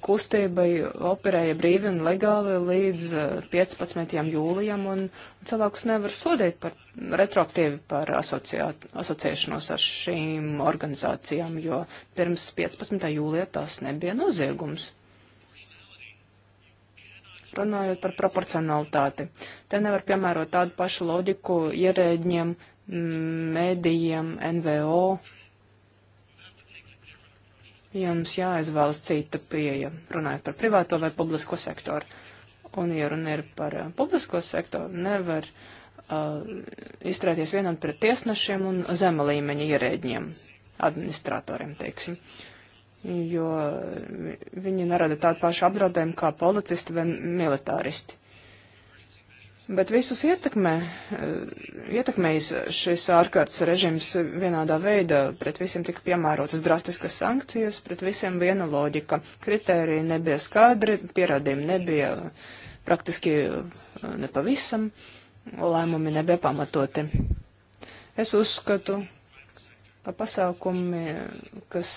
kustībai operēja brīvi un legāli līdz 15. Eh, jūlijam, un cilvēkus nevar sodīt par retroaktīvi par asociā, asociēšanos ar šīm organizācijām, jo pirms 15. jūlijā tas nebija noziegums. Runājot par proporcionalitāti, te nevar piemērot tādu pašu loģiku ierēģiem, mēdījiem, NVO jums jāizvēlas cita pieeja, runājot par privāto vai publisko sektoru. Un, ja runa ir par uh, publisko sektoru, nevar uh, izturēties vienādi pret tiesnešiem un zema līmeņa ierēģiem, administratoriem, teiksim, jo uh, viņi nerada tādu pašu apdraudējumu kā policisti vai militāristi. Bet visus ietekmē, eh, ietekmējis šis ārkārtas režims vienādā veidā, pret visiem tika piemērotas drastiskas sankcijas, pret visiem viena loģika. Kritērija nebija skadri, pierādījumi nebija praktiski eh, nepavisam, lēmumi nebija pamatoti. Es uzskatu, ka pasākumi, eh, kas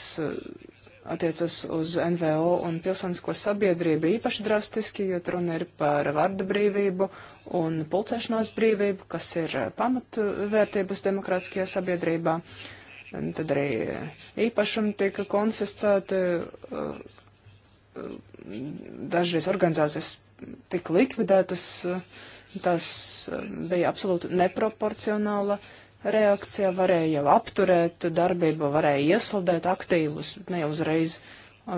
attiecas uz NVO un pilsonisko sabiedrību īpaši drastiski, jo runa ir par vārda brīvību un pulcēšanās brīvību, kas ir pamatvērtības demokrātiskajā sabiedrībā. Un tad arī īpašumi tika konfiscēti, dažreiz organizācijas tika likvidētas, tas bija absolūti neproporcionāla reakcija, varēja jau apturēt darbību, varēja iesludēt aktīvus, ne uzreiz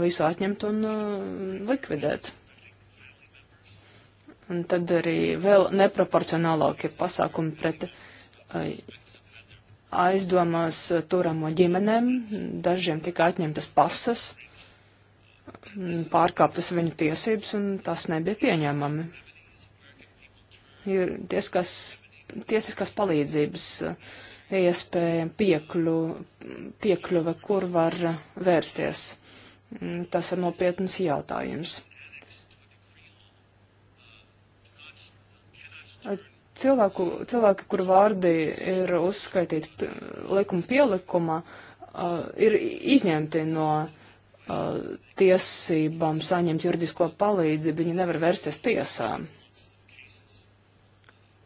visu atņemt un uh, likvidēt. Un tad arī vēl neproporcionālākie pasākumi pret uh, aizdomās turamo ģimenēm. Dažiem tika atņemtas pasas, pārkāptas viņu tiesības, un tas nebija pieņēmami. Ir tie, kas tiesiskās palīdzības eh, iespēja piekļu, piekļuva, kur var eh, vērsties. Mm, tas ir nopietnas jautājums. Cilvēku, cilvēki, kur vārdi ir uzskaitīti likuma pielikumā, eh, ir izņemti no tiesībām saņemt juridisko palīdzību, viņi nevar vērsties tiesām.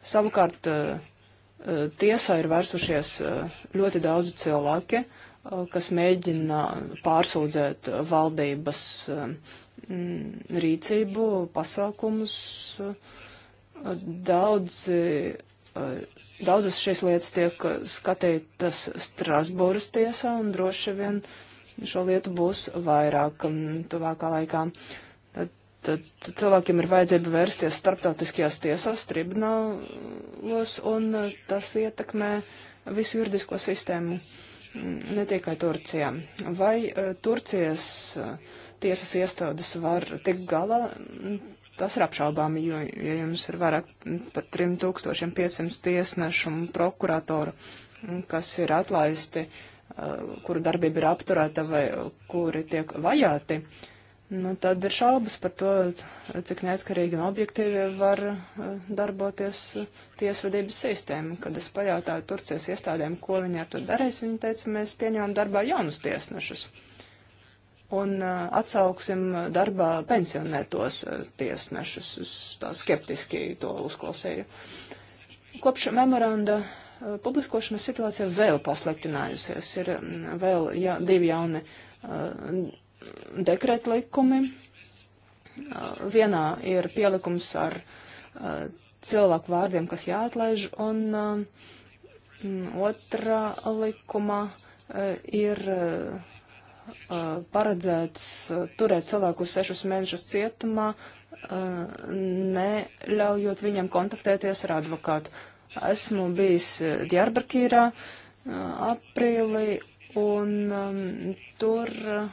Savukārt eh, eh, tiesā ir vērsušies eh, ļoti daudzi cilvēki, kas mēģina pārsūdzēt valdības mm, rīcību, pasākumus. Daudzi, daudzas šīs lietas tiek skatītas Strasbūras tiesā un droši vien šo lietu būs vairāk mm, tuvākā laikā. Uh, Tad cilvēkiem ir vajadzība vērsties starptautiskajās tiesās, tribunālos, un eh, tas ietekmē visu juridisko sistēmu, mm, ne tikai Turcijā. Vai eh, Turcijas eh, tiesas iestādes var tikt galā? Tas ir apšaubāmi, jo, ja jums ir vairāk par 3500 tiesnešu un prokuratoru, mm, kas ir atlaisti, kuru darbība ir apturēta vai kuri tiek vajāti, uh, nu, tad ir šaubas par to, cik neatkarīgi un objektīvi var eh, darboties eh, tiesvedības sistēma. Kad es pajautāju Turcijas iestādēm, ko viņi ar to darīs, viņi teica, mēs pieņemam darbā jaunus tiesnešus un eh, atsauksim darbā pensionētos tiesnešus. Es tā skeptiski to uzklausīju. Kopš memoranda publiskošanas situācija vēl pasliktinājusies. Ir mm, vēl ja, divi jauni dekretlikumi. Vienā ir pielikums ar cilvēku vārdiem, kas jāatlaiž, un otrā likumā ir paredzēts turēt cilvēku sešus mēnešus cietumā, neļaujot viņam kontaktēties ar advokātu. Esmu bijis Djarbakīrā aprīlī, un um, tur uh,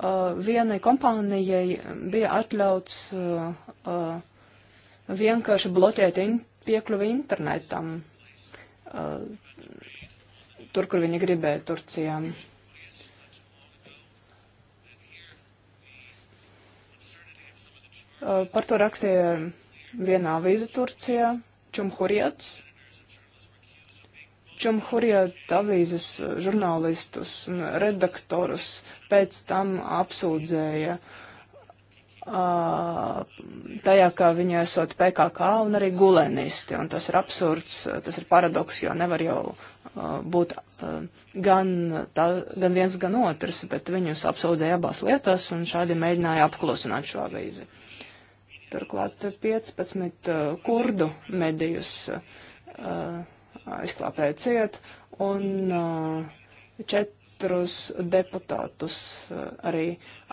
Uh, vienai kompānijai bija atļauts uh, uh, vienkārši bloķēt in piekļuvi internetam, tur, kur viņi gribēja Turcijā. Par to rakstīja vienā avīze Turcijā, Čumhuriets. Čumhurjat avīzes eh, žurnālistus un redaktorus pēc tam apsūdzēja uh, tajā, ka viņi esot PKK un arī gulenisti. Un tas ir absurds, eh, tas ir paradoks, jo nevar jau uh, būt uh, gan, tā, gan viens, gan otrs, bet viņus apsūdzēja abās lietās un šādi mēģināja apklusināt šo avīzi. Turklāt 15 kurdu medijus. Uh, aizklāpēja ciet, un uh, četrus deputātus uh, arī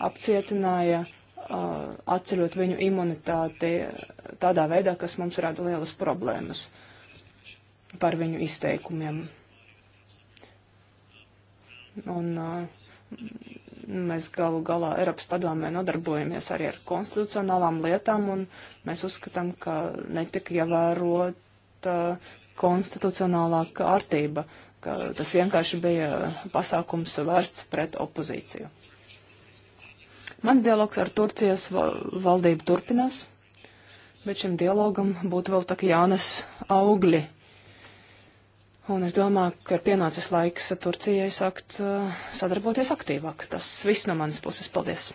apcietināja, uh, atceļot viņu imunitāti tādā veidā, kas mums rada lielas problēmas par viņu izteikumiem. Un uh, mēs galu galā Eiropas padomē nodarbojamies arī ar konstitucionālām lietām, un mēs uzskatām, ka netika ievērota konstitucionālā kārtība, ka tas vienkārši bija pasākums vērsts pret opozīciju. Mans dialogs ar Turcijas valdību turpinās, bet šim dialogam būtu vēl tā kā jānes augļi. Un es domāju, ka ir pienācis laiks Turcijai sākt eh, sadarboties aktīvāk. Tas viss no manas puses. Paldies!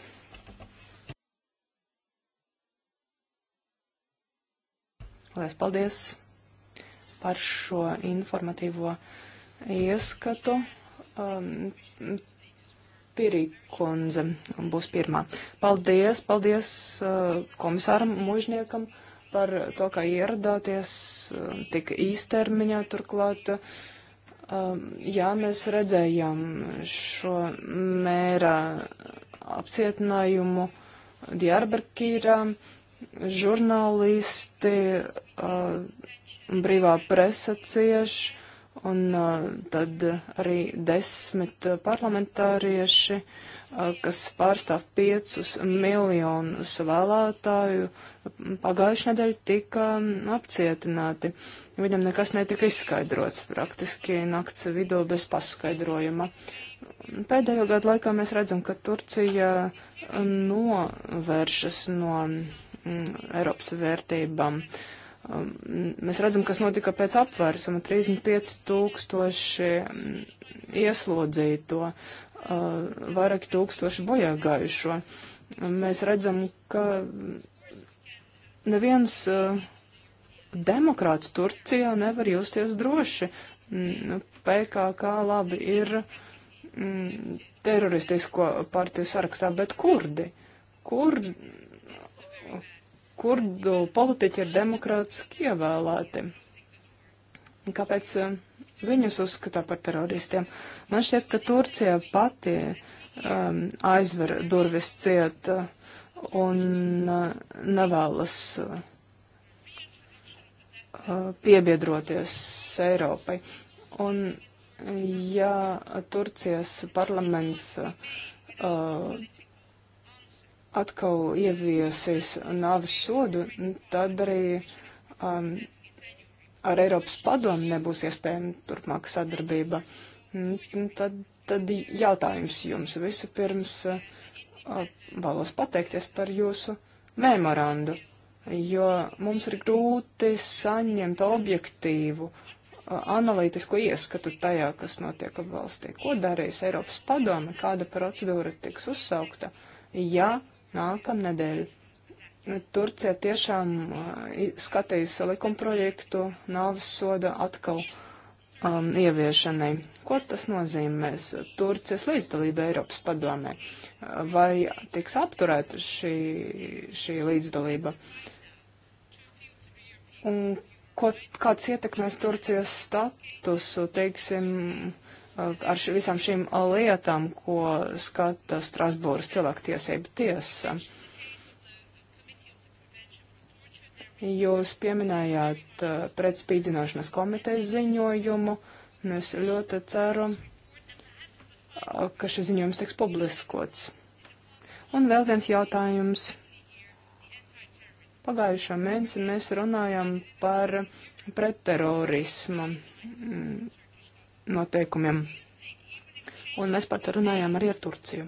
Lielas paldies! par šo informatīvo ieskatu. Um, Pirīkundze būs pirmā. Paldies, paldies uh, komisāram Mužniekam par to, ka ieradāties uh, tik īstermiņā turklāt. Uh, jā, mēs redzējām šo mēra apcietinājumu Diyarbakirā. Žurnālisti uh, brīvā presa cieš, un uh, tad arī desmit parlamentārieši, uh, kas pārstāv piecus miljonus vēlētāju, pagājušajā nedēļā tika um, apcietināti. Viņam nekas netika izskaidrots praktiski nakts vidū bez paskaidrojuma. Pēdējo gadu laikā mēs redzam, ka Turcija um, novēršas no mm, Eiropas vērtībām. Uh, Um, mēs redzam, kas notika pēc apvērsuma - 35 tūkstoši mm, ieslodzīto, uh, vairāki tūkstoši bojāgājušo. Mēs redzam, ka neviens uh, demokrāts Turcijā nevar justies droši. Mm, nu, PKK labi ir mm, teroristisko partiju sarakstā, bet kurdi? Kurdi? kurdu politiķi ir demokrātiski ievēlēti. Kāpēc eh, viņus uzskatā par teroristiem? Man šķiet, ka Turcija pati um, aizver durvis ciet eh, un uh, nevēlas uh, piebiedroties Eiropai. Un ja Turcijas parlaments uh, atkal ieviesīs nāves sodu, tad arī um, ar Eiropas padomu nebūs iespējama turpmāka sadarbība. Tad, tad jautājums jums vispirms uh, vēlos pateikties par jūsu memorandu, jo mums ir grūti saņemt objektīvu uh, analītisko ieskatu tajā, kas notiek valstī. Ko darīs Eiropas padome, kāda procedūra tiks uzsaukta, ja nākamnedēļ. Turcija tiešām uh, skatīs likumprojektu nāves soda atkal um, ieviešanai. Ko tas nozīmēs Turcijas līdzdalība Eiropas padomē? Uh, vai tiks apturēta šī, šī līdzdalība? Un ko, kāds ietekmēs Turcijas statusu, teiksim, ar š, visām šīm lietām, ko skata Strasbūras cilvēktiesība tiesa. Jūs pieminējāt uh, pretspīdzināšanas komitejas ziņojumu, un es ļoti ceru, uh, ka šis ziņojums tiks publiskots. Un vēl viens jautājums. Pagājušā mēnesī mēs runājam par pretterorismu mm noteikumiem. Un mēs par to runājām arī ar Turciju.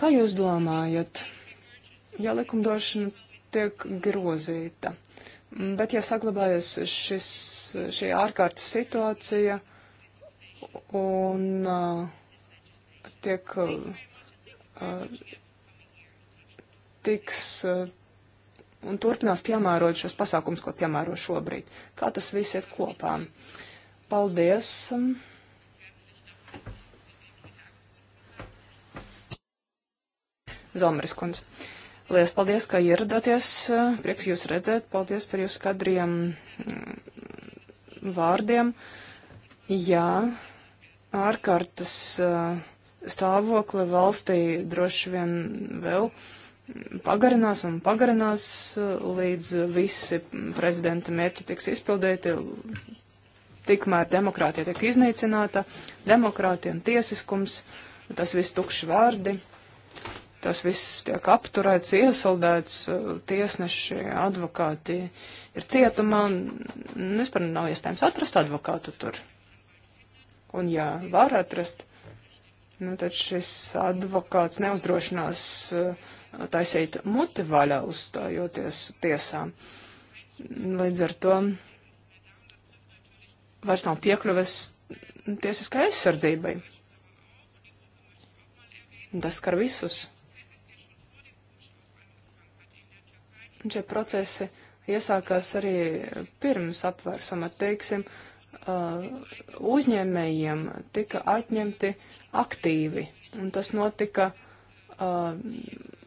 Kā jūs domājat, ja likumdošana tiek grozīta, bet ja saglabājas šis, šī ārkārtas situācija un uh, tiek. Uh, tiks uh, un turpinās piemērot šos pasākums, ko piemēro šobrīd. Kā tas viss iet kopā? Uh, Paldies! Zomris kundze. Lielas paldies, ka ieradāties. Prieks jūs redzēt. Paldies par jūsu skadriem mm, vārdiem. Jā, ārkārtas stāvokli valstī droši vien vēl pagarinās un pagarinās, līdz visi prezidenta mērķi tiks izpildēti, tikmēr demokrātija tiek iznīcināta, demokrātija un tiesiskums, tas viss tukši vārdi, tas viss tiek apturēts, iesaldēts, uh, tiesneši, advokāti ir cietumā, un nu, vispār nav iespējams atrast advokātu tur. Un ja var atrast, nu tad šis advokāts neuzdrošinās uh, taisīt muti vaļā uzstājoties tiesām. Līdz ar to vairs nav piekļuves tiesiskai aizsardzībai. Tas skar visus. Un šie procesi iesākās arī pirms apvērsuma, teiksim, uh, uzņēmējiem tika atņemti aktīvi, un tas notika, uh,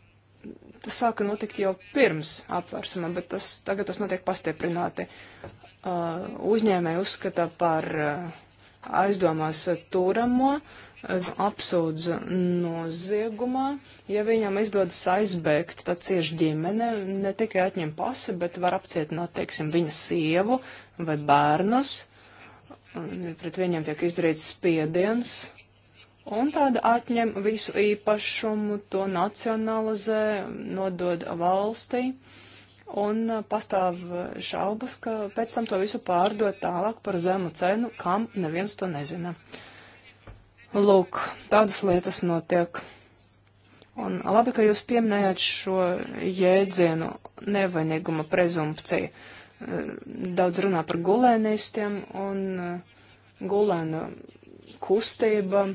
tas sāka notikt jau pirms apvērsuma, bet tas, tagad tas notiek pastiprināti. Uh, uzņēmēji uzskata par uh, aizdomās turamo, uh, apsūdz noziegumā, ja viņam izdodas aizbēgt, tad cieši ģimene ne tikai atņem pasi, bet var apcietināt, teiksim, viņa sievu vai bērnus, pret viņiem tiek izdarīts spiediens, un tāda atņem visu īpašumu, to nacionalizē, nodod valstī. Uh, un uh, pastāv uh, šaubas, ka pēc tam to visu pārdot tālāk par zemu cenu, kam neviens to nezina. Lūk, tādas lietas notiek. Un labi, ka jūs pieminējāt šo jēdzienu nevainīguma prezumpciju. Uh, daudz runā par gulēnistiem un gulēna kustība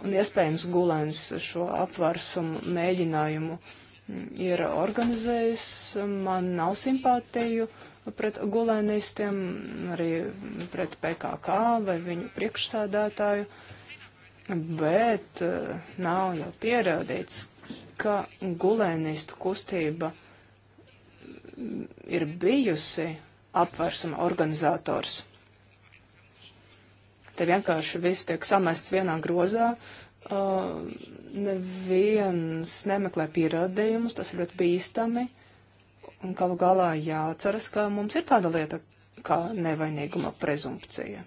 un iespējams gulēns šo apvarsumu mēģinājumu uh, ir organizējis. Man nav simpātiju pret gulēnistiem, arī pret PKK vai viņu priekšsādātāju, bet eh, nav jau pierādīts, ka gulēnistu kustība mm, ir bijusi apvērsuma organizators. Te vienkārši viss tiek samests vienā grozā, Uh, neviens nemeklē pierādījumus, tas ir ļoti bīstami. Un galu galā jāceras, ka mums ir tāda lieta kā nevainīguma prezumpcija.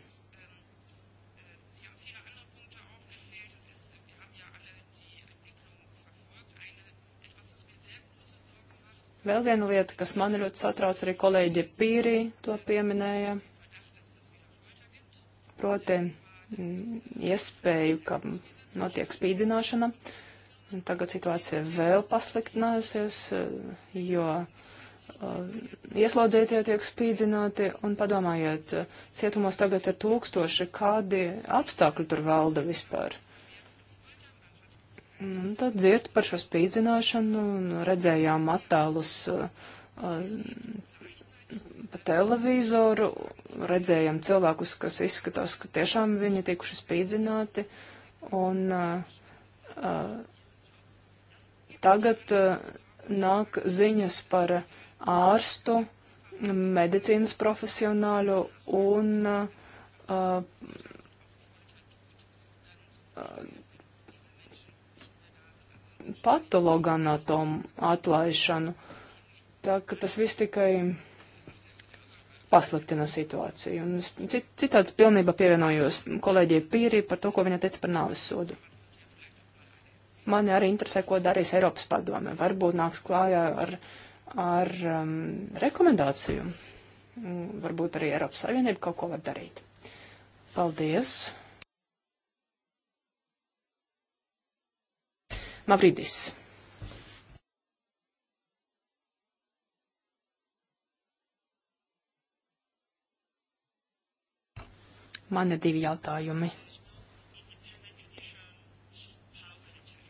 Vēl viena lieta, kas man ļoti satrauc, arī kolēģi Pīrī to pieminēja, proti mm, iespēju, ka notiek spīdzināšana. Un tagad situācija vēl pasliktinājusies, eh, jo eh, ieslodzītie tiek spīdzināti un padomājiet, eh, cietumos tagad ir tūkstoši, kādi apstākļi tur valda vispār. Un tad dzird par šo spīdzināšanu un redzējām attēlus pa televizoru, redzējām cilvēkus, kas izskatās, ka tiešām viņi tikuši spīdzināti. Uh, Un uh, uh, tagad uh, nāk ziņas par ārstu, medicīnas profesionāļu un uh, uh patologu anatomu atlaišanu. Tā ka tas viss tikai pasliktina situāciju. Un es citāds pilnībā pievienojos kolēģiem Pīrī par to, ko viņa teica par nāves sodu. Mani arī interesē, ko darīs Eiropas padome. Varbūt nāks klājā ar, ar um, rekomendāciju. Varbūt arī Eiropas Savienība kaut ko var darīt. Paldies! Mavridis. Man ir divi jautājumi.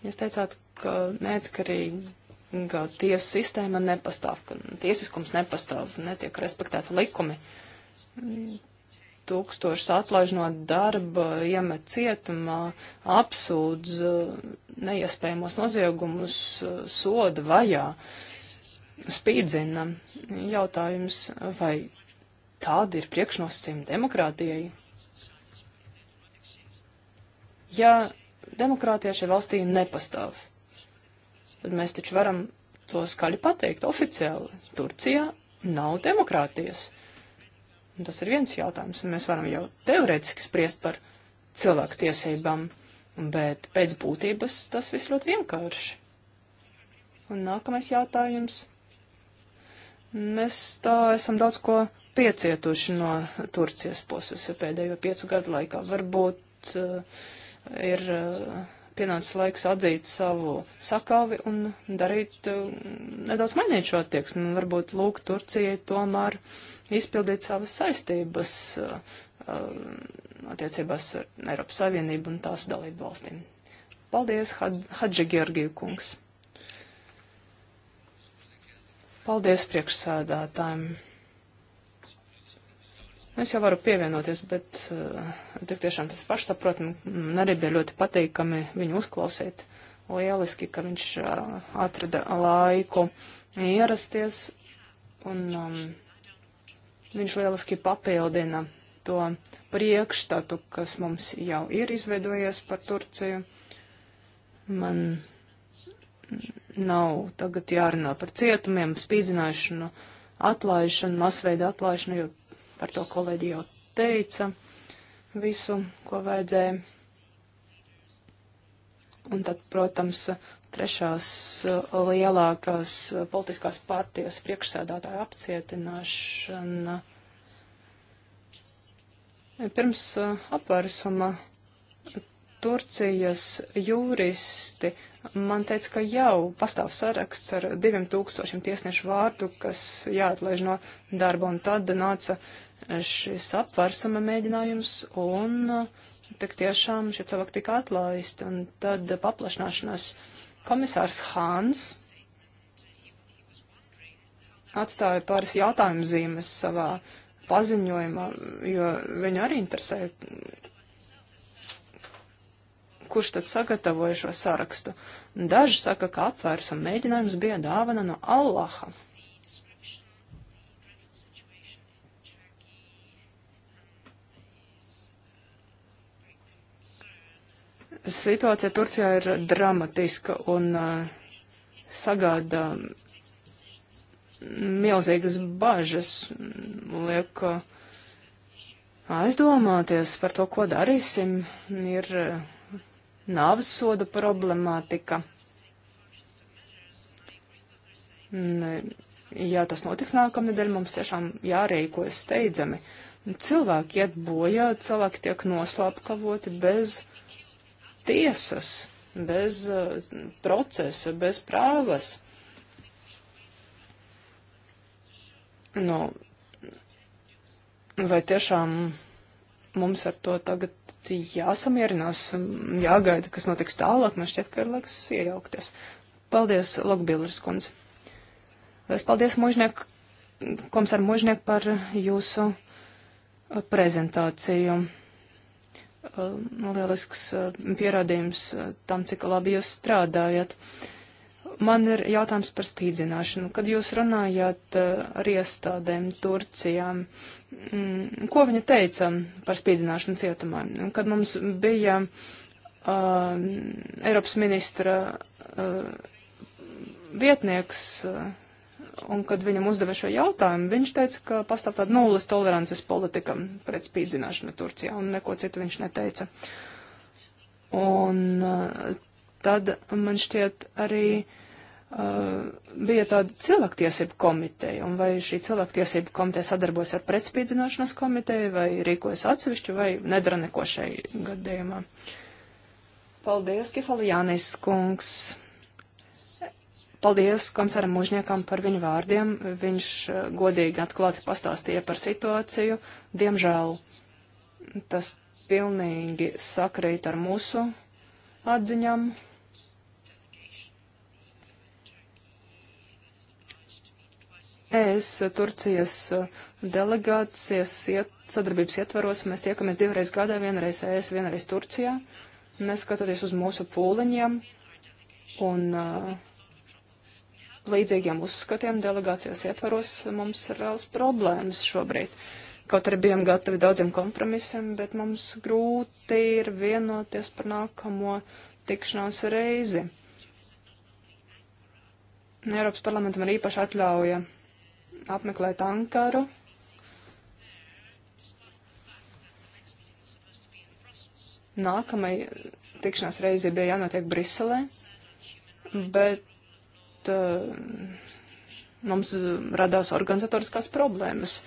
Jūs teicāt, ka neatkarīga tiesu sistēma nepastāv, ka tiesiskums nepastāv, netiek respektēta likumi. Tūkstošs atlaiž no darba, iemet cietumā, apsūdz uh, neiespējamos noziegumus, uh, soda vajā, spīdzina. Jautājums, vai tādi ir priekšnosacījumi demokrātijai, Ja demokrātija šajā valstī nepastāv, tad mēs taču varam to skaļi pateikt oficiāli. Turcijā nav demokrātijas. Un tas ir viens jautājums, un mēs varam jau teorētiski spriest par cilvēku tiesībām, bet pēc būtības tas viss ļoti vienkārši. Un nākamais jautājums. Mēs tā esam daudz ko piecietuši no Turcijas puses pēdējo piecu gadu laikā. Varbūt uh, ir eh, pienācis laiks atzīt savu sakāvi un darīt, eh, nedaudz mainīt šo attieksmi. Varbūt lūk Turcijai tomēr izpildīt savas saistības eh, attiecībās ar Eiropas Savienību un tās dalību valstīm. Paldies, Had Hadži Georgiju kungs. Paldies priekšsēdātājiem. Es jau varu pievienoties, bet uh, tik tiešām tas pašsaprotami un mm, arī bija ļoti patīkami viņu uzklausīt. Lieliski, ka viņš uh, atrada laiku ierasties un um, viņš lieliski papildina to priekšstatu, kas mums jau ir izveidojies par Turciju. Man nav tagad jārunā par cietumiem, spīdzināšanu, atlaišanu, masveida atlaišanu, jo par to kolēģi jau teica visu, ko vajadzēja. Un tad, protams, trešās uh, lielākās uh, politiskās partijas priekšsēdātāja apcietināšana. Pirms uh, apvērsuma Turcijas juristi Man teica, ka jau pastāv saraksts ar diviem tūkstošiem tiesnešu vārdu, kas jāatlaiž no darba, un tad nāca šis apvērsama mēģinājums, un uh, tik tiešām šie cilvēki tika atlaisti, un tad paplašināšanās komisārs Hāns atstāja pāris jautājumu zīmes savā paziņojumā, jo viņu arī interesē, kurš tad sagatavoja šo sarakstu. Daži saka, ka apvērs un mēģinājums bija dāvana no Allaha. Situācija Turcijā ir dramatiska un uh, sagāda mm, milzīgas bažas, liek uh, aizdomāties par to, ko darīsim. Ir uh, nāves sodu problemātika. Ja tas notiks nākamnedēļ, mums tiešām jārīkojas steidzami. Cilvēki iet bojā, cilvēki tiek noslapkavoti bez tiesas, bez uh, procesa, bez prāvas. Nu, vai tiešām mums ar to tagad jāsamierinās, jāgaida, kas notiks tālāk. Man šķiet, ka ir laiks iejaukties. Paldies, Lokbīlers kundze. Es paldies, mužnieku, komisār mužnieku, par jūsu uh, prezentāciju. Uh, lielisks uh, pierādījums tam, cik labi jūs strādājat. Uh, Man ir jautājums par spīdzināšanu. Kad jūs runājāt eh, ar iestādēm Turcijā, mm, ko viņa teica par spīdzināšanu cietumā? Kad mums bija uh, Eiropas ministra uh, vietnieks, uh, un kad viņam uzdeva šo jautājumu, viņš teica, ka pastāv tāda nulles tolerances politika pret spīdzināšanu Turcijā, un neko citu viņš neteica. Un uh, tad man šķiet arī. Uh, Eh, bija tāda cilvēktiesību komiteja, un vai šī cilvēktiesību komiteja sadarbojas ar pretspīdzināšanas komiteju, vai rīkojas atsevišķi, vai nedara neko šai gadījumā. Paldies, Kifalijānis kungs. Paldies komisāram Mužniekam par viņu vārdiem. Viņš eh, godīgi atklāti pastāstīja par situāciju. Diemžēl tas pilnīgi sakrīt ar mūsu atziņām. ES Turcijas eh, delegācijas iet, sadarbības ietvaros mēs tiekamies divreiz gadā, vienreiz ES, vienreiz Turcijā, neskatoties uz mūsu pūliņiem un uh, līdzīgiem uzskatiem delegācijas ietvaros mums ir reāls problēmas šobrīd. Kaut arī bijām gatavi daudziem kompromisiem, bet mums grūti ir vienoties par nākamo tikšanās reizi. Eiropas parlamentam ir īpaša atļauja apmeklēt Ankaru. Nākamai tikšanās reize bija jānotiek Briselē, bet uh, mums radās organizatoriskās problēmas.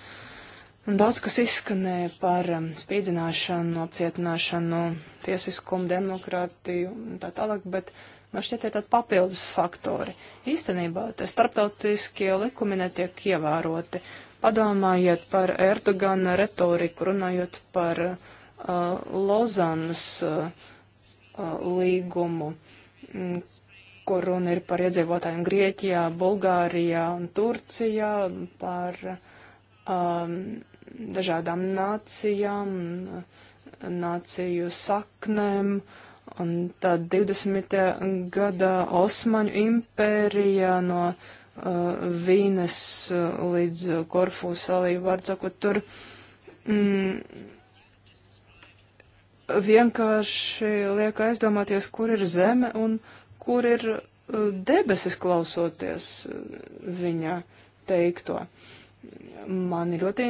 Un daudz kas izskanēja par eh, spīdzināšanu, apcietināšanu, tiesiskumu, demokrātiju un tā tālāk, bet uh, Man šķiet, ir tādi papildus faktori. Īstenībā te starptautiskie likumi netiek ievēroti. Padomājiet par Erdogana retoriku, runājot par uh, Lozanas uh, uh līgumu, m, mm, kur runa ir par iedzīvotājiem Grieķijā, Bulgārijā un Turcijā, par um, dažādām nācijām, nāciju saknēm. Uh, Un tad 20. Eh, gada Osmaņu impērija no uh, Vīnes uh, līdz Korfu salī, var sakot, tur mm, vienkārši liek aizdomāties, kur ir zeme un kur ir uh, debesis klausoties uh, viņa teikto. Uh, Mani ļoti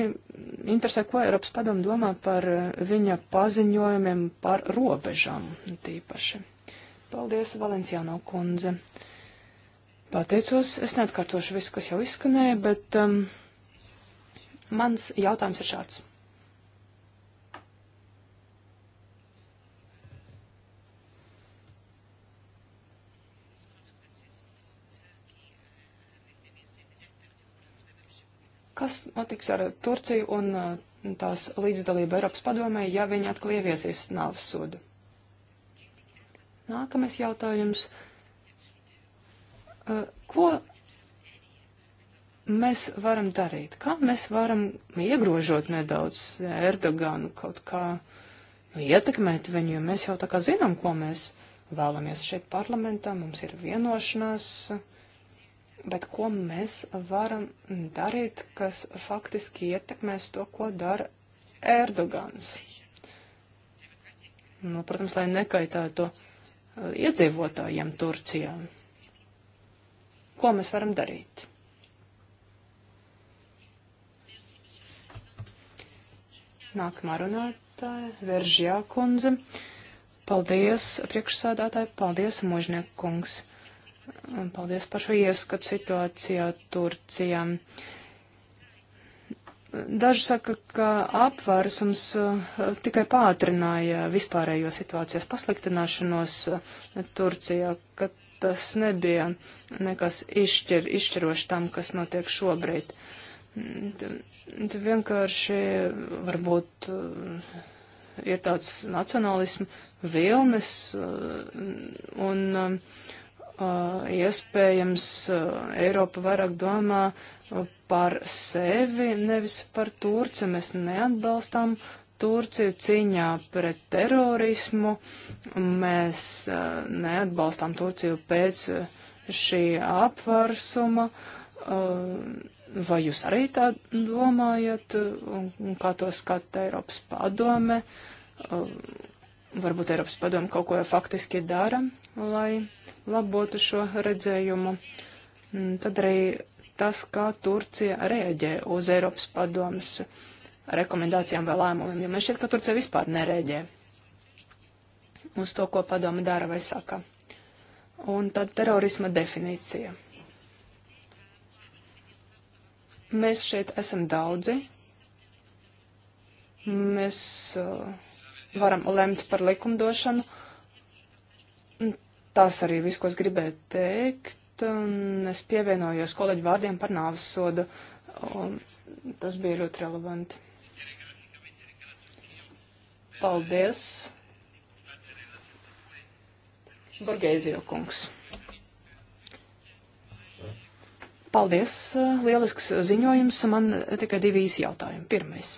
interesē, ko Eiropas padomu domā par eh, viņa paziņojumiem par robežām tīpaši. Paldies, Valenciāno kundze. Pateicos, es neatkārtošu visu, kas jau izskanēja, bet um, mans jautājums ir šāds. Kas notiks ar Turciju un uh, tās līdzdalību Eiropas padomē, ja viņi atkal ieviesīs nāves sodu? Nākamais jautājums. Uh, ko mēs varam darīt? Kā mēs varam iegrožot nedaudz Erdoganu kaut kā ietekmēt viņu, jo mēs jau tā kā zinām, ko mēs vēlamies šeit parlamentā, mums ir vienošanās. Uh, Bet ko mēs varam darīt, kas faktiski ietekmēs to, ko dara Erdogans? Nu, protams, lai nekaitētu uh, iedzīvotājiem Turcijā. Ko mēs varam darīt? Nākamā runātāja, Veržjā kundze. Paldies, priekšsādātāji, paldies, mužnieku kungs. Paldies par šo ieskatu situācijā Turcijā. Daži saka, ka apvērsums uh, tikai pātrināja vispārējo situācijas pasliktināšanos uh, Turcijā, ka tas nebija nekas izšķir, izšķiroši tam, kas notiek šobrīd. Mm, tas vienkārši varbūt uh, ir tāds nacionālisms vilnis un. un um, Uh, iespējams, uh, Eiropa vairāk domā par sevi, nevis par Turciju. Mēs neatbalstām Turciju cīņā pret terorismu, mēs uh, neatbalstām Turciju pēc šī apvarsuma. Vai jūs arī tā domājat, un kā to skata Eiropas padome? varbūt Eiropas padomu kaut ko faktiski dara, lai labotu šo redzējumu. Mm, tad arī tas, kā Turcija rēģē uz Eiropas padomas rekomendācijām vai lēmumiem, jo man šķiet, ka Turcija vispār nerēģē uz to, ko padoma dara vai saka. Un tad terorisma definīcija. Mēs šeit esam daudzi. Mēs uh, varam lemt par likumdošanu. Tas arī viss, ko es gribēju teikt, un es pievienojos kolēģi vārdiem par nāves sodu. Un tas bija ļoti relevanti. Paldies. Borgēzio kungs. Paldies, lielisks ziņojums. Man tikai divi īsi jautājumi. Pirmais.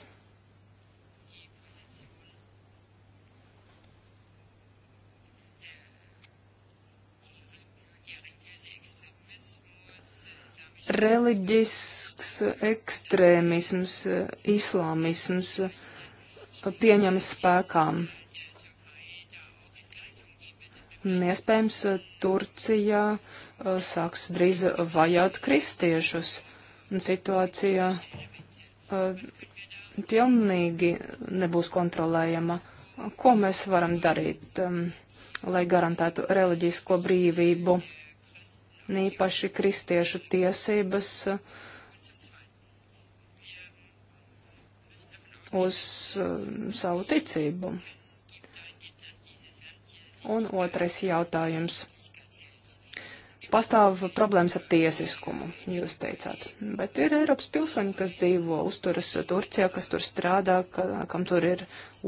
reliģisks ekstrēmisms, islāmisms pieņemas spēkām. Iespējams, Turcijā uh, sāks drīz vajāt kristiešus. Situācija uh, pilnīgi nebūs kontrolējama. Ko mēs varam darīt, um, lai garantētu reliģisko brīvību? īpaši kristiešu tiesības uz um, savu ticību. Un otrais jautājums. Pastāv problēmas ar tiesiskumu, jūs teicāt, bet ir Eiropas pilsoņi, kas dzīvo, uzturas Turcijā, kas tur strādā, ka, kam tur ir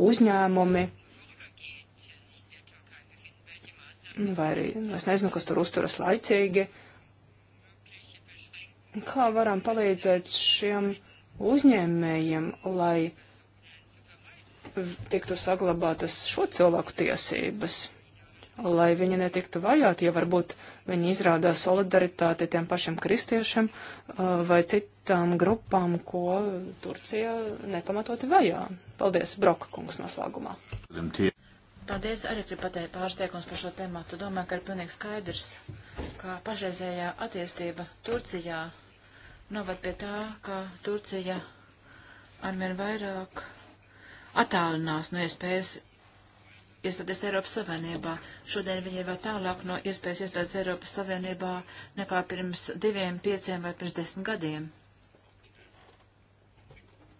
uzņēmumi, vai arī es nezinu, kas tur uzturas laicīgi. Kā varam palīdzēt šiem uzņēmējiem, lai tiktu saglabātas šo cilvēku tiesības, lai viņi netiktu vajāti, ja varbūt viņi izrādā solidaritāti tiem pašiem kristiešiem uh, vai citām grupām, ko Turcija nepamatoti vajā. Paldies, Broka kungs, noslēgumā. Paldies, arī gribu pateikt pāris teikums par šo tematu. Domāju, ka ir pilnīgi skaidrs, ka pašreizējā attīstība Turcijā novad pie tā, ka Turcija arvien vairāk attālinās no iespējas iestāties Eiropas Savienībā. Šodien viņi ir vēl tālāk no iespējas iestāties Eiropas Savienībā nekā pirms diviem, pieciem vai pirms desmit gadiem.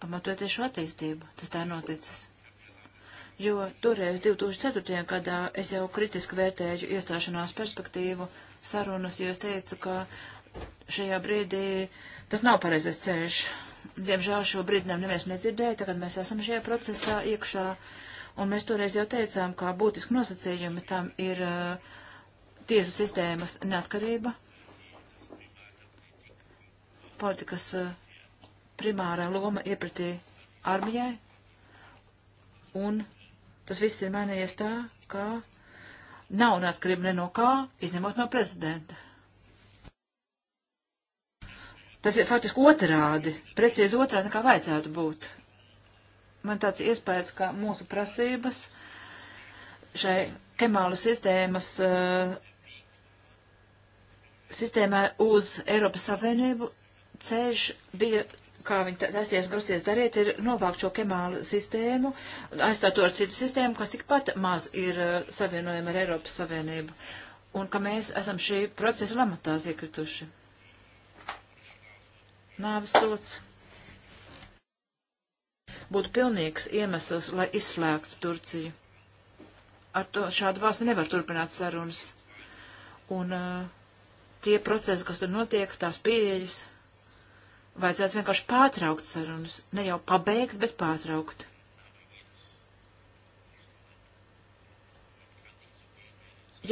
Pamatoties šo attīstību, tas tā ir noticis jo toreiz 2004. gadā es jau kritiski vērtēju iestāšanās perspektīvu sarunas, jo es teicu, ka šajā brīdī tas nav pareizais ceļš. Diemžēl šo brīdi nav neviens nedzirdēja, tagad mēs esam šajā procesā iekšā, un mēs toreiz jau teicām, ka būtiski nosacījumi tam ir uh, tiesu sistēmas neatkarība, politikas uh, primārā loma iepratī armijai un Tas viss ir mainījies tā, ka nav neatkarība ne no kā, izņemot no prezidenta. Tas ir faktiski otrādi, precīzi otrādi nekā vajadzētu būt. Man tāds iespējas, ka mūsu prasības šai Kemāla sistēmas uh, eh, sistēmā uz Eiropas Savienību ceļš bija kā viņi taisies grasies darīt, ir novākt šo kemālu sistēmu, aizstāt to ar citu sistēmu, kas tikpat maz ir uh, savienojama ar Eiropas Savienību, un ka mēs esam šī procesa lamatās iekrituši. Nāvis sots būtu pilnīgs iemesls, lai izslēgtu Turciju. Ar to šādu valsti nevar turpināt sarunas. Un uh, tie procesi, kas tur notiek, tās pieejas, vajadzētu vienkārši pārtraukt sarunas, ne jau pabeigt, bet pārtraukt.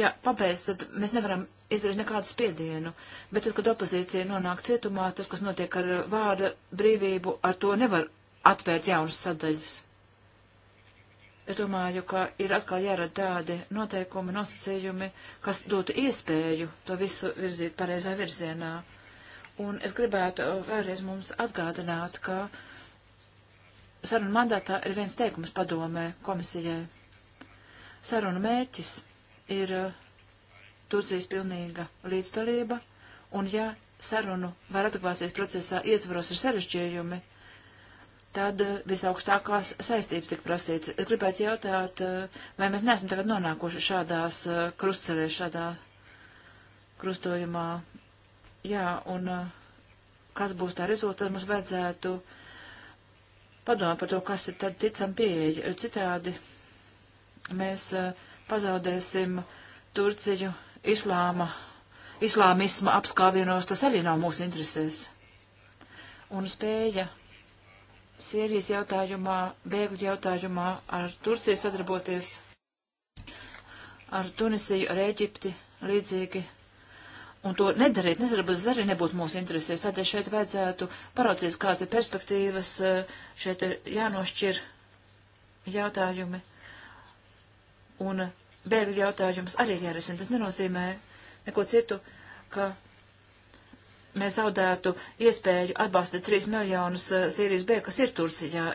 Ja pabeigts, tad mēs nevaram izdarīt nekādu spiedienu, bet tad, kad opozīcija nonāk cietumā, tas, kas notiek ar vārda brīvību, ar to nevar atvērt jaunas sadaļas. Es domāju, ka ir atkal jārada tādi noteikumi, nosacījumi, kas dotu iespēju to visu virzīt pareizā virzienā. Uh, Un es gribētu uh, vēlreiz mums atgādināt, ka saruna mandātā ir viens teikums padomē komisijai. Saruna mērķis ir uh, Turcijas pilnīga līdzdalība, un ja sarunu vai atklāsies procesā ietvaros ir sarežģījumi, tad uh, visaugstākās saistības tika prasīts. Es gribētu jautāt, vai mēs neesam tagad nonākuši šādās krustcelēs, šādā krustojumā, Jā, un uh, kas būs tā rezultāta, mums vajadzētu padomāt par to, kas ir tad ticam pieeja, jo citādi mēs uh, pazaudēsim Turciju islāma, islāmisma apskāvienos, tas arī nav mūsu interesēs. Un spēja Sīrijas jautājumā, bēgļu jautājumā ar Turciju sadarboties, ar Tunisiju, ar Eģipti līdzīgi Un to nedarīt, nezarbas arī nebūtu mūsu interesēs. Tādēļ šeit vajadzētu paraudzīt, kādas ir perspektīvas. Eh, šeit ir jānošķir jautājumi. Un bēgļu jautājums arī jārisina. Tas nenozīmē neko citu, ka mēs zaudētu iespēju atbalstīt 3 miljonus eh, Sīrijas bēgļu, kas ir Turcijā.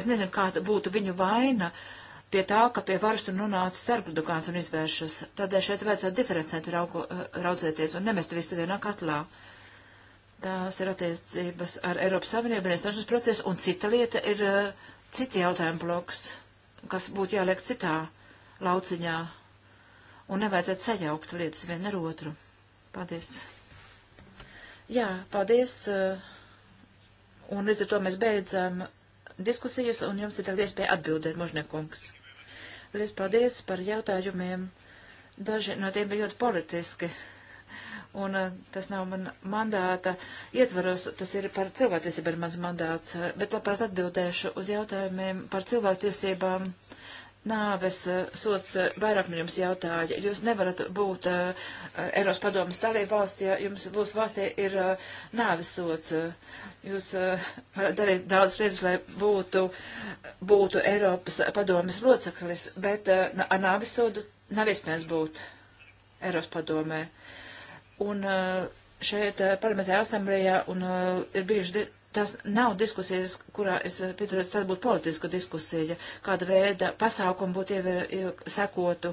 Es nezinu, kāda būtu viņu vaina. Uh, pie tā, ka pie varas tur nonāca sarkdukāns un izvēršas. Tādēļ šeit vajadzētu diferencēt raugu, eh, raudzēties un nemest visu vienā katlā. Tās ir attiecības ar Eiropas Savienību, iestāšanas procesu, un cita lieta ir uh, citi jautājumi bloks, kas būtu jāliek citā lauciņā, un nevajadzētu sajaukt lietas vienu ar otru. Paldies. Jā, paldies. Uh, un līdz ar to mēs beidzam diskusijas, un jums ir tagad iespēja atbildēt, Možnekungs. Liels paldies par jautājumiem. Daži no tiem bija ļoti politiski. Un eh, tas nav man mandāta ietvaros, tas ir par cilvēktiesībām mans mandāts, eh, bet labprāt atbildēšu uz jautājumiem par cilvēktiesībām. Uh, nāves eh, sots eh, vairāk no jums jautāja. Jūs nevarat būt uh, Eiropas padomas dalība valsts, ja jums būs valstī ir uh, nāves sots. Jūs uh, varat darīt daudz lietas, lai būtu, būtu Eiropas padomas loceklis, bet ar nāves sodu nav iespējams būt Eiropas padomē. Un uh, šeit eh, parlamentārā asamblējā un uh, ir bijuši. Tas nav diskusijas, kurā es eh, pieturos, tad būtu politiska diskusija, kāda veida pasākumu būtu ievēr, sekotu.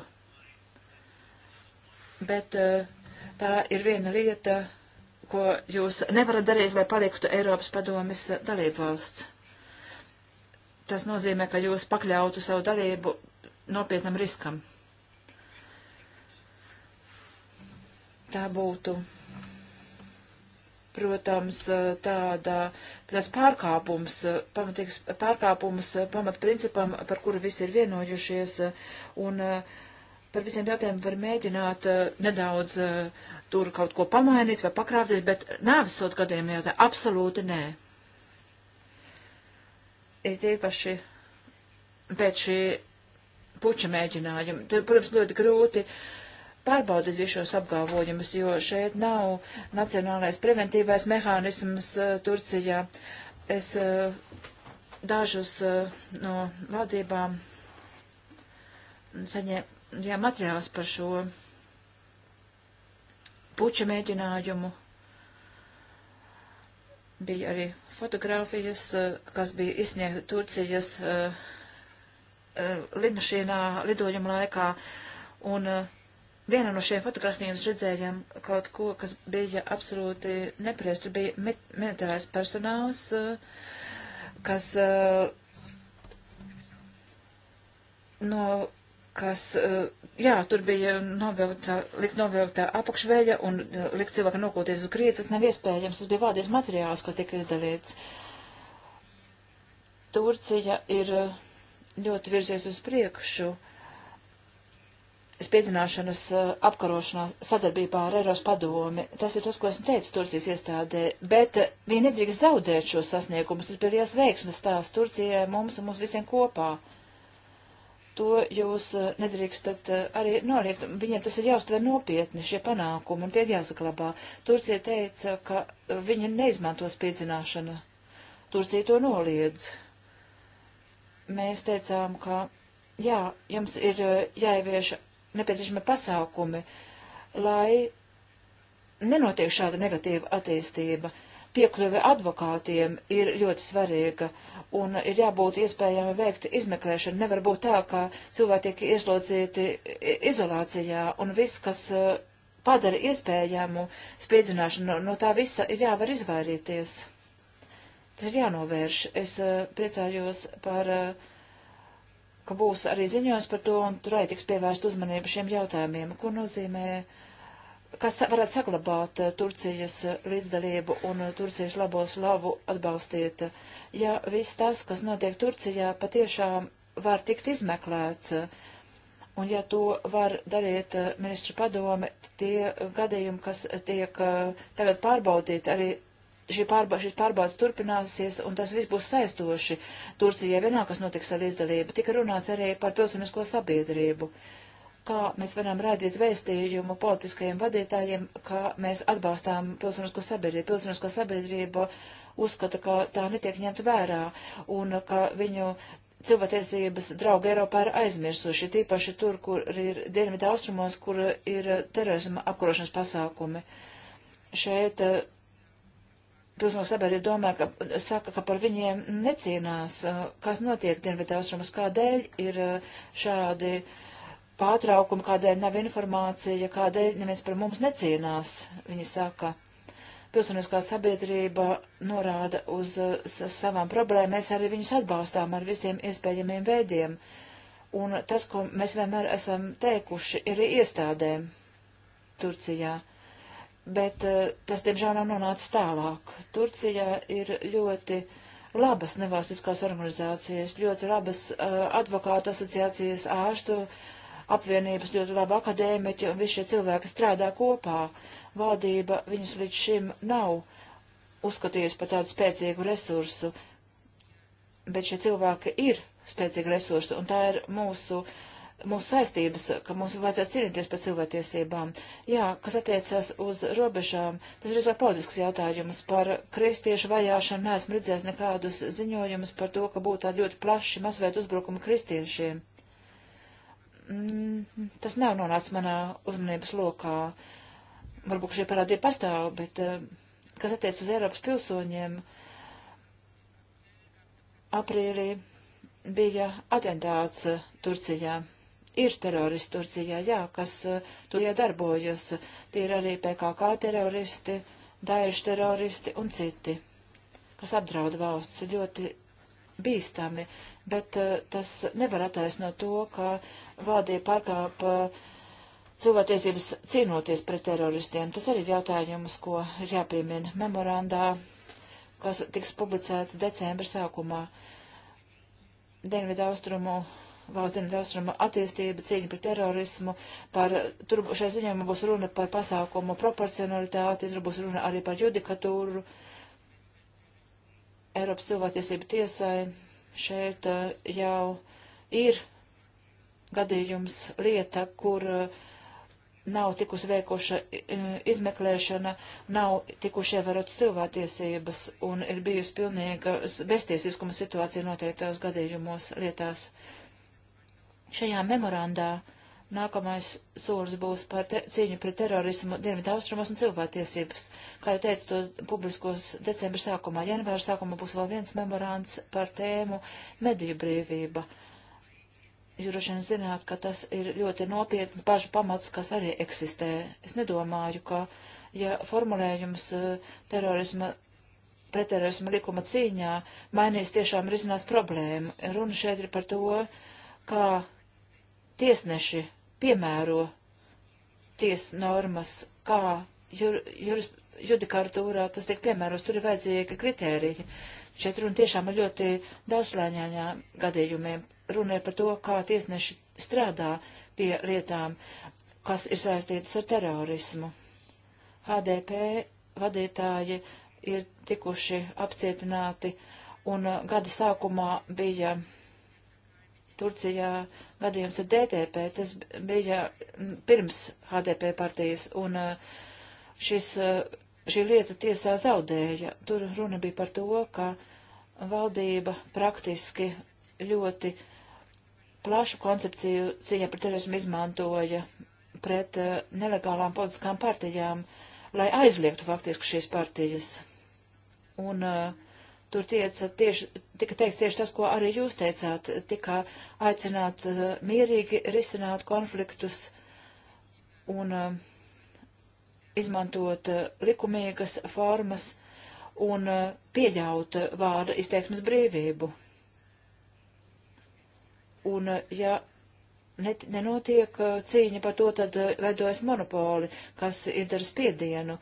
Bet uh, tā ir viena lieta, ko jūs nevarat darīt, lai paliktu Eiropas padomis dalībvalsts. Tas nozīmē, ka jūs pakļautu savu dalību nopietnam riskam. Tā būtu protams, tāda, tas pārkāpums, pamatīgs pārkāpums pamatprincipam, par kuru visi ir vienojušies, un eh, par visiem jautājumiem var mēģināt eh, nedaudz eh, tur kaut ko pamainīt vai pakrāpties, bet nāvisot gadiem jau tā absolūti nē. Ir īpaši pēc šī puča mēģinājuma. Te, protams, ļoti grūti uh, pārbaudīt visus šos apgalvojumus, jo šeit nav nacionālais preventīvais mehānisms uh, Turcijā. Es uh, dažus uh, no valdībām saņēmu jā, materiālus par šo puča mēģinājumu. Bija arī fotogrāfijas, kas bija izsniegta Turcijas lidmašīnā lidojuma laikā. Un uh, Vienā no šiem fotografijiem redzējām kaut ko, kas bija absolūti nepareizi. Tur bija militārais personāls, eh, kas, eh, no, kas, eh, jā, tur bija novilktā, likt novilktā apakšveļa un likt cilvēku nokūties uz grīdas. Tas nav iespējams, tas bija vārdies materiāls, kas tika izdalīts. Turcija ir ļoti virzies uz priekšu. Uh, spiedzināšanas eh, apkarošanā sadarbībā ar Eiros padomi. Tas ir tas, ko esmu teicis Turcijas iestādē, bet eh, viņi nedrīkst zaudēt šos sasniegumus. Tas bija liels veiksmes stāsts Turcijai, mums un mums visiem kopā. To jūs eh, nedrīkstat arī noliegt. Viņiem tas ir jāuztver nopietni, šie panākumi, un tie ir jāsaklabā. Turcija teica, ka viņi neizmanto spiedzināšanu. Turcija to noliedz. Mēs teicām, ka jā, jums ir jāievieš nepieciešami pasākumi, lai nenotiek šāda negatīva attīstība. Piekļuve advokātiem ir ļoti svarīga un ir jābūt iespējami veikt izmeklēšanu. Nevar būt tā, ka cilvēki tiek ieslodzīti izolācijā un viss, kas eh, padara iespējamu spiedzināšanu, no tā visa ir jāvar izvairīties. Tas ir jānovērš. Es eh, priecājos par uh, ka būs arī ziņojums par to, un tur arī tiks pievērst uzmanību šiem jautājumiem, ko nozīmē, kas varētu saglabāt eh, Turcijas līdzdalību un eh, Turcijas labo slavu atbalstīt. Ja viss tas, kas notiek Turcijā, patiešām var tikt izmeklēts, eh, un ja to var darīt ministra padome, tie gadījumi, kas tiek tagad pārbaudīti, arī šī pārba, šis pārbaudas turpināsies, un tas viss būs saistoši. Turcijai vienā, kas notiks ar līdzdalību, tika runāts arī par pilsonisko sabiedrību. Kā mēs varam rādīt vēstījumu politiskajiem vadītājiem, ka mēs atbalstām pilsonisko sabiedrību. Pilsonisko sabiedrību uzskata, ka tā netiek ņemta vērā, un ka viņu cilvēktiesības draugi Eiropā ir aizmirsuši, tīpaši tur, kur ir dienvidu austrumos, kur ir terorisma apkarošanas pasākumi. Šeit uh, pilsno sabiedrība domā, ka, saka, ka par viņiem necīnās, kas notiek Dienvidu austrumus, kādēļ ir šādi pārtraukumi, kādēļ nav informācija, kādēļ neviens par mums necīnās, viņi saka. Pilsoniskā sabiedrība norāda uz savām problēmām, mēs arī viņus atbalstām ar visiem iespējamiem veidiem. Un tas, ko mēs vienmēr esam teikuši, ir iestādēm Turcijā bet eh, tas, diemžēl, nav nonācis tālāk. Turcijā ir ļoti labas nevalstiskās organizācijas, ļoti labas uh, advokātu asociācijas, ārstu apvienības, ļoti labi akadēmiķi, un visi šie cilvēki strādā kopā. Valdība viņus līdz šim nav uzskatījusi par tādu spēcīgu resursu, bet šie cilvēki ir spēcīgi resursi, un tā ir mūsu uh, mūsu saistības, ka mums vajadzētu cīnīties par cilvēktiesībām. Jā, kas attiecas uz robežām, tas ir visai politisks jautājums par kristiešu vajāšanu. Neesmu redzējis nekādus ziņojumus par to, ka būtu tādi ļoti plaši masveidu uzbrukumi kristiešiem. Mm, tas nav nonācis manā uzmanības lokā. Varbūt šie parādīja pastāv, bet eh, kas attiecas uz Eiropas pilsoņiem, aprīlī bija atentāts Turcijā ir teroristi Turcijā, jā, kas eh, Turcijā darbojas. Tie ir arī PKK teroristi, Daešu teroristi un citi, kas apdraud valsts ļoti bīstami, bet uh, tas nevar attaisnot to, ka valdība pārkāpa uh, cilvēktiesības cīnoties pret teroristiem. Tas arī ir jautājums, ko ir jāpiemina memorandā, kas tiks publicēts decembra sākumā. Dienvidu austrumu valsts austrumu attīstība, cīņa par terorismu, par, tur šai ziņojumā būs runa par pasākumu proporcionalitāti, tur būs runa arī par judikatūru, Eiropas cilvēktiesību tiesai. Šeit eh, jau ir gadījums lieta, kur eh, nav tikusi veikoša eh, izmeklēšana, nav tikuši ievērotas cilvēktiesības un ir bijusi pilnīga beztiesiskuma situācija noteiktās gadījumos lietās. Uh, Šajā memorandā nākamais solis būs par te, cīņu pret terorismu Dienvidu austrumos un cilvēktiesības. Kā jau teicu, to publiskos decembra sākumā, janvāra sākumā būs vēl viens memorāns par tēmu mediju brīvība. Jūs droši vien zināt, ka tas ir ļoti nopietns bažu pamats, kas arī eksistē. Es nedomāju, ka, ja formulējums eh, terorisma pretterorisma likuma cīņā mainīs tiešām risinās problēmu. Runa šeit ir par to, kā tiesneši piemēro tiesu normas, kā jur, jur, judikārtūrā tas tiek piemēros, tur ir vajadzīgi kritēriji. Šeit runa tiešām ir ļoti daudzslēņaņā gadījumiem. Runa ir par to, kā tiesneši strādā pie lietām, kas ir saistītas ar terorismu. HDP vadītāji ir tikuši apcietināti, un uh, gada sākumā bija Turcijā gadījums ar DTP, tas bija mm, pirms HDP partijas, un eh, šis, eh, šī lieta tiesā zaudēja. Tur runa bija par to, ka valdība praktiski ļoti plašu koncepciju cīņā pret terorismu izmantoja pret uh, nelegālām politiskām partijām, lai aizliegtu faktiski šīs partijas. Un uh, tur tieca tieši, tika teiks tieši tas, ko arī jūs teicāt, tika aicināt uh, mierīgi risināt konfliktus un uh, izmantot uh, likumīgas formas un pieļaut vārda izteiksmes brīvību. Un ja net, nenotiek cīņa par to, tad veidojas monopoli, kas izdara spiedienu,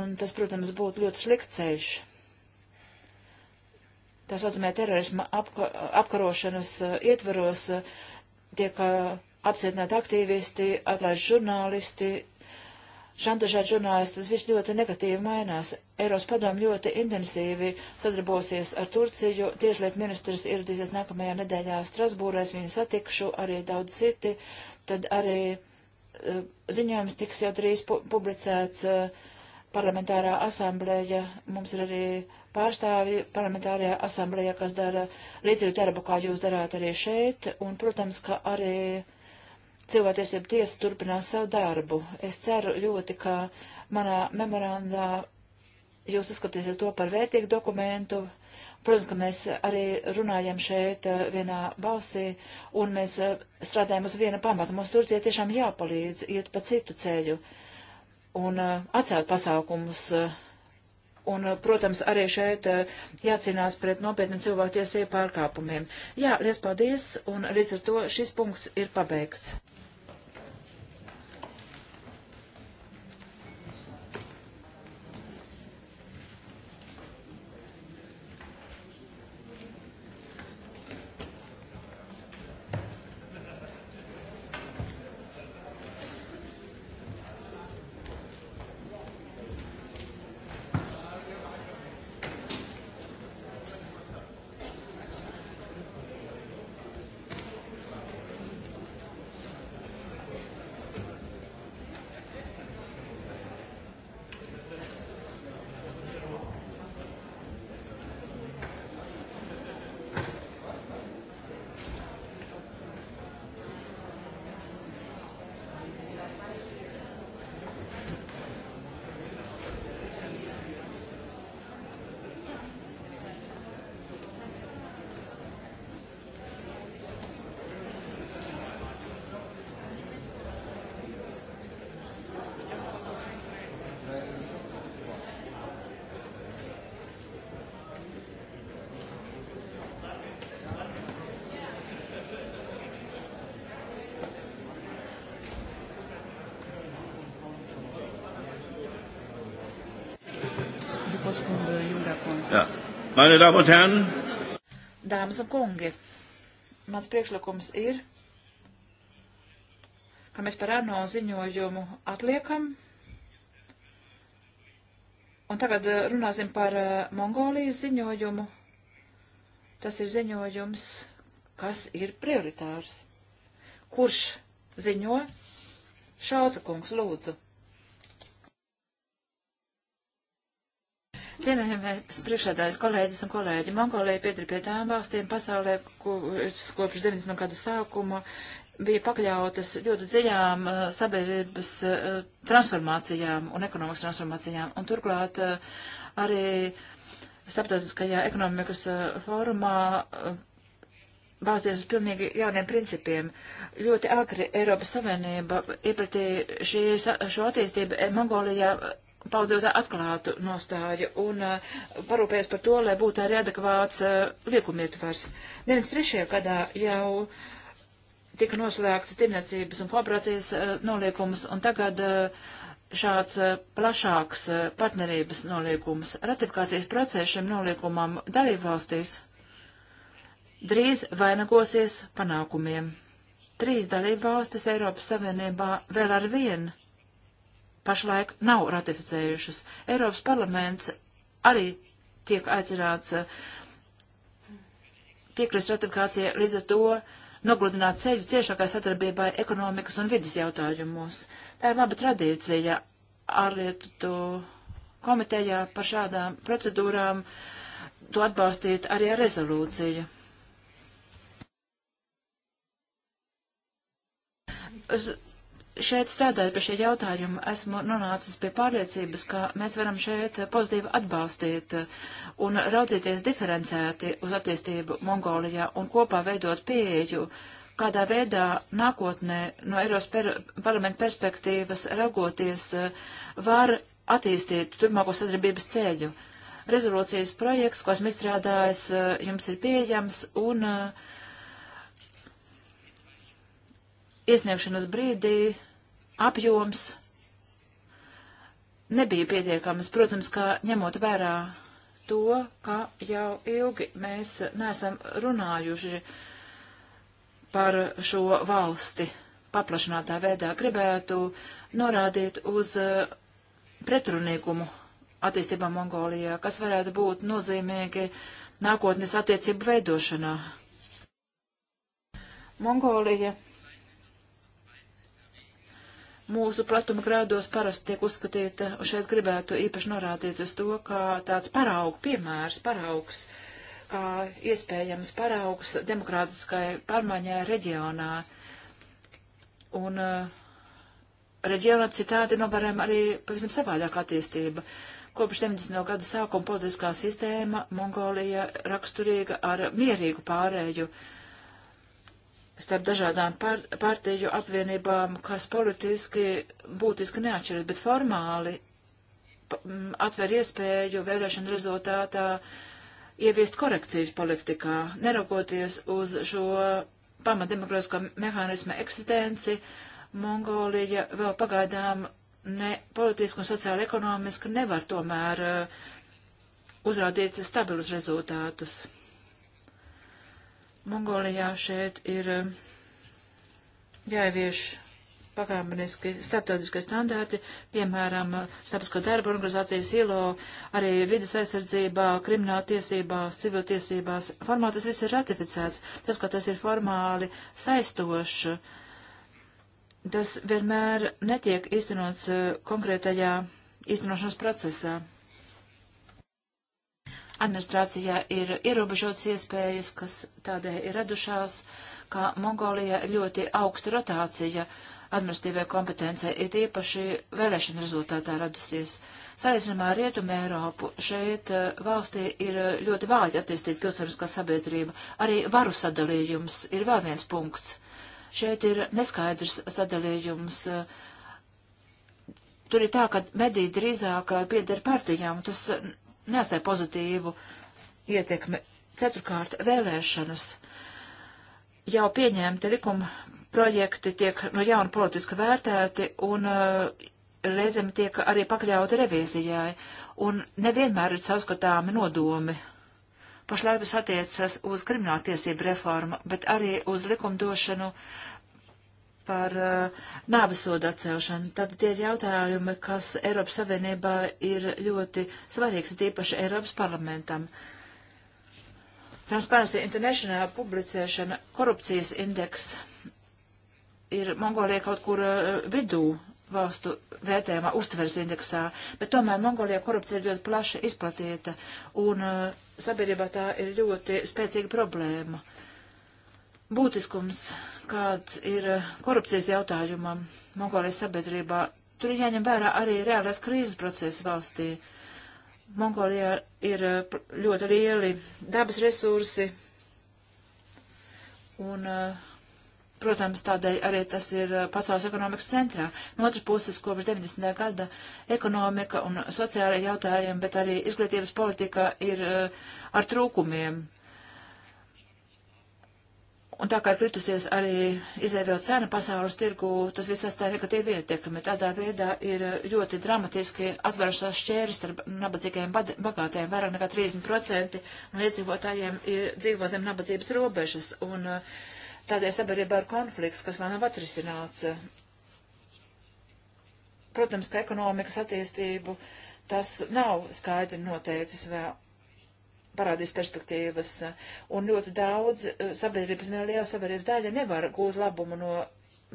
un tas, protams, būtu ļoti slikts ceļš tā saucamajā terorisma apka, apkarošanas uh, ietvaros uh, tiek uh, apcietināti aktīvisti, atlaiž žurnālisti, šantažēt žurnālisti, tas viss ļoti negatīvi mainās. Eiros padomu ļoti intensīvi sadarbosies ar Turciju, tiešliet ministrs ieradīsies nākamajā nedēļā Strasbūrā, es viņu satikšu, arī daudz citi, tad arī uh, ziņojums tiks jau drīz pu publicēts uh, parlamentārā asamblēja, mums ir arī pārstāvi parlamentārajā asamblējā, kas dara līdzīgu darbu, kā jūs darāt arī šeit, un, protams, ka arī cilvēktiesība tiesa turpinās savu darbu. Es ceru ļoti, ka manā memorandā jūs uzskatīsiet to par vērtīgu dokumentu. Protams, ka mēs arī runājam šeit eh, vienā balsī, un mēs eh, strādājam uz viena pamata. Mums Turcija tiešām jāpalīdz iet pa citu ceļu un eh, atcelt pasākumus, un, eh, protams, arī šeit eh, jācīnās pret nopietniem cilvēktiesību pārkāpumiem. Jā, liels paldies, un līdz ar to šis punkts ir pabeigts. Meine Damen un Herren, Dāmas un kungi, mans priekšlikums ir, ka mēs par ANO ziņojumu atliekam. Un tagad eh, runāsim par eh, Mongolijas ziņojumu. Tas ir ziņojums, kas ir prioritārs. Kurš ziņo? Šauca kungs, lūdzu. Cienējamais priekšādājs kolēģis un kolēģi, Mongolija piedar pie tām valstīm pasaulē, kuras kopš 90. gada sākuma bija pakļautas ļoti dziļām uh, sabiedrības uh, transformācijām un ekonomikas transformācijām. Un turklāt uh, arī starptautiskajā ekonomikas uh, fórumā uh, bāzties uz pilnīgi jauniem principiem. Ļoti agri Eiropas Savienība iepratī šo attīstību Mongolijā paudot atklātu nostāju un uh, eh, parūpējas par to, lai būtu arī adekvāts uh, eh, liekumietvars. 93. gadā jau tika noslēgts tirniecības un kooperācijas uh, noliekums, un tagad šāds plašāks partnerības noliekums. Ratifikācijas process šim noliekumam dalībvalstīs drīz vainagosies panākumiem. Trīs dalībvalstis Eiropas Savienībā vēl ar vienu pašlaik nav ratificējušas. Eiropas parlaments arī tiek aicināts eh, piekrist ratifikācijai līdz ar to nogludināt ceļu ciešākai sadarbībai ekonomikas un vidas jautājumos. Tā ir laba tradīcija ārlietu komitejā par šādām procedūrām to atbalstīt arī ar rezolūciju. Es šeit strādājot pie šī jautājuma, esmu nonācis pie pārliecības, ka mēs varam šeit pozitīvi atbalstīt un raudzīties diferencēti uz attīstību Mongolijā un kopā veidot pieeju, kādā veidā nākotnē no Eiropas per parlamenta perspektīvas raugoties var attīstīt turpmāko sadarbības ceļu. Rezolūcijas projekts, ko esmu izstrādājis, jums ir pieejams un uh, iesniegšanas brīdī apjoms nebija pietiekams, protams, kā ņemot vērā to, ka jau ilgi mēs neesam runājuši par šo valsti paplašinātā veidā. Gribētu norādīt uz eh, pretrunīgumu attīstībā Mongolijā, kas varētu būt nozīmīgi nākotnes attiecību veidošanā. Mongolija mūsu platuma grādos parasti tiek uzskatīta, un šeit gribētu īpaši norādīt uz to, kā tāds paraugu piemērs, paraugs, kā iespējams paraugs demokrātiskai pārmaiņai reģionā. Un uh, reģionā citādi novērojam nu, arī pavisam savādāk attīstība. Kopš 90. gada sākuma politiskā sistēma Mongolija raksturīga ar mierīgu pārēju uh, starp dažādām par, partiju apvienībām, kas politiski būtiski neatšķiras, bet formāli mm, atver iespēju vēlēšanu rezultātā ieviest korekcijas politikā, neraugoties uz šo pamatdemokrātiskā mehānisma eksistenci, Mongolija vēl pagaidām ne politiski un sociāli ekonomiski nevar tomēr uh, uzrādīt stabilus rezultātus. Mongolijā šeit ir eh, jāievieš pakāpeniski starptautiskie standarti, piemēram, eh, starptautiskā darba organizācijas ILO, arī vidas aizsardzībā, krimināla tiesībās, civil tiesībās. Formāli tas viss ir ratificēts. Tas, ka tas ir formāli saistoši, tas vienmēr netiek īstenots eh, konkrētajā īstenošanas procesā administrācijā ir ierobežotas iespējas, kas tādēļ ir radušās, kā Mongolijā ļoti augsta rotācija administratīvai kompetencijai, ir īpaši vēlēšana rezultātā radusies. Salīdzinājumā ar Rietumu Eiropu šeit eh, valstī ir ļoti vāji attīstīta pilsoniskā sabiedrība. Arī varu sadalījums ir vēl viens punkts. Šeit ir neskaidrs sadalījums. Eh, tur ir tā, ka mediji drīzāk eh, pieder partijām. Tas nesai pozitīvu ietekmi. Ceturkārt, vēlēšanas. Jau pieņemti likuma projekti tiek no jauna politiski vērtēti un uh, reizēm tiek arī pakļauti revīzijai, un nevienmēr ir caurskatāmi nodomi. Pašlaik tas attiecas uz krimināltiesību reformu, bet arī uz likumdošanu uh, par uh, eh, nāvisodu atcelšanu. Tad tie ir jautājumi, kas Eiropas Savienībā ir ļoti svarīgs, tīpaši Eiropas parlamentam. Transparency International publicēšana korupcijas indeks ir Mongolija kaut kur uh, vidū valstu vērtējumā uztveres indeksā, bet tomēr Mongolijā korupcija ir ļoti plaši izplatīta un uh, sabiedrībā tā ir ļoti spēcīga problēma. Uh, būtiskums, kāds ir korupcijas jautājumam Mongolijas sabiedrībā. Tur ir jāņem vērā arī reālais krīzes process valstī. Mongolijā ir eh, ļoti lieli dabas resursi, un, eh, protams, tādēļ arī tas ir eh, pasaules ekonomikas centrā. No otras puses, kopš 90. gada ekonomika un sociālai jautājumi, bet arī izglītības politika ir ar trūkumiem Un tā kā ir kritusies arī izēvēja cena pasaules tirgu, tas viss atstāja negatīvu ietekmi. Tādā veidā ir ļoti dramatiski atveršās šķēris starp nabadzīgajiem bagātiem. Vairāk nekā 30% no iedzīvotājiem ir dzīvo zem nabadzības robežas. Un uh, tādēļ sabiedrībā ir konflikts, kas vēl nav atrisināts. Protams, ka ekonomikas attīstību tas nav skaidri noteicis vēl parādīs perspektīvas, un ļoti daudz eh, sabiedrības, liela sabiedrības daļa nevar gūt labumu no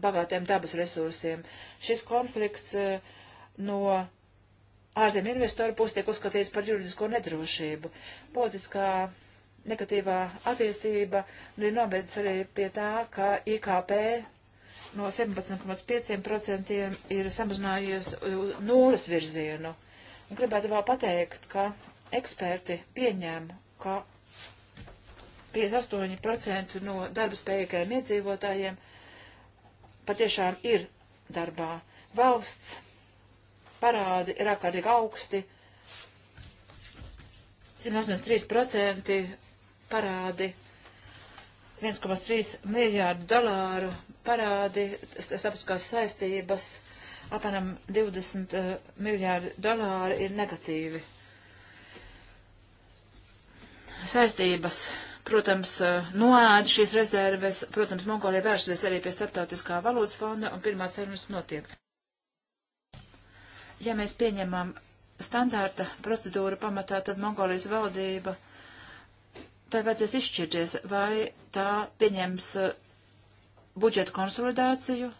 bagātiem dabas resursiem. Šis konflikts eh, no ārzem investoru puses tiek uzskatīts par juridisko nedrošību. Politiskā negatīvā attīstība nu, ir nobeidz arī pie tā, ka IKP no 17,5% ir samazinājies eh, nulles virzienu. Un gribētu vēl pateikt, ka eksperti pieņēma, ka 58% no darba spējīgajiem iedzīvotājiem patiešām ir darbā. Valsts parādi ir ārkārtīgi augsti. 183% parādi, 1,3 miljārdu dolāru parādi, sapskās saistības, apmēram 20 uh, eh, miljārdu dolāri ir negatīvi saistības, protams, eh, noēda šīs rezerves, protams, Mongolija vēršas arī pie starptautiskā valodas fonda un pirmās sarunas notiek. Ja mēs pieņemam standārta procedūru pamatā, tad Mongolijas valdība tai vajadzēs izšķirties, vai tā pieņems eh, budžeta konsolidāciju,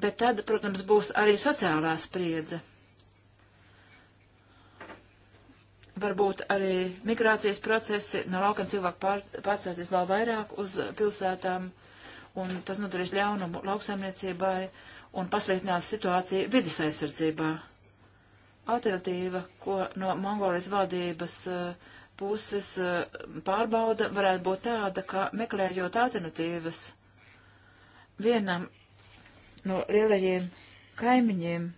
bet tad, protams, būs arī sociālā spriedze. varbūt arī migrācijas procesi no laukiem cilvēku pār, pārcelsies vēl vairāk uz pilsētām, un tas nodarīs ļaunumu lauksaimniecībai un pasliktinās situāciju vidas aizsardzībā. Alternatīva, ko no Mongolijas valdības uh, puses uh, pārbauda, varētu būt tāda, ka meklējot alternatīvas vienam no lielajiem kaimiņiem,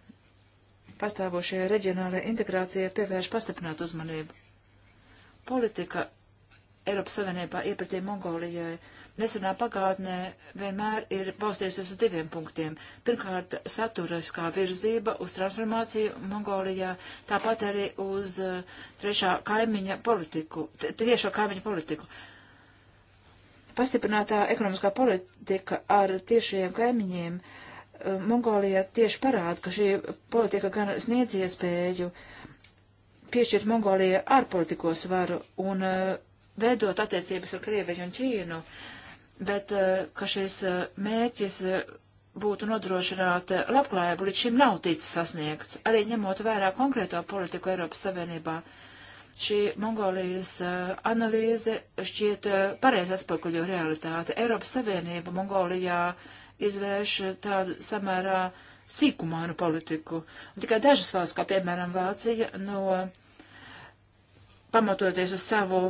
pastāvošajai reģionālajai integrācijai pievērš pastiprināt uzmanību. Politika Eiropas Savienībā iepratī Mongolijai nesenā pagātnē vienmēr ir balstījusies uz diviem punktiem. Pirmkārt, saturiskā virzība uz transformāciju Mongolijā, tāpat arī uz eh, trešā kaimiņa politiku, tiešo kaimiņa politiku. Pastiprinātā ekonomiskā politika ar tiešajiem kaimiņiem uh, Mongolija tieši parāda, ka šī politika gan sniedz iespēju piešķirt Mongolija ārpolitiko svaru un eh, veidot attiecības ar Krieviju un Ķīnu, bet eh, ka šis eh, mērķis būtu nodrošināt labklājību, līdz šim nav ticis sasniegts, arī ņemot vērā konkrēto politiku Eiropas Savienībā. Šī Mongolijas analīze šķiet pareizi atspoguļo realitāti. Eiropas Savienība Mongolijā uh, izvērš tādu samērā sīkumānu politiku. Un tikai dažas valsts, kā piemēram Vācija, no pamatoties uz savu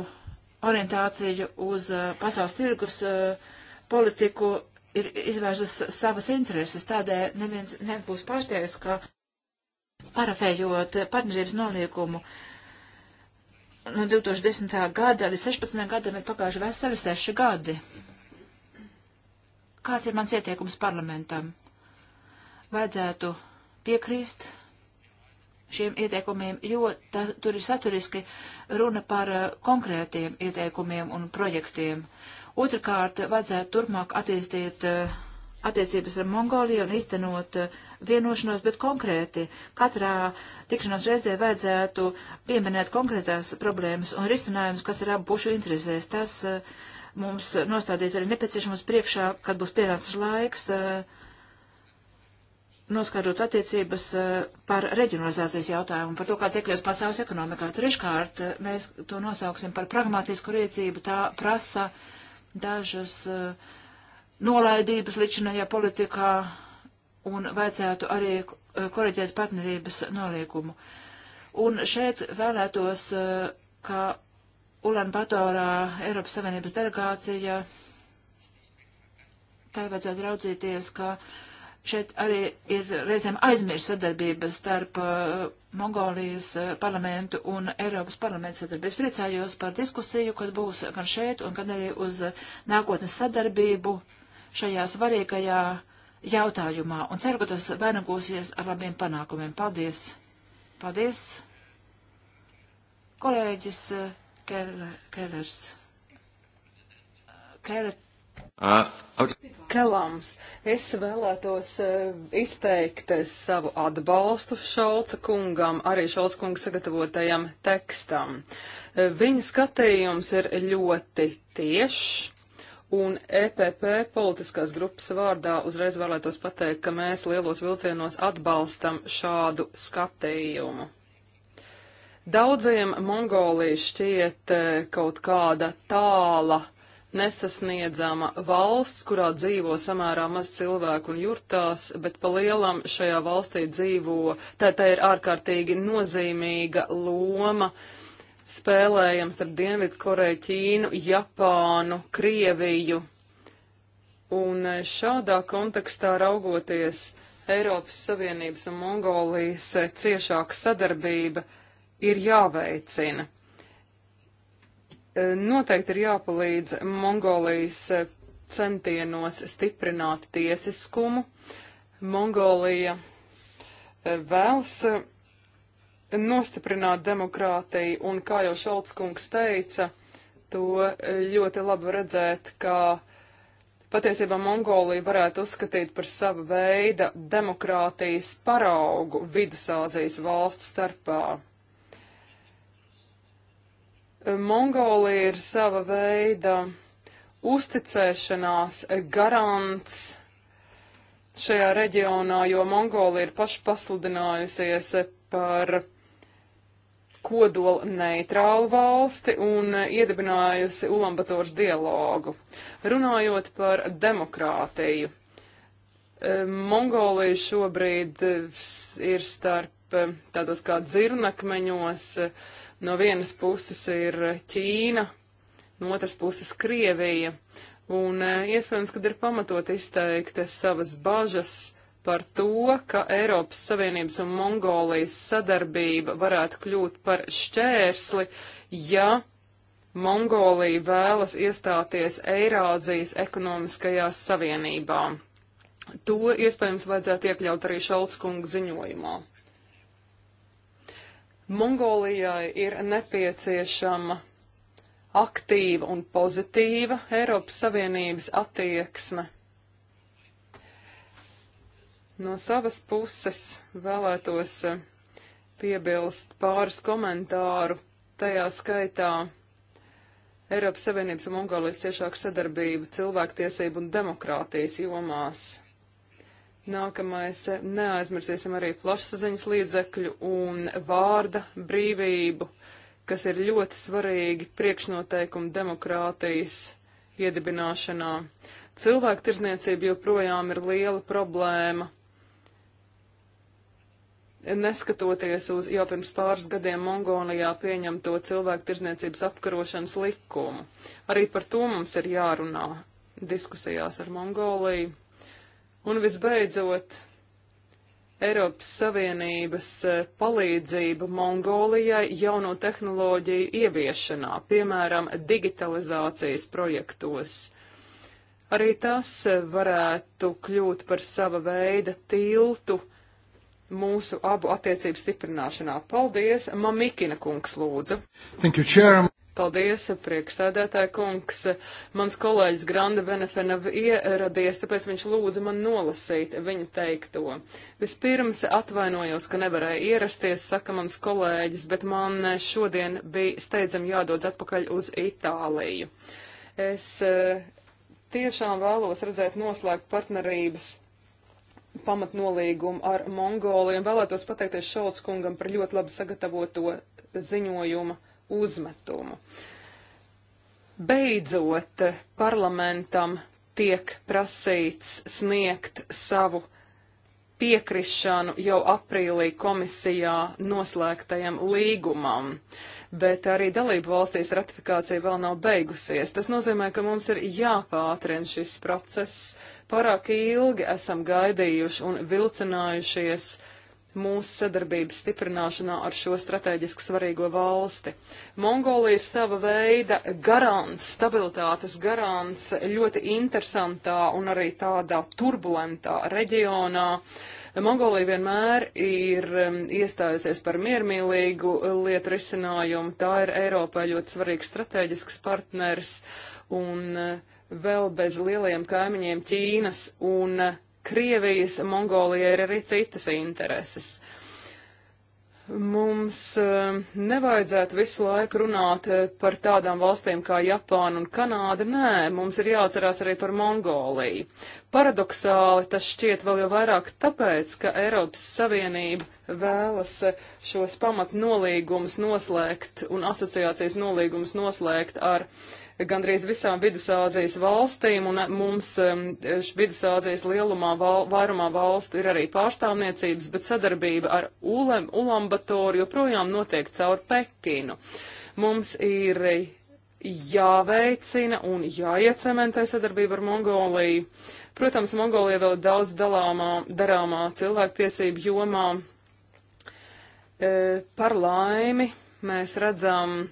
orientāciju uz uh, pasaules tirgus uh, politiku, ir izvērsus savas intereses. Tādēļ neviens nebūs pārsteigts, ka parafējot partnerības noliekumu no 2010. gada līdz 16. gadam ir pagājuši veseli seši gadi. Kāds ir mans ieteikums parlamentam? Vajadzētu piekrīst šiem ieteikumiem, jo tā, tur ir saturiski runa par uh, konkrētiem ieteikumiem un projektiem. Otrakārt, vajadzētu turpmāk attīstīt uh, attiecības ar Mongoliju un iztenot uh, vienošanos, bet konkrēti katrā tikšanās reizē vajadzētu pieminēt konkrētās problēmas un risinājumus, kas ir abu pušu interesēs. Tas uh, mums nostādīt arī nepieciešams priekšā, kad būs pienācis laiks eh, noskatot attiecības eh, par reģionalizācijas jautājumu, par to, kāds iekļūs pasaules ekonomikā. Treškārt, eh, mēs to nosauksim par pragmatisku rīcību. Tā prasa dažas nolaidības ličinajā politikā un vajadzētu arī koreģēt partnerības noliekumu. Un šeit vēlētos, ka Ulan Batorā Eiropas Savienības delegācija, tā vajadzētu raudzīties, ka šeit arī ir reizēm aizmirst sadarbība starp uh, Mongolijas uh, parlamentu un Eiropas parlamentu sadarbības. Priecājos par diskusiju, kas būs gan šeit, un gan arī uz uh, nākotnes sadarbību šajā svarīgajā jautājumā, un ceru, ka tas vainagosies ar labiem panākumiem. Paldies! Paldies! Kolēģis! Uh, Kellers. Kellers. Kelams, es vēlētos e, izteikt savu atbalstu Šauca kungam, arī Šauca kunga sagatavotajam tekstam. E, viņa skatījums ir ļoti tiešs, un EPP politiskās grupas vārdā uzreiz vēlētos pateikt, ka mēs lielos vilcienos atbalstam šādu skatījumu. Daudziem Mongolija šķiet e, kaut kāda tāla, nesasniedzama valsts, kurā dzīvo samērā maz cilvēku un jurtās, bet pa lielam šajā valstī dzīvo, tā tā ir ārkārtīgi nozīmīga loma spēlējams starp Dienvidu Koreju, Ķīnu, Japānu, Krieviju. Un e, šādā kontekstā raugoties Eiropas Savienības un Mongolijas e, ciešāka sadarbība ir jāveicina. Eh, noteikti ir jāpalīdz Mongolijas eh, centienos stiprināt tiesiskumu. Mongolija eh, vēlas nostiprināt demokrātiju, un kā jau Šaltskungs teica, to ļoti labi redzēt, ka patiesībā Mongolija varētu uzskatīt par savu veidu demokrātijas paraugu Vidusāzijas valstu starpā. Mongolija ir sava veida uzticēšanās garants šajā reģionā, jo Mongolija ir paši pasludinājusies par kodola neitrālu valsti un iedibinājusi Ulambators dialogu. Runājot par demokrātiju, eh, Mongolija šobrīd eh, ir starp eh, tādos kā dzirnakmeņos, uh, No vienas puses ir Ķīna, no otras puses Krievija, un eh, iespējams, ka ir pamatot izteikt savas bažas par to, ka Eiropas Savienības un Mongolijas sadarbība varētu kļūt par šķērsli, ja Mongolija vēlas iestāties Eirāzijas ekonomiskajā savienībā. To iespējams vajadzētu iekļaut arī Šaltskunga ziņojumā. Mongolijai ir nepieciešama aktīva un pozitīva Eiropas Savienības attieksme. No savas puses vēlētos eh, piebilst pāris komentāru, tajā skaitā Eiropas Savienības un Mongolijas ciešāku sadarbību cilvēktiesību un demokrātijas jomās. Nākamais - neaizmirsīsim arī plašsaziņas līdzekļu un vārda brīvību, kas ir ļoti svarīgi priekšnoteikumi demokrātijas iedibināšanā. Cilvēku tirzniecība joprojām ir liela problēma. Neskatoties uz jau pirms pāris gadiem Mongolijā pieņemto cilvēku tirzniecības apkarošanas likumu, arī par to mums ir jārunā diskusijās ar Mongoliju Un visbeidzot, Eiropas Savienības e, palīdzība Mongolijai jauno tehnoloģiju ieviešanā, piemēram, digitalizācijas projektos. Arī tas e, varētu kļūt par sava veida tiltu mūsu abu attiecību stiprināšanā. Paldies, Mamikina kungs lūdzu. Thank you, Chair. Paldies, prieksēdētāja kungs. Mans kolēģis Granda Benefenav ieradies, tāpēc viņš lūdza man nolasīt viņa teikto. Vispirms atvainojos, ka nevarēju ierasties, saka mans kolēģis, bet man šodien bija steidzam jādodas atpakaļ uz Itāliju. Es eh, tiešām vēlos redzēt noslēgt partnerības pamatnolīgumu ar Mongoliem. Vēlētos pateikties Šolts kungam par ļoti labi sagatavoto ziņojumu uzmetumu. Beidzot, parlamentam tiek prasīts sniegt savu piekrišanu jau aprīlī komisijā noslēgtajam līgumam, bet arī dalību valstīs ratifikācija vēl nav beigusies. Tas nozīmē, ka mums ir jāpātrina šis process. Pārāk ilgi esam gaidījuši un vilcinājušies uh, mūsu sadarbības stiprināšanā ar šo strateģiski svarīgo valsti. Mongolija ir sava veida garants, stabilitātes garants ļoti interesantā un arī tādā turbulentā reģionā. Mongolija vienmēr ir um, iestājusies par miermīlīgu lietu risinājumu. Tā ir Eiropai ļoti svarīgs strateģisks partners un uh, vēl bez lielajiem kaimiņiem Ķīnas un uh, Krievijas Mongolijai ir arī citas intereses. Mums eh, nevajadzētu visu laiku runāt eh, par tādām valstīm kā Japāna un Kanāda. Nē, mums ir jāatcerās arī par Mongoliju. Paradoxāli tas šķiet vēl jau vairāk tāpēc, ka Eiropas Savienība vēlas eh, šos pamatnolīgumus noslēgt un asociācijas nolīgumus noslēgt ar uh, gandrīz visām Vidusāzijas valstīm, un mums Vidusāzijas lielumā val, vairumā valstu ir arī pārstāvniecības, bet sadarbība ar Ulem, Ulambatoru joprojām notiek caur Pekinu. Mums ir jāveicina un jāiecementē sadarbība ar Mongoliju. Protams, Mongolija vēl ir daudz dalāmā, darāmā cilvēktiesību jomā. E, par laimi mēs redzam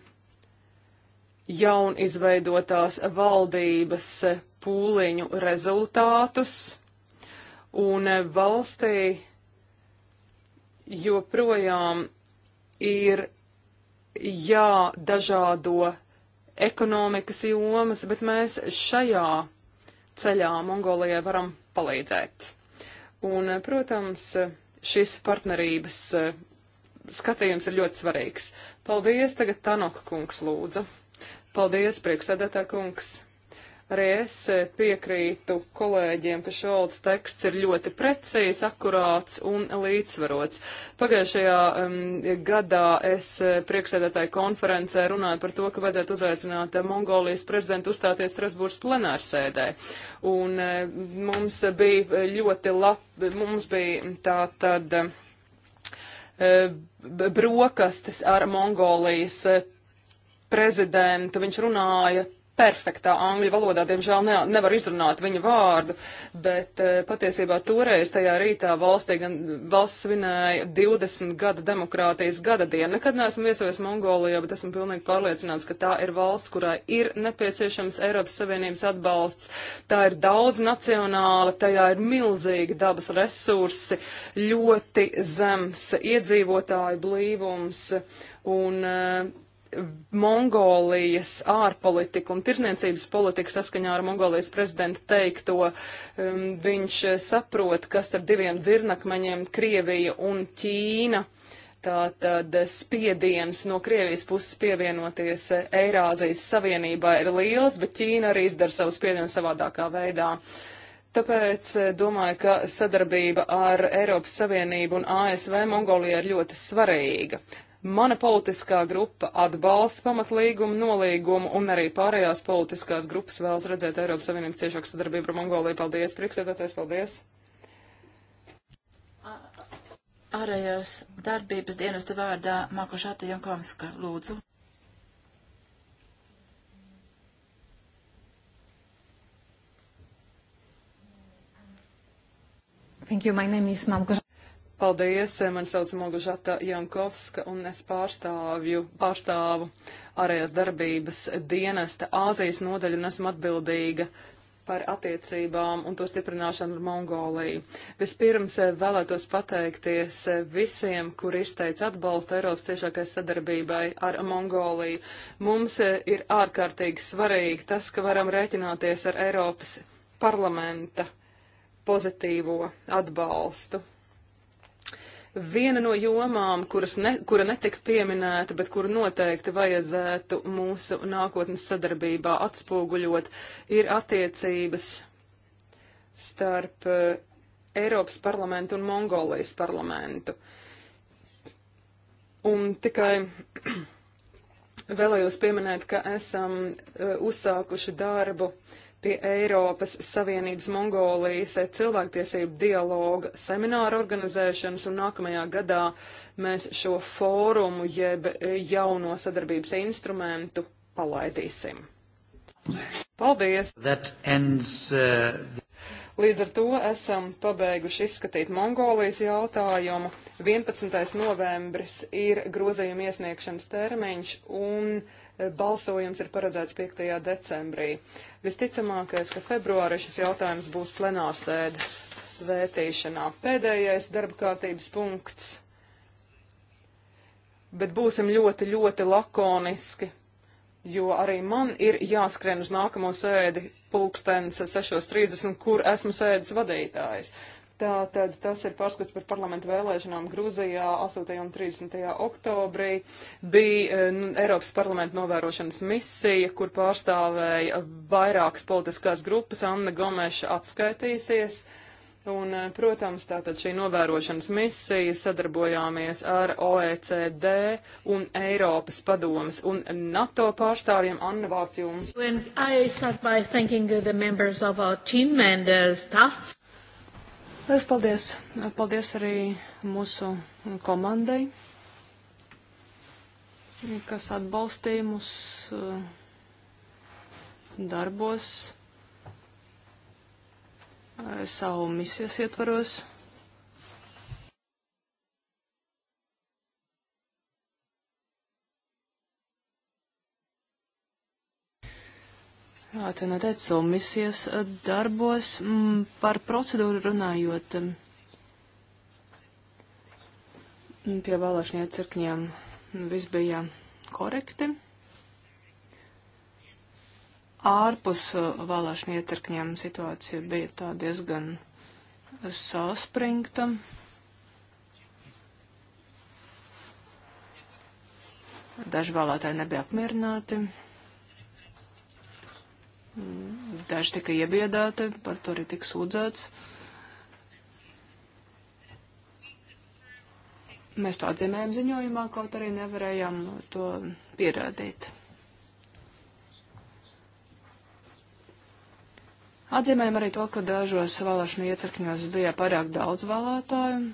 jaunizveidotās valdības pūliņu rezultātus, un valstī joprojām ir jādažādo ekonomikas jomas, bet mēs šajā ceļā Mongolijai varam palīdzēt. Un, protams, šis partnerības eh, skatījums ir ļoti svarīgs. Paldies, tagad Tanok kungs lūdzu. Paldies, prieksēdētā kungs! Arī es eh, piekrītu kolēģiem, ka šolds teksts ir ļoti precīzs, akurāts un līdzsvarots. Pagājušajā um, gadā es eh, priekšsēdētāju konferencē runāju par to, ka vajadzētu uzaicināt eh, Mongolijas prezidentu uzstāties Strasbūras plenārsēdē. Un um, mums bija ļoti labi, mums bija tā tad. Um, brokastis ar Mongolijas prezidentu, viņš runāja perfektā angļu valodā, diemžēl ne, nevar izrunāt viņa vārdu, bet e, patiesībā toreiz tajā rītā valstī gan valsts svinēja 20 gadu demokrātijas gada dienu. Nekad neesmu viesojies Mongolijā, bet esmu pilnīgi pārliecināts, ka tā ir valsts, kurai ir nepieciešams Eiropas Savienības atbalsts. Tā ir daudz nacionāla, tajā ir milzīgi dabas resursi, ļoti zems iedzīvotāju blīvums. Un e, Mongolijas ārpolitika un tirzniecības politika saskaņā ar Mongolijas prezidenta teikto. Um, viņš eh, saprot, kas starp diviem dzirnakmeņiem - Krievija un Ķīna. Tātad eh, spiediens no Krievijas puses pievienoties eh, Eirāzijas Savienībā ir liels, bet Ķīna arī izdara savu spiedienu savādākā veidā. Tāpēc domāju, ka sadarbība ar Eiropas Savienību un ASV Mongolijā ir ļoti svarīga. Mana politiskā grupa atbalsta pamatlīgumu, nolīgumu un arī pārējās politiskās grupas vēlas redzēt Eiropas Savienību ciešāku sadarbību ar Mongoliju. Paldies, priekšsēdētājs, paldies! Ārējās darbības dienesta vārdā Makušāta Jankovska, lūdzu. Thank you. My name is Mamka Paldies, eh, man sauc Mogužata Jankovska un es pārstāvju, pārstāvu ārējās darbības dienesta Āzijas nodaļu un esmu atbildīga par attiecībām un to stiprināšanu ar Mongoliju. Vispirms eh, vēlētos pateikties eh, visiem, kur izteica atbalstu Eiropas ciešākai sadarbībai ar Mongoliju. Mums ir ārkārtīgi svarīgi tas, ka varam rēķināties ar Eiropas parlamenta pozitīvo atbalstu. Viena no jomām, kuras ne, kura netika pieminēta, bet kuru noteikti vajadzētu mūsu nākotnes sadarbībā atspoguļot, ir attiecības starp eh, Eiropas parlamentu un Mongolijas parlamentu. Un tikai *clears throat* vēlējos pieminēt, ka esam eh, uzsākuši darbu uh, pie Eiropas Savienības Mongolijas cilvēktiesību dialoga semināra organizēšanas, un nākamajā gadā mēs šo fórumu jeb jauno sadarbības instrumentu palaidīsim. Paldies! Ends, uh... Līdz ar to esam pabeiguši izskatīt Mongolijas jautājumu. 11. novembris ir grozījuma iesniegšanas termiņš un Balsojums ir paredzēts 5. decembrī. Visticamākais, ka februārī šis jautājums būs plenārsēdes vērtīšanā. Pēdējais darba kārtības punkts. Bet būsim ļoti, ļoti lakoniski, jo arī man ir jāskrien uz nākamo sēdi pulkstens 6.30, kur esmu sēdes vadītājs. Tātad tas ir pārskats par parlamentu vēlēšanām Grūzijā 8. un 30. oktobrī. Bija nu, Eiropas parlamenta novērošanas misija, kur pārstāvēja vairākas politiskās grupas. Anna Gomeša atskaitīsies. Un, e, protams, tātad šī novērošanas misija sadarbojāmies ar OECD un Eiropas padomas un NATO pārstāvjiem. Anna, vārds jums. Es paldies. Paldies arī mūsu komandai, kas atbalstīja mūs uh, darbos savu misijas ietvaros. Atcenotēt nu komisijas eh, darbos m, mm, par procedūru runājot m, mm, pie vēlēšanu iecirkņiem. Mm, viss bija korekti. Ārpus eh, vēlēšanu iecirkņiem situācija bija tā diezgan saspringta. Daži vēlētāji nebija apmierināti. Daži tika iebiedāti, par to arī tika sūdzēts. Mēs to atzīmējam ziņojumā, kaut arī nevarējām to pierādīt. Atzīmējam arī to, ka dažos vēlēšanu iecirkņos bija pārāk daudz vēlētāju.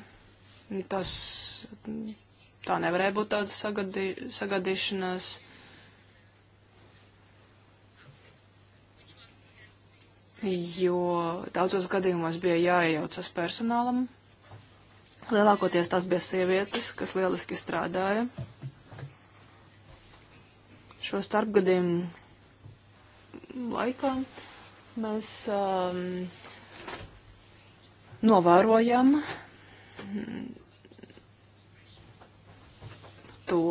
Tas tā nevarēja būt tāda sagadī, sagadīšanās. jo daudzos gadījumos bija jāiejaucas personālam. Lielākoties tās bija sievietes, kas lieliski strādāja. Šo starpgadījumu laikā mēs um, novērojam to,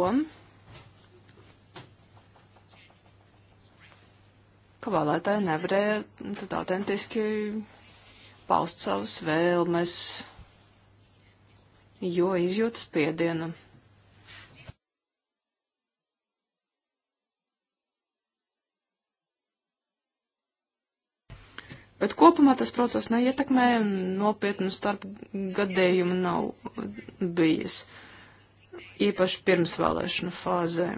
ka vēlētāji nevarēja tad autentiski paust savas vēlmes, jo izjūta spiedienu. Bet kopumā tas process neietekmē, nopietnu starp gadējumu nav bijis, īpaši pirms vēlēšanu fāzē.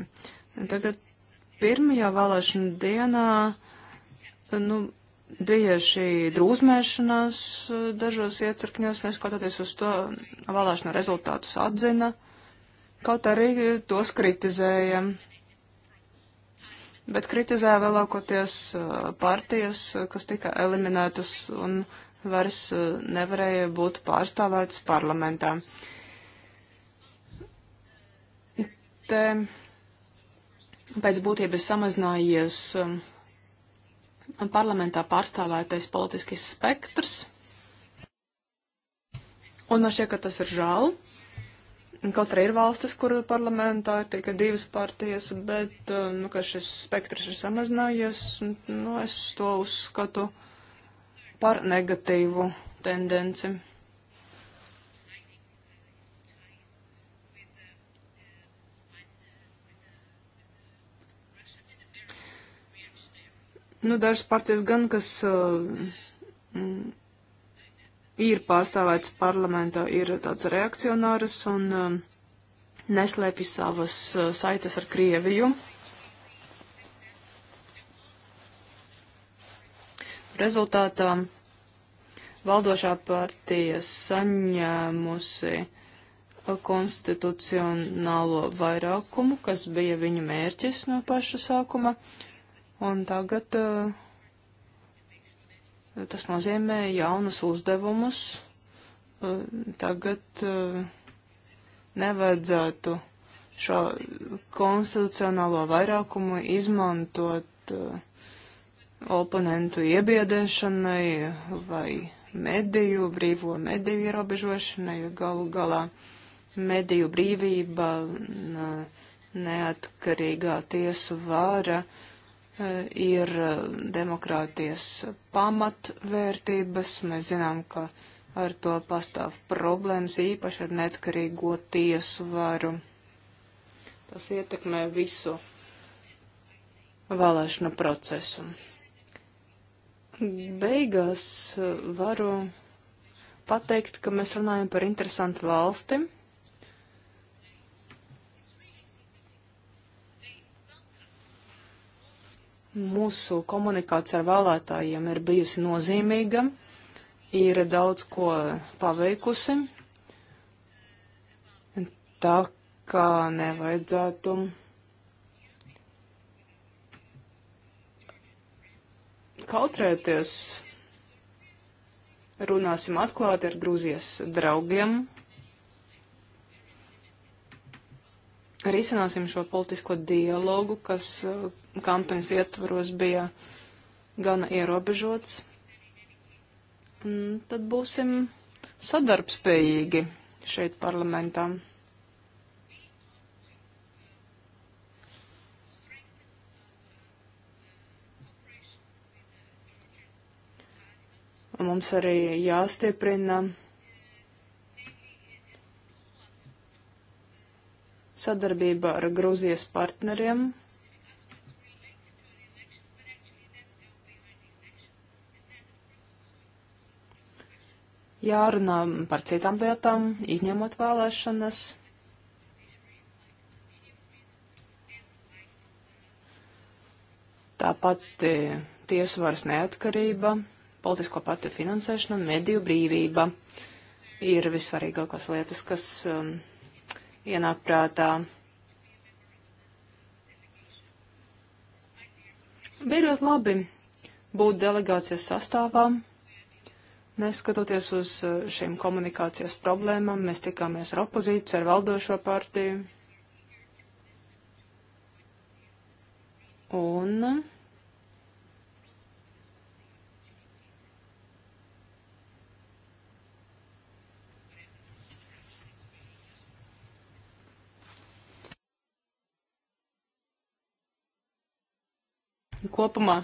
Tagad pirmajā vēlēšana dienā uh, Nu, bija šī drūzmēšanās eh, dažos iecirkņos, neskatoties uz to, vēlēšana rezultātus atzina, kaut arī tos kritizēja. Bet kritizēja vēlākoties eh, partijas, kas tika eliminētas un vairs eh, nevarēja būt pārstāvētas parlamentā. Te pēc būtības samazinājies parlamentā pārstāvētais politiskais spektrs. Un man šķiet, ka tas ir žēl. Kaut arī ir valstis, kur parlamentā ir tikai divas partijas, bet uh, nu, šis spektrs ir samazinājies. Nu, es to uzskatu par negatīvu tendenci. Nu, dažas partijas gan, kas uh, ir pārstāvētas parlamentā, ir tāds reakcionāras un uh, neslēpj savas uh, saites ar Krieviju. Rezultātā valdošā partija saņēmusi konstitucionālo vairākumu, kas bija viņu mērķis no paša sākuma. Uh, Un tagad uh, tas nozīmē jaunus uzdevumus. Uh, tagad uh, nevajadzētu šo konstitucionālo vairākumu izmantot oponentu iebiedēšanai vai mediju, brīvo mediju ierobežošanai, jo galu galā mediju brīvība, neatkarīgā tiesu vāra. Uh, ir eh, demokrātijas pamatvērtības. Mēs zinām, ka ar to pastāv problēmas, īpaši ar netkarīgo tiesu varu. Tas ietekmē visu vēlēšanu procesu. Beigās eh, varu pateikt, ka mēs runājam par interesantu valsti Mūsu komunikācija ar vēlētājiem ir bijusi nozīmīga, ir daudz ko paveikusi, tā kā nevajadzētu kautrēties. Runāsim atklāti ar Grūzijas draugiem. Risināsim šo politisko dialogu, kas kampaņas ietvaros bija gana ierobežots. Un tad būsim sadarbspējīgi šeit parlamentā. Mums arī jāstieprina sadarbība ar Grūzijas partneriem. jārunā par citām lietām, izņemot vēlēšanas. Tāpat e, tiesvaras neatkarība, politisko partiju finansēšana un mediju brīvība ir visvarīgākās lietas, kas um, ienāk prātā. Bija ļoti labi būt delegācijas sastāvām. Neskatoties uz eh, šīm komunikācijas problēmām, mēs tikāmies ar opozīciju, ar valdošo partiju. Un kopumā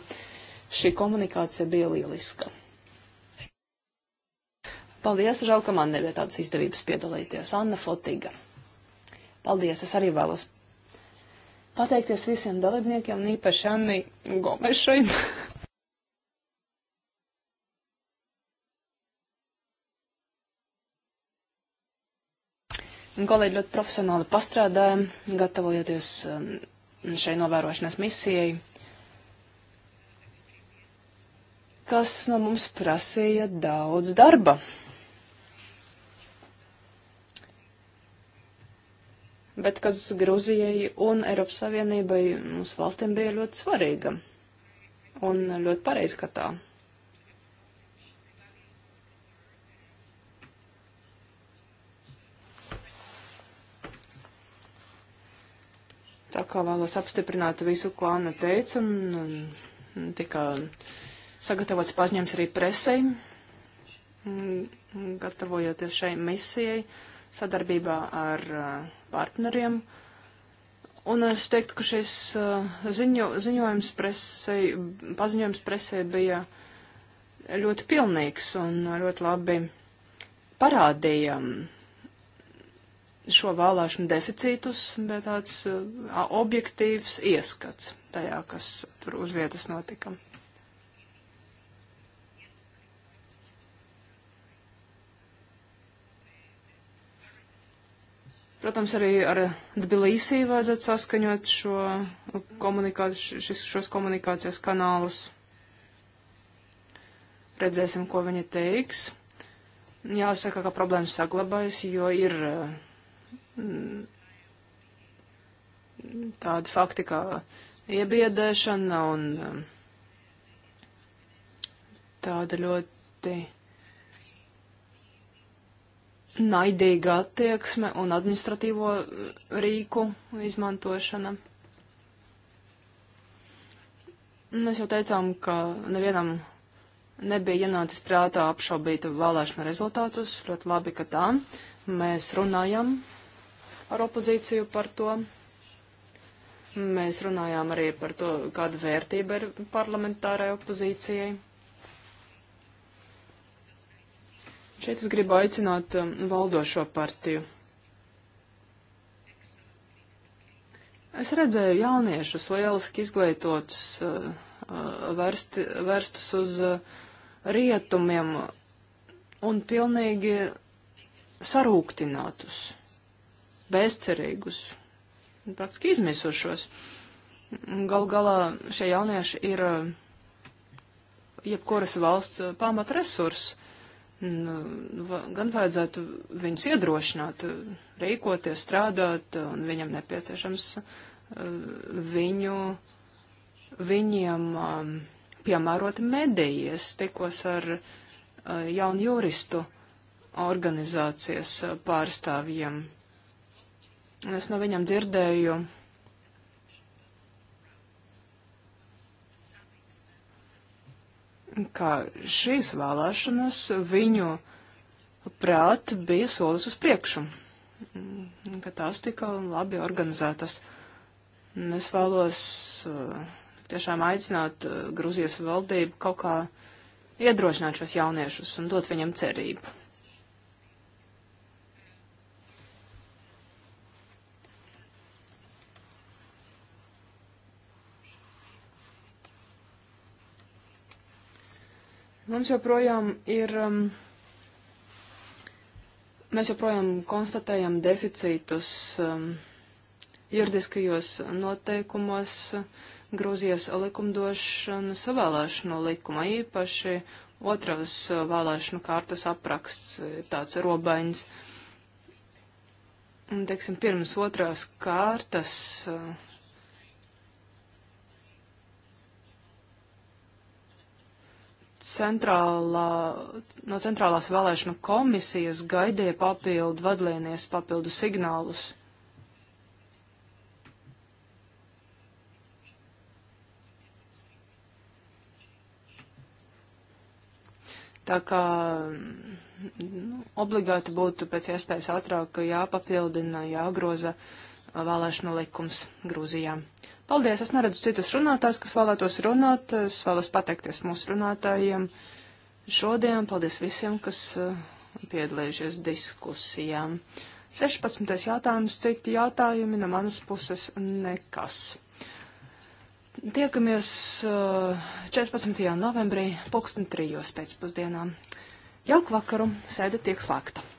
šī komunikācija bija lieliska. Paldies, žēl, ka man nebija tādas izdevības piedalīties. Anna Fotiga. Paldies, es arī vēlos pateikties visiem dalībniekiem, *laughs* un īpaši Annai Gomešai. Kolēģi ļoti profesionāli pastrādāja, gatavojoties um, šai novērošanas misijai. kas no mums prasīja daudz darba. bet kas Gruzijai un Eiropas Savienībai mūsu valstīm bija ļoti svarīga un ļoti pareizi, ka tā. Tā kā vēlos apstiprināt visu, ko Anna teica, un, un tika sagatavots paziņojums arī presei, gatavojoties šai misijai sadarbībā ar uh, partneriem. Un es teiktu, ka šis uh, ziņo, ziņojums presē, paziņojums presē bija ļoti pilnīgs un ļoti labi parādīja um, šo vēlēšanu deficītus, bet tāds uh, objektīvs ieskats tajā, kas tur uz vietas notika. Protams, arī ar Tbilisī vajadzētu saskaņot šo komunikāci šis, šos komunikācijas kanālus. Redzēsim, ko viņi teiks. Jāsaka, ka problēmas saglabājas, jo ir mm, tādi fakti kā iebiedēšana un mm, tāda ļoti naidīga attieksme un administratīvo eh, rīku izmantošana. Mēs jau teicām, ka nevienam nebija ienācis prātā apšaubīt vēlēšana rezultātus. Ļoti labi, ka tā. Mēs runājam ar opozīciju par to. Mēs runājām arī par to, kāda vērtība ir parlamentārai opozīcijai. Šeit es gribu aicināt um, valdošo partiju. Es redzēju jauniešus lieliski izglītotus, uh, uh, vērsti, vērstus uz uh, rietumiem un pilnīgi sarūktinātus, bezcerīgus, praktiski izmisušos. Gal galā šie jaunieši ir jebkuras valsts pamatresurs nu, gan vajadzētu viņus iedrošināt, eh, rīkoties, strādāt, eh, un viņam nepieciešams eh, viņu, viņiem um, piemērot medijas, tikos ar jaunu juristu organizācijas pārstāvjiem. Es no viņam dzirdēju ka šīs vēlēšanas viņu prāt bija solis uz priekšu, ka tās tika labi organizētas. Un es vēlos uh, tiešām aicināt uh, Gruzijas valdību kaut kā iedrošināt šos jauniešus un dot viņam cerību. Mums joprojām ir, um, mēs joprojām konstatējam deficītus um, juridiskajos noteikumos, Grūzijas likumdošanas vēlēšanu likuma īpaši, otras vēlēšanu kārtas apraksts ir tāds robains. Un, teiksim, pirms otrās kārtas. Uh, centrālā, no centrālās vēlēšana komisijas gaidīja papildu vadlīnijas, papildu signālus. Tā kā nu, obligāti būtu pēc iespējas ātrāk jāpapildina, jāgroza vēlēšanu likums Grūzijā. Paldies, es neredzu citus runātājus, kas vēlētos runāt. Es vēlos pateikties mūsu runātājiem šodien. Paldies visiem, kas eh, piedalījušies diskusijām. 16. jautājums, citi jautājumi no manas puses nekas. Tiekamies 14. Eh, novembrī, pulksten trijos pēcpusdienā. Jauku vakaru, sēde tiek slēgta.